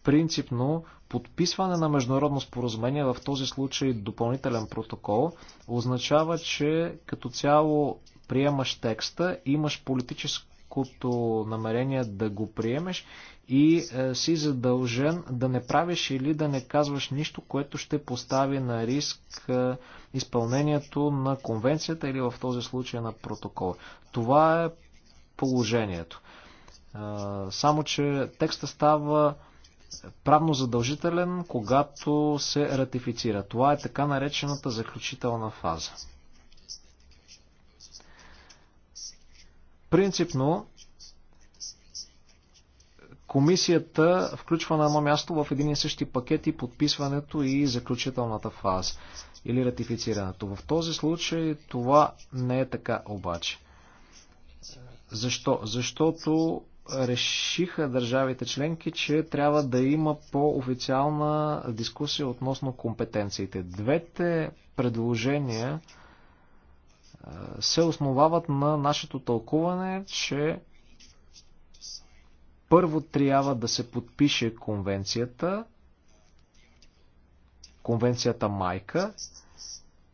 принципно, подписване на международно споразумение, в този случай допълнителен протокол, означава, че като цяло приемаш текста, имаш политическото намерение да го приемеш и е, си задължен да не правиш или да не казваш нищо, което ще постави на риск е, изпълнението на конвенцията или в този случай на протокол. Това е положението. Е, само, че текста става правно задължителен, когато се ратифицира. Това е така наречената заключителна фаза. Принципно, Комисията включва на едно място в един и същи пакет и подписването и заключителната фаза или ратифицирането. В този случай това не е така обаче. Защо? Защото решиха държавите членки, че трябва да има по-официална дискусия относно компетенциите. Двете предложения се основават на нашето тълкуване, че първо трябва да се подпише конвенцията, конвенцията майка.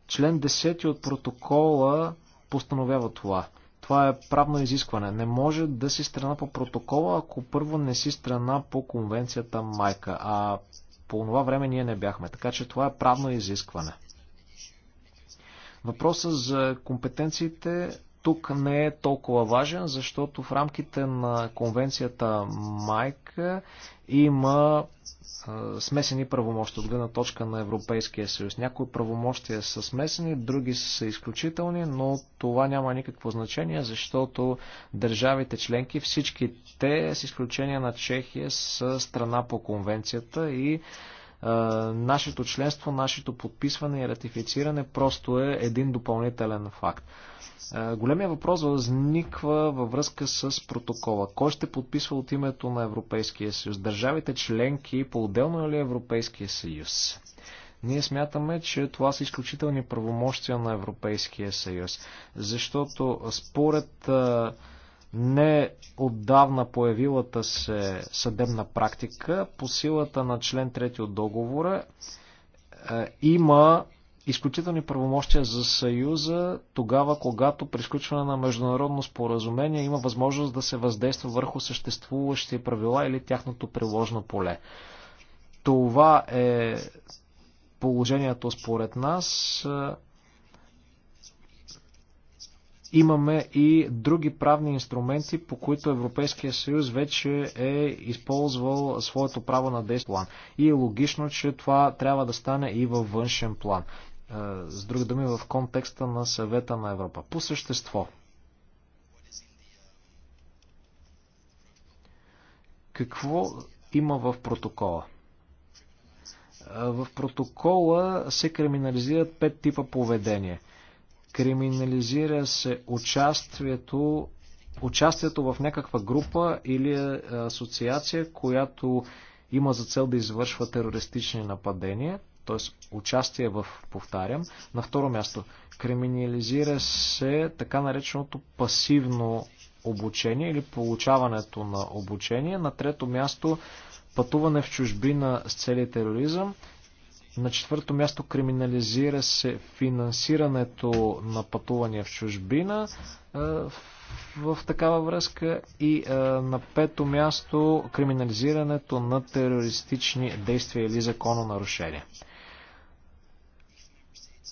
Член 10 от протокола постановява това. Това е правно изискване. Не може да си страна по протокола, ако първо не си страна по конвенцията майка. А по това време ние не бяхме. Така че това е правно изискване. Въпросът за компетенциите тук не е толкова важен, защото в рамките на конвенцията Майка има смесени правомощи от гледна точка на Европейския съюз. Някои правомощия са смесени, други са изключителни, но това няма никакво значение, защото държавите членки, всички те, с изключение на Чехия, са страна по конвенцията и нашето членство, нашето подписване и ратифициране просто е един допълнителен факт. Големия въпрос възниква във връзка с протокола. Кой ще подписва от името на Европейския съюз? Държавите членки по-отделно или е Европейския съюз? Ние смятаме, че това са изключителни правомощия на Европейския съюз, защото според не отдавна появилата се съдебна практика по силата на член 3 от договора е, има изключителни правомощия за Съюза тогава, когато при изключване на международно споразумение има възможност да се въздейства върху съществуващи правила или тяхното приложно поле. Това е положението според нас. Имаме и други правни инструменти, по които Европейския съюз вече е използвал своето право на действие план. И е логично, че това трябва да стане и във външен план. Е, с други думи, в контекста на съвета на Европа. По същество, какво има в протокола? Е, в протокола се криминализират пет типа поведение – Криминализира се участието, участието в някаква група или е, асоциация, която има за цел да извършва терористични нападения, т.е. участие в, повтарям. На второ място, криминализира се така нареченото пасивно обучение или получаването на обучение. На трето място, пътуване в чужбина с цели тероризъм на четвърто място криминализира се финансирането на пътувания в чужбина е, в такава връзка и е, на пето място криминализирането на терористични действия или закононарушения.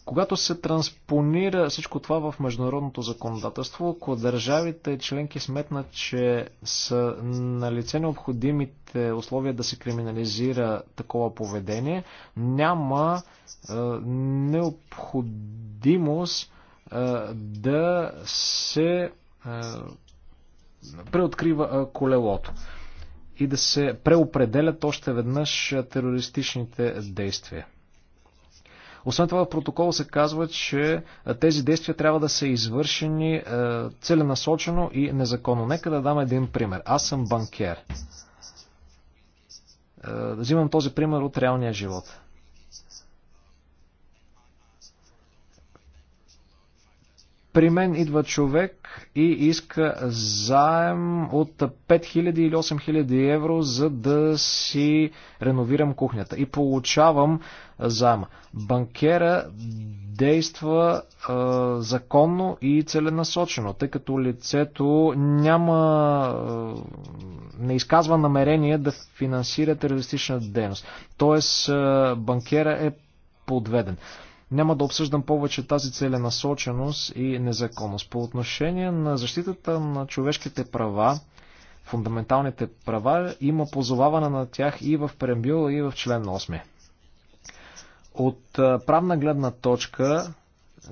Когато се транспонира всичко това в международното законодателство, ако държавите и членки сметнат, че са на лице необходимите условия да се криминализира такова поведение, няма е, необходимост е, да се е, преоткрива е, колелото и да се преопределят още веднъж терористичните действия. Освен това в протокола се казва, че тези действия трябва да са извършени целенасочено и незаконно. Нека да дам един пример. Аз съм банкер. Взимам този пример от реалния живот. При мен идва човек и иска заем от 5000 или 8000 евро, за да си реновирам кухнята. И получавам заема. Банкера действа е, законно и целенасочено, тъй като лицето няма, е, не изказва намерение да финансира терористична дейност. Тоест, е, банкера е подведен. Е, няма да обсъждам повече тази целенасоченост и незаконност. По отношение на защитата на човешките права, фундаменталните права, има позоваване на тях и в преамбюла, и в член 8. От правна гледна точка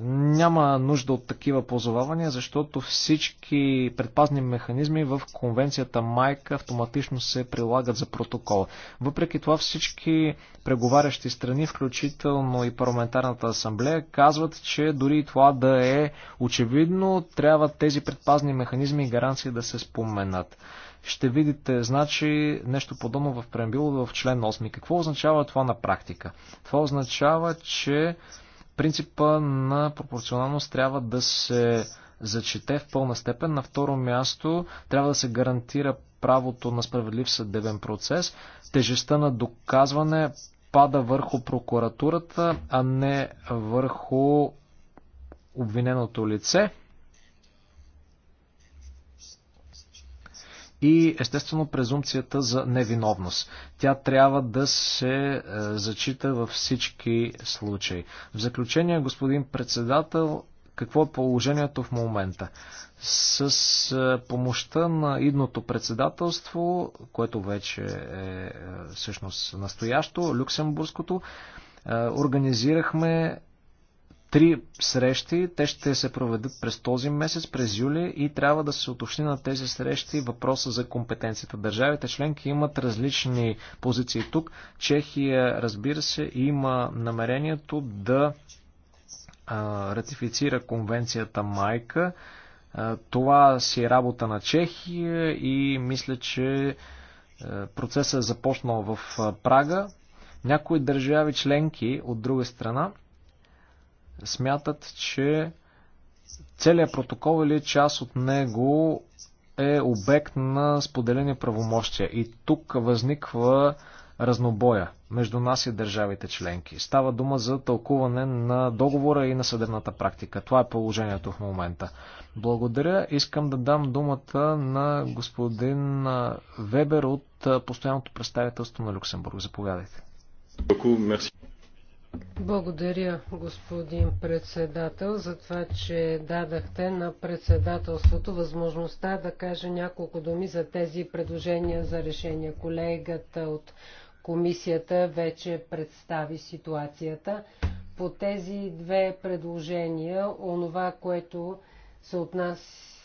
няма нужда от такива позовавания, защото всички предпазни механизми в конвенцията Майка автоматично се прилагат за протокол. Въпреки това всички преговарящи страни, включително и парламентарната асамблея, казват, че дори това да е очевидно, трябва тези предпазни механизми и гаранции да се споменат ще видите, значи, нещо подобно в преамбило в член 8. Какво означава това на практика? Това означава, че Принципа на пропорционалност трябва да се зачете в пълна степен. На второ място трябва да се гарантира правото на справедлив съдебен процес. Тежестта на доказване пада върху прокуратурата, а не върху обвиненото лице. и естествено презумпцията за невиновност. Тя трябва да се е, зачита във всички случаи. В заключение, господин председател, какво е положението в момента. С е, помощта на идното председателство, което вече е, е всъщност настоящо, люксембургското, организирахме три срещи. Те ще се проведат през този месец, през юли и трябва да се уточни на тези срещи въпроса за компетенцията. Държавите членки имат различни позиции тук. Чехия, разбира се, има намерението да а, ратифицира конвенцията Майка. А, това си е работа на Чехия и мисля, че процесът е започнал в Прага. Някои държави членки, от друга страна, смятат, че целият протокол или част от него е обект на споделени правомощия. И тук възниква разнобоя между нас и държавите членки. Става дума за тълкуване на договора и на съдебната практика. Това е положението в момента. Благодаря. Искам да дам думата на господин Вебер от Постоянното представителство на Люксембург. Заповядайте.
Благодаря, господин председател, за това, че дадахте на председателството възможността да каже няколко думи за тези предложения за решение. Колегата от комисията вече представи ситуацията. По тези две предложения, онова, което се отнася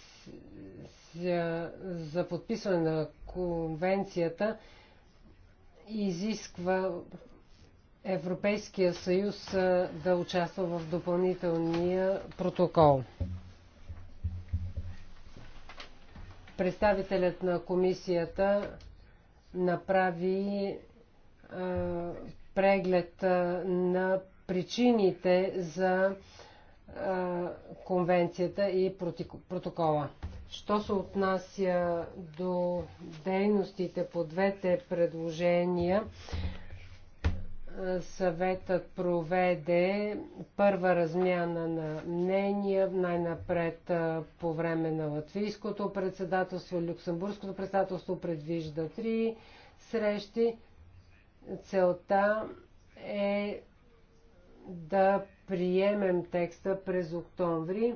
за подписване на конвенцията, изисква Европейския съюз да участва в допълнителния протокол. Представителят на комисията направи преглед на причините за конвенцията и протокола. Що се отнася до дейностите по двете предложения съветът проведе първа размяна на мнения, най-напред по време на латвийското председателство, люксембургското председателство предвижда три срещи. Целта е да приемем текста през октомври.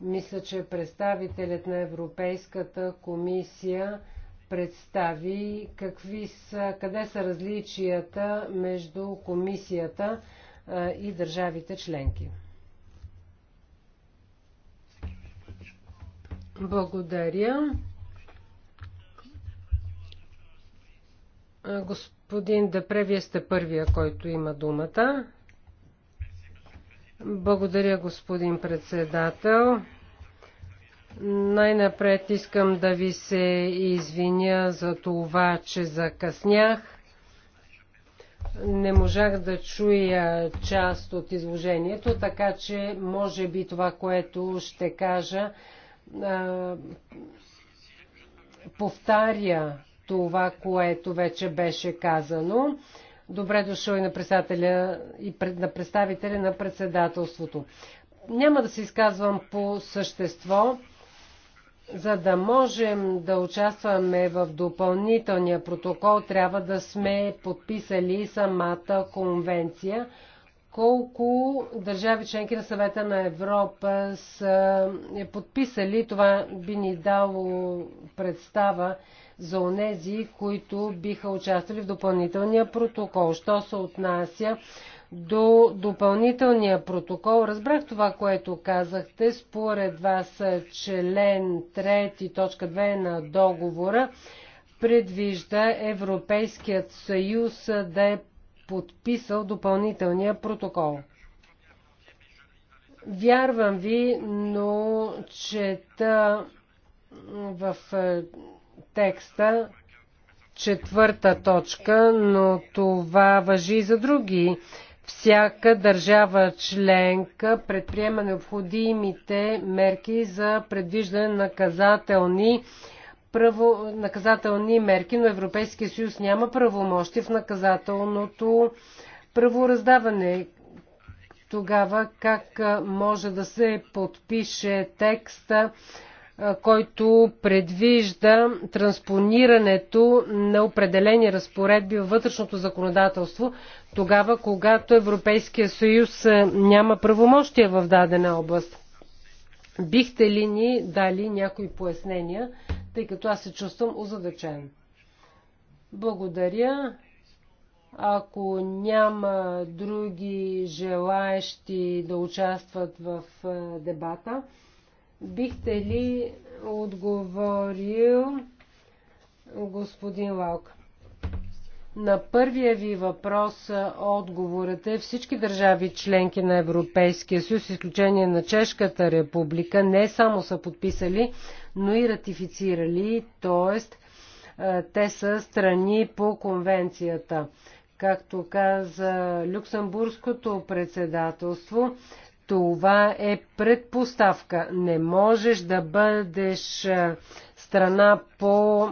Мисля, че представителят на Европейската комисия представи какви са, къде са различията между комисията и държавите членки. Благодаря. Господин Депре, вие сте първия, който има думата. Благодаря, господин председател. Най-напред искам да ви се извиня за това, че закъснях. Не можах да чуя част от изложението, така че може би това, което ще кажа, повтаря това, което вече беше казано. Добре дошъл и на, представителя, и на представителя на председателството. Няма да се изказвам по същество. За да можем да участваме в допълнителния протокол, трябва да сме подписали самата конвенция. Колко държави членки на съвета на Европа са е подписали, това би ни дало представа за онези, които биха участвали в допълнителния протокол. Що се отнася до допълнителния протокол. Разбрах това, което казахте. Според вас член 3, точка 2 на договора предвижда Европейският съюз да е подписал допълнителния протокол. Вярвам ви, но чета в е, текста четвърта точка, но това въжи и за други всяка държава членка предприема необходимите мерки за предвиждане на наказателни, право, наказателни мерки, но Европейския съюз няма правомощи в наказателното правораздаване. Тогава как може да се подпише текста който предвижда транспонирането на определени разпоредби във вътрешното законодателство, тогава когато Европейския съюз няма правомощия в дадена област. Бихте ли ни дали някои пояснения, тъй като аз се чувствам озадачен? Благодаря. Ако няма други желаещи да участват в дебата, Бихте ли отговорил господин Лалк? На първия ви въпрос отговорът е всички държави членки на Европейския съюз, изключение на Чешката република, не само са подписали, но и ратифицирали, т.е. те са страни по конвенцията. Както каза Люксембургското председателство, това е предпоставка. Не можеш да бъдеш страна по,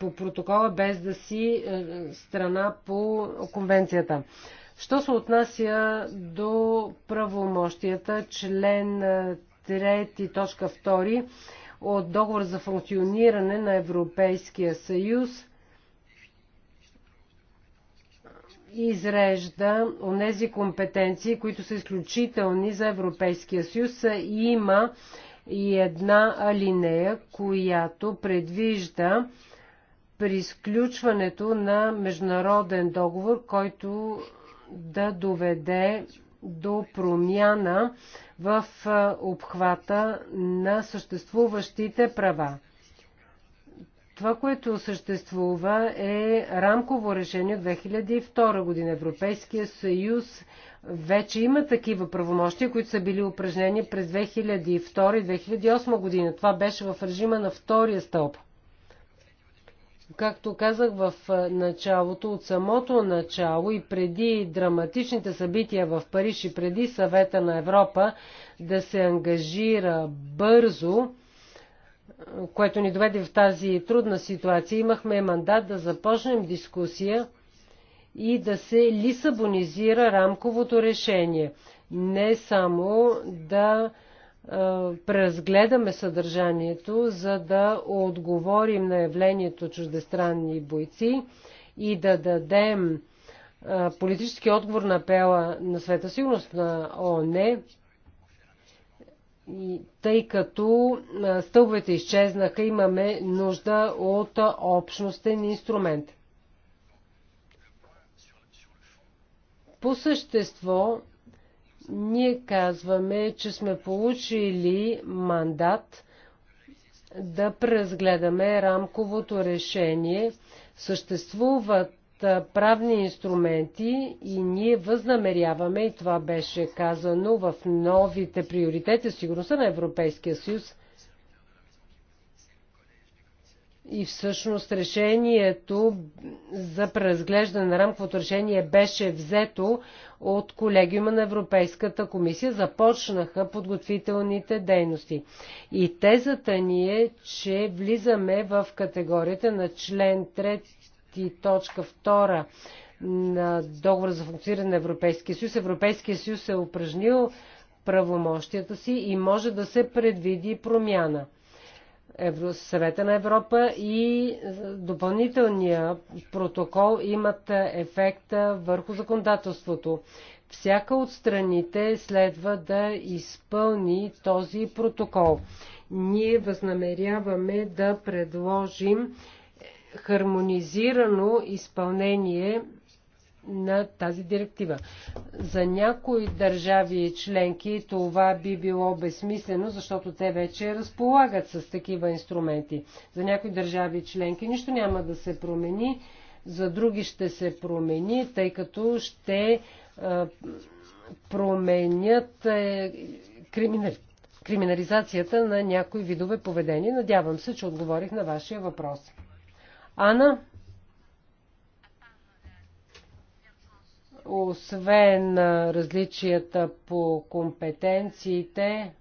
по протокола, без да си страна по конвенцията. Що се отнася до правомощията, член 3, точка 2 от договор за функциониране на Европейския съюз – изрежда онези компетенции, които са изключителни за Европейския съюз. И има и една алинея, която предвижда при изключването на международен договор, който да доведе до промяна в обхвата на съществуващите права. Това, което съществува е рамково решение от 2002 година. Европейския съюз вече има такива правомощия, които са били упражнени през 2002 и 2008 година. Това беше в режима на втория стълб. Както казах в началото, от самото начало и преди драматичните събития в Париж и преди съвета на Европа да се ангажира бързо, което ни доведе в тази трудна ситуация. Имахме мандат да започнем дискусия и да се лисабонизира рамковото решение. Не само да преразгледаме съдържанието, за да отговорим на явлението чуждестранни бойци и да дадем политически отговор на пела на света сигурност на ОНЕ тъй като стълбовете изчезнаха, имаме нужда от общностен инструмент. По същество, ние казваме, че сме получили мандат да преразгледаме рамковото решение. Съществуват правни инструменти и ние възнамеряваме, и това беше казано в новите приоритети сигурността на Европейския съюз, и всъщност решението за преразглеждане на рамковото решение беше взето от колегиума на Европейската комисия. Започнаха подготвителните дейности. И тезата ни е, че влизаме в категорията на член и точка 2 на договора за функциране на Европейския съюз, Европейския съюз е упражнил правомощията си и може да се предвиди промяна. Евро... Съвета на Европа и допълнителния протокол имат ефекта върху законодателството. Всяка от страните следва да изпълни този протокол. Ние възнамеряваме да предложим хармонизирано изпълнение на тази директива. За някои държави членки това би било безсмислено, защото те вече разполагат с такива инструменти. За някои държави членки нищо няма да се промени, за други ще се промени, тъй като ще променят е, криминали, криминализацията на някои видове поведение. Надявам се, че отговорих на вашия въпрос. Ана? Освен различията по компетенциите,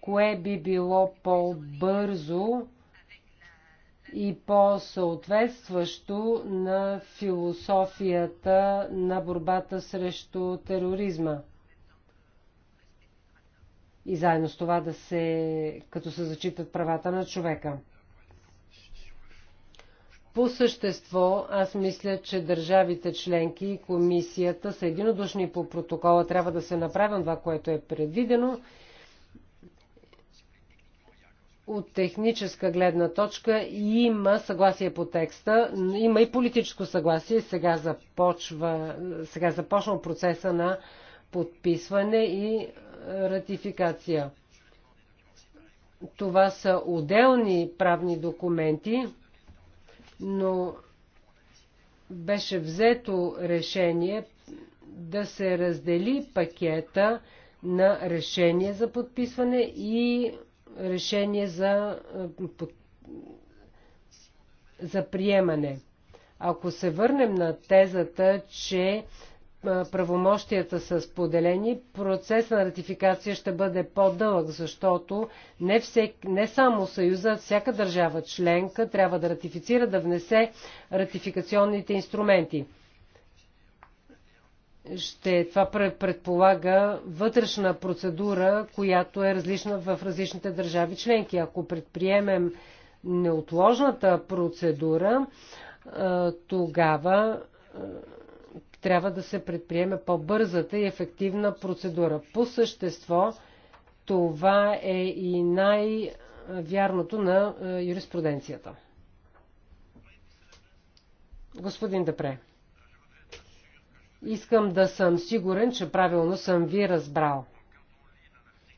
кое би било по-бързо и по-съответстващо на философията на борбата срещу тероризма. И заедно с това да се, като се зачитат правата на човека. По същество, аз мисля, че държавите членки и комисията са единодушни по протокола. Трябва да се направи това, което е предвидено. От техническа гледна точка има съгласие по текста, има и политическо съгласие. Сега, започва, сега започна процеса на подписване и ратификация. Това са отделни правни документи, но беше взето решение да се раздели пакета на решение за подписване и решение за, е, за приемане. Ако се върнем на тезата, че правомощията са споделени, процес на ратификация ще бъде по-дълъг, защото не, всек, не само Съюза, а всяка държава членка трябва да ратифицира, да внесе ратификационните инструменти. Ще, това предполага вътрешна процедура, която е различна в различните държави членки. Ако предприемем неотложната процедура, тогава трябва да се предприеме по-бързата и ефективна процедура. По същество, това е и най-вярното на е, юриспруденцията. Господин Депре, искам да съм сигурен, че правилно съм ви разбрал.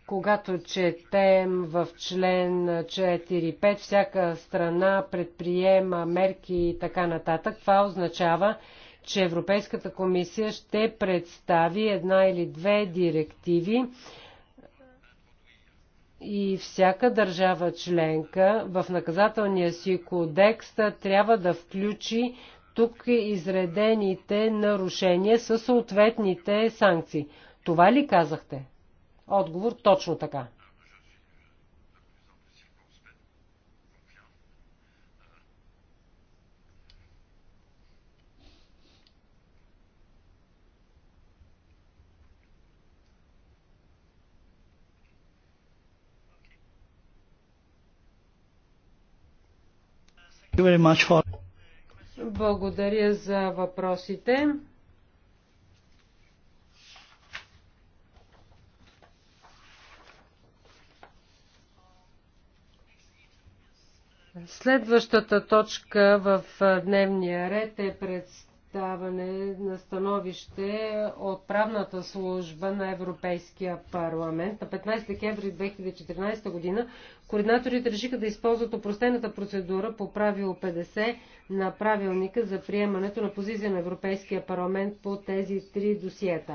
Когато четем в член 4.5, всяка страна предприема мерки и така нататък, това означава, че Европейската комисия ще представи една или две директиви и всяка държава членка в наказателния си кодекс трябва да включи тук изредените нарушения със съответните санкции. Това ли казахте? Отговор точно така. Благодаря за въпросите. Следващата точка в дневния ред е представена даване на становище от правната служба на Европейския парламент. На 15 декември 2014 година координаторите решиха да използват опростената процедура по правило 50 на правилника за приемането на позиция на Европейския парламент по тези три досиета.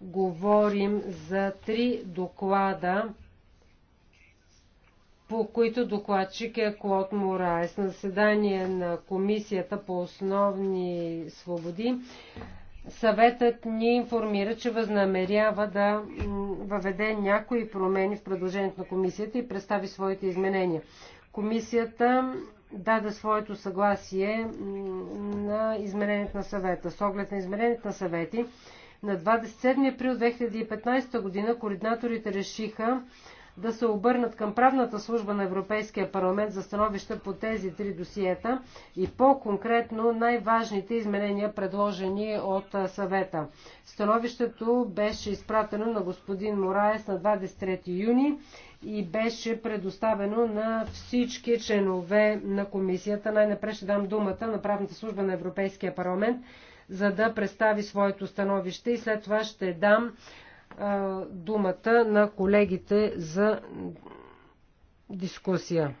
Говорим за три доклада по които докладчик е Клод Морайс. На заседание на Комисията по основни свободи съветът ни информира, че възнамерява да въведе някои промени в предложението на комисията и представи своите изменения. Комисията даде своето съгласие на изменението на съвета. С оглед на изменението на съвети, на 27 април 2015 година координаторите решиха да се обърнат към правната служба на Европейския парламент за становища по тези три досиета и по-конкретно най-важните изменения, предложени от съвета. Становището беше изпратено на господин Мораес на 23 юни и беше предоставено на всички членове на комисията. Най-напред ще дам думата на правната служба на Европейския парламент, за да представи своето становище и след това ще дам думата на колегите за дискусия.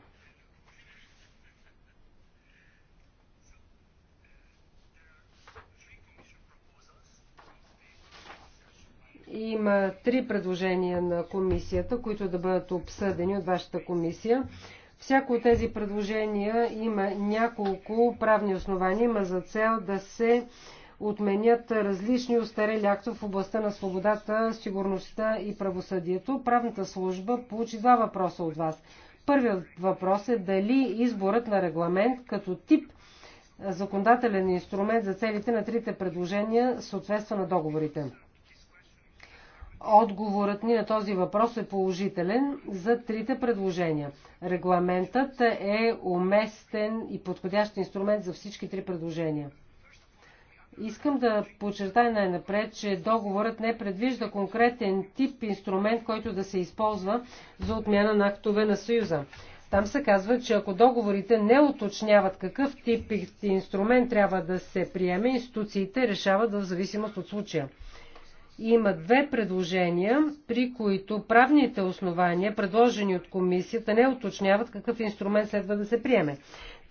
Има три предложения на комисията, които да бъдат обсъдени от вашата комисия. Всяко от тези предложения има няколко правни основания, има за цел да се отменят различни устарели актове в областта на свободата, сигурността и правосъдието. Правната служба получи два въпроса от вас. Първият въпрос е дали изборът на регламент като тип законодателен инструмент за целите на трите предложения съответства на договорите. Отговорът ни на този въпрос е положителен за трите предложения. Регламентът е уместен и подходящ инструмент за всички три предложения. Искам да подчертая най-напред, че договорът не предвижда конкретен тип инструмент, който да се използва за отмяна на актове на Съюза. Там се казва, че ако договорите не уточняват какъв тип инструмент трябва да се приеме, институциите решават в зависимост от случая. Има две предложения, при които правните основания, предложени от комисията, не уточняват какъв инструмент следва да се приеме.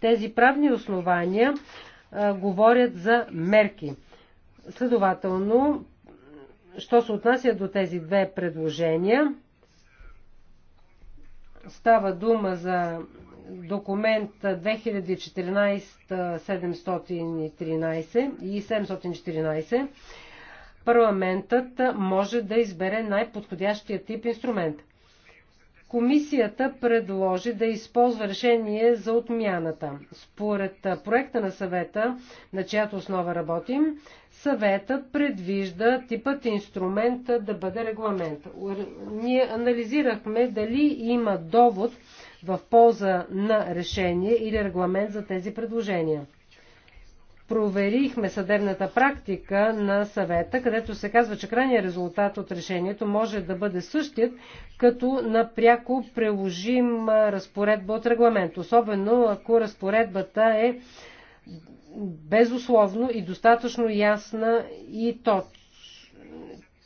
Тези правни основания говорят за мерки. Следователно, що се отнася до тези две предложения, става дума за документ 2014-713 и 714, парламентът може да избере най-подходящия тип инструмент – Комисията предложи да използва решение за отмяната. Според проекта на съвета, на чиято основа работим, съветът предвижда типът инструмент да бъде регламент. Ние анализирахме дали има довод в полза на решение или регламент за тези предложения проверихме съдебната практика на съвета, където се казва, че крайният резултат от решението може да бъде същият, като напряко приложим разпоредба от регламент, особено ако разпоредбата е безусловно и достатъчно ясна и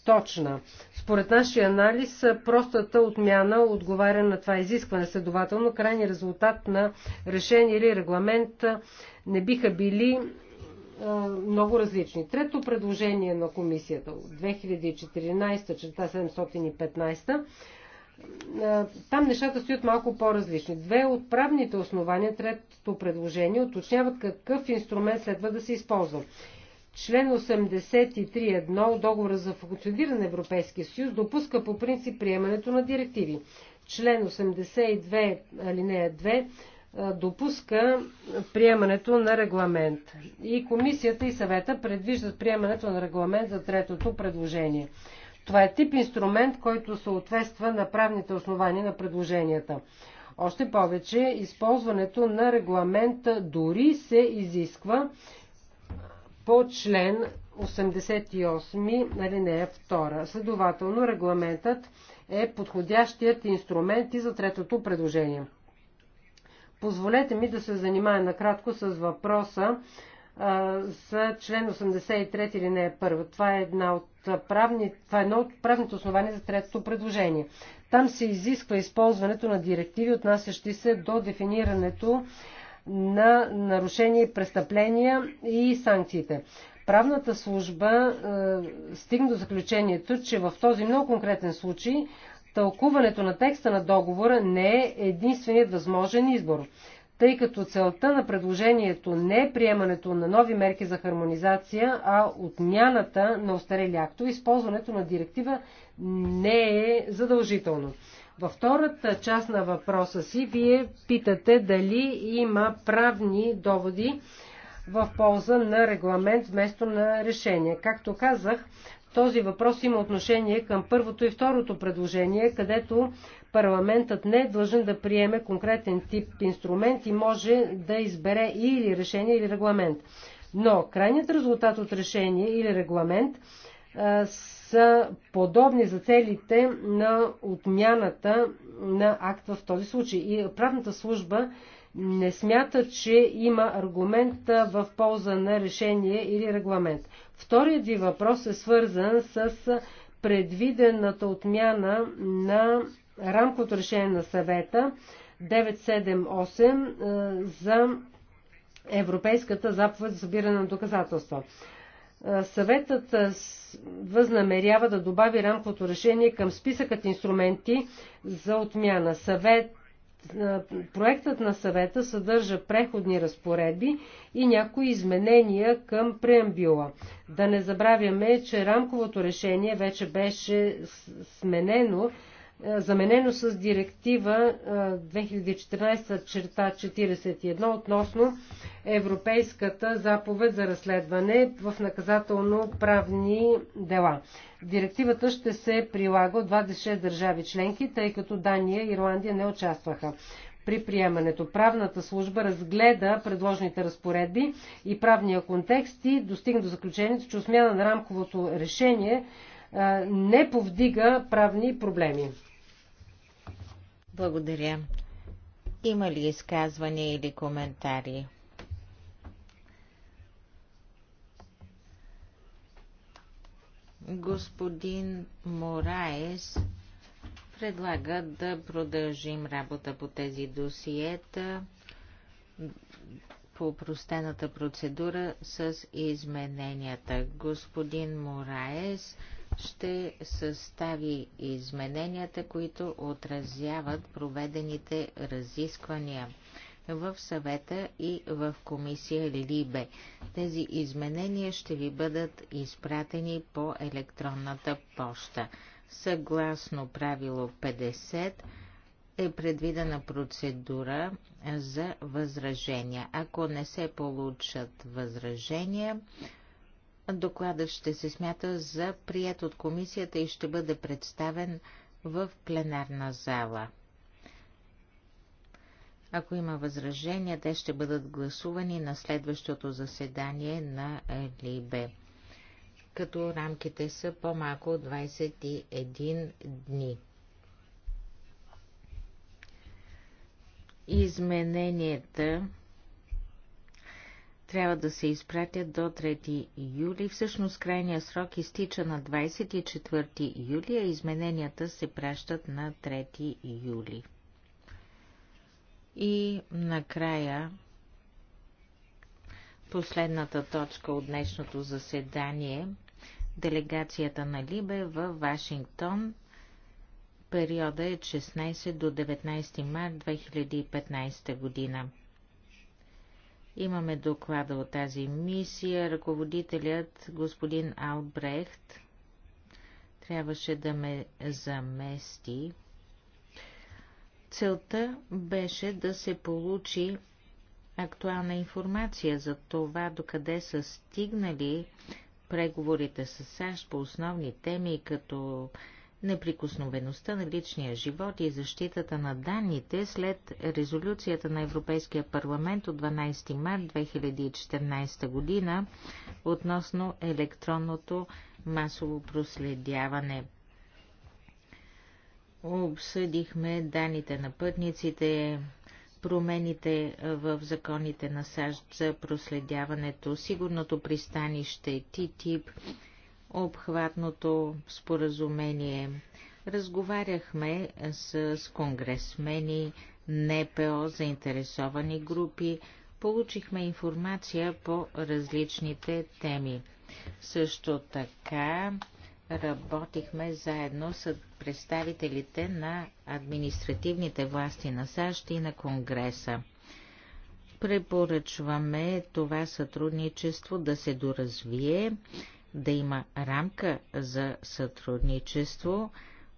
точна. Според нашия анализ, простата отмяна отговаря на това изискване. Следователно, крайният резултат на решение или регламент не биха били много различни. Трето предложение на комисията от 2014 черта 715 там нещата стоят малко по-различни. Две от правните основания, третото предложение, уточняват какъв инструмент следва да се използва. Член 83.1 от договора за функциониране на Европейския съюз допуска по принцип приемането на директиви. Член 82 алинея 2 допуска приемането на регламент. И комисията и съвета предвиждат приемането на регламент за третото предложение. Това е тип инструмент, който съответства на правните основания на предложенията. Още повече, използването на регламента дори се изисква по член 88, алинея 2. Следователно, регламентът е подходящият инструмент и за третото предложение. Позволете ми да се занимая накратко с въпроса а, за член 83 или не е първо. Това е, една от правни, това е едно от правните основания за третото предложение. Там се изисква използването на директиви, отнасящи се до дефинирането на нарушения и престъпления и санкциите. Правната служба стигна до заключението, че в този много конкретен случай тълкуването на текста на договора не е единственият възможен избор, тъй като целта на предложението не е приемането на нови мерки за хармонизация, а отмяната на остарели актове. Използването на директива не е задължително. Във втората част на въпроса си вие питате дали има правни доводи в полза на регламент вместо на решение. Както казах, този въпрос има отношение към първото и второто предложение, където парламентът не е длъжен да приеме конкретен тип инструмент и може да избере или решение, или регламент. Но крайният резултат от решение или регламент а, са подобни за целите на отмяната на акт в този случай. И правната служба не смята, че има аргумент в полза на решение или регламент. Вторият ви въпрос е свързан с предвидената отмяна на рамкото решение на съвета 978 за Европейската заповед за събиране на доказателства. Съветът възнамерява да добави рамковото решение към списъкът инструменти за отмяна. Съвет проектът на съвета съдържа преходни разпоредби и някои изменения към преамбюла. Да не забравяме, че рамковото решение вече беше сменено е, заменено с директива 2014 е, черта 41 относно Европейската заповед за разследване в наказателно-правни дела. Директивата ще се прилага от 26 държави членки, тъй като Дания и Ирландия не участваха. При приемането правната служба разгледа предложените разпоредби и правния контекст и достигна до заключението, че осмяна на рамковото решение е, не повдига правни проблеми.
Благодаря. Има ли изказвания или коментари? Господин Мораес предлага да продължим работа по тези досиета по простената процедура с измененията. Господин Мораес ще състави измененията, които отразяват проведените разисквания в съвета и в комисия Либе. Тези изменения ще ви бъдат изпратени по електронната поща. Съгласно правило 50 е предвидена процедура за възражения. Ако не се получат възражения, Докладът ще се смята за прият от комисията и ще бъде представен в пленарна зала. Ако има възражения, те ще бъдат гласувани на следващото заседание на ЛИБЕ, като рамките са по-малко от 21 дни. Измененията трябва да се изпратят до 3 юли. Всъщност крайният срок изтича на 24 юли, а измененията се пращат на 3 юли. И накрая последната точка от днешното заседание делегацията на Либе в Вашингтон. Периода е 16 до 19 март 2015 година. Имаме доклада от тази мисия. Ръководителят, господин Албрехт, трябваше да ме замести. Целта беше да се получи актуална информация за това, докъде са стигнали преговорите с САЩ по основни теми, като неприкосновеността на личния живот и защитата на данните след резолюцията на Европейския парламент от 12 март 2014 година относно електронното масово проследяване. Обсъдихме данните на пътниците, промените в законите на САЩ за проследяването, сигурното пристанище, ТИТИП, обхватното споразумение. Разговаряхме с конгресмени, НПО, заинтересовани групи, получихме информация по различните теми. Също така работихме заедно с представителите на административните власти на САЩ и на Конгреса. Препоръчваме това сътрудничество да се доразвие да има рамка за сътрудничество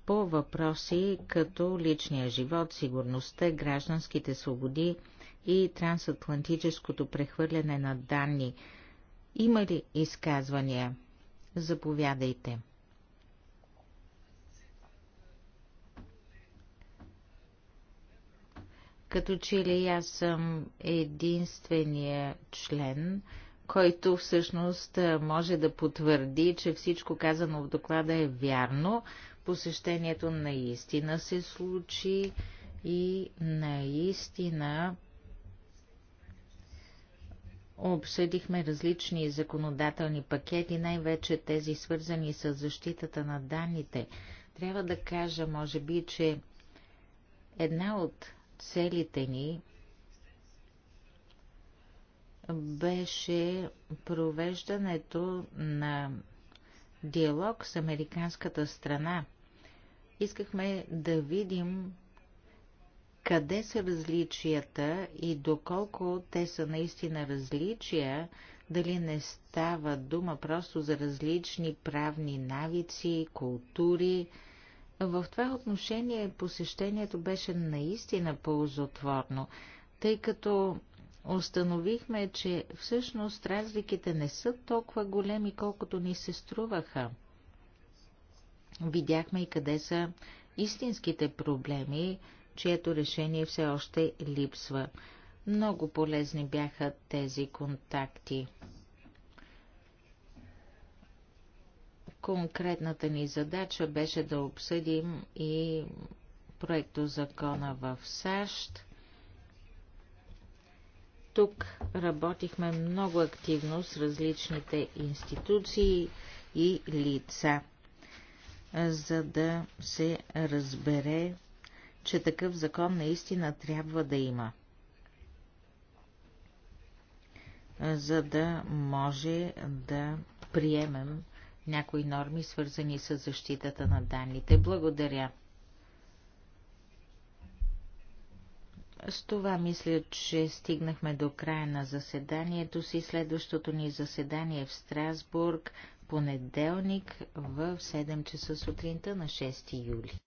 по въпроси като личния живот, сигурността, гражданските свободи и трансатлантическото прехвърляне на данни. Има ли изказвания? Заповядайте. Като че ли аз съм единствения член, който всъщност може да потвърди, че всичко казано в доклада е вярно. Посещението наистина се случи и наистина обсъдихме различни законодателни пакети, най-вече тези свързани с защитата на данните. Трябва да кажа, може би, че една от целите ни беше провеждането на диалог с американската страна. Искахме да видим къде са различията и доколко те са наистина различия, дали не става дума просто за различни правни навици, култури. В това отношение посещението беше наистина ползотворно, тъй като установихме, че всъщност разликите не са толкова големи, колкото ни се струваха. Видяхме и къде са истинските проблеми, чието решение все още липсва. Много полезни бяха тези контакти. Конкретната ни задача беше да обсъдим и проекто закона в САЩ тук работихме много активно с различните институции и лица, за да се разбере, че такъв закон наистина трябва да има. За да може да приемем някои норми, свързани с защитата на данните. Благодаря. С това мисля, че стигнахме до края на заседанието си. Следващото ни заседание в Страсбург, понеделник в 7 часа сутринта на 6 юли.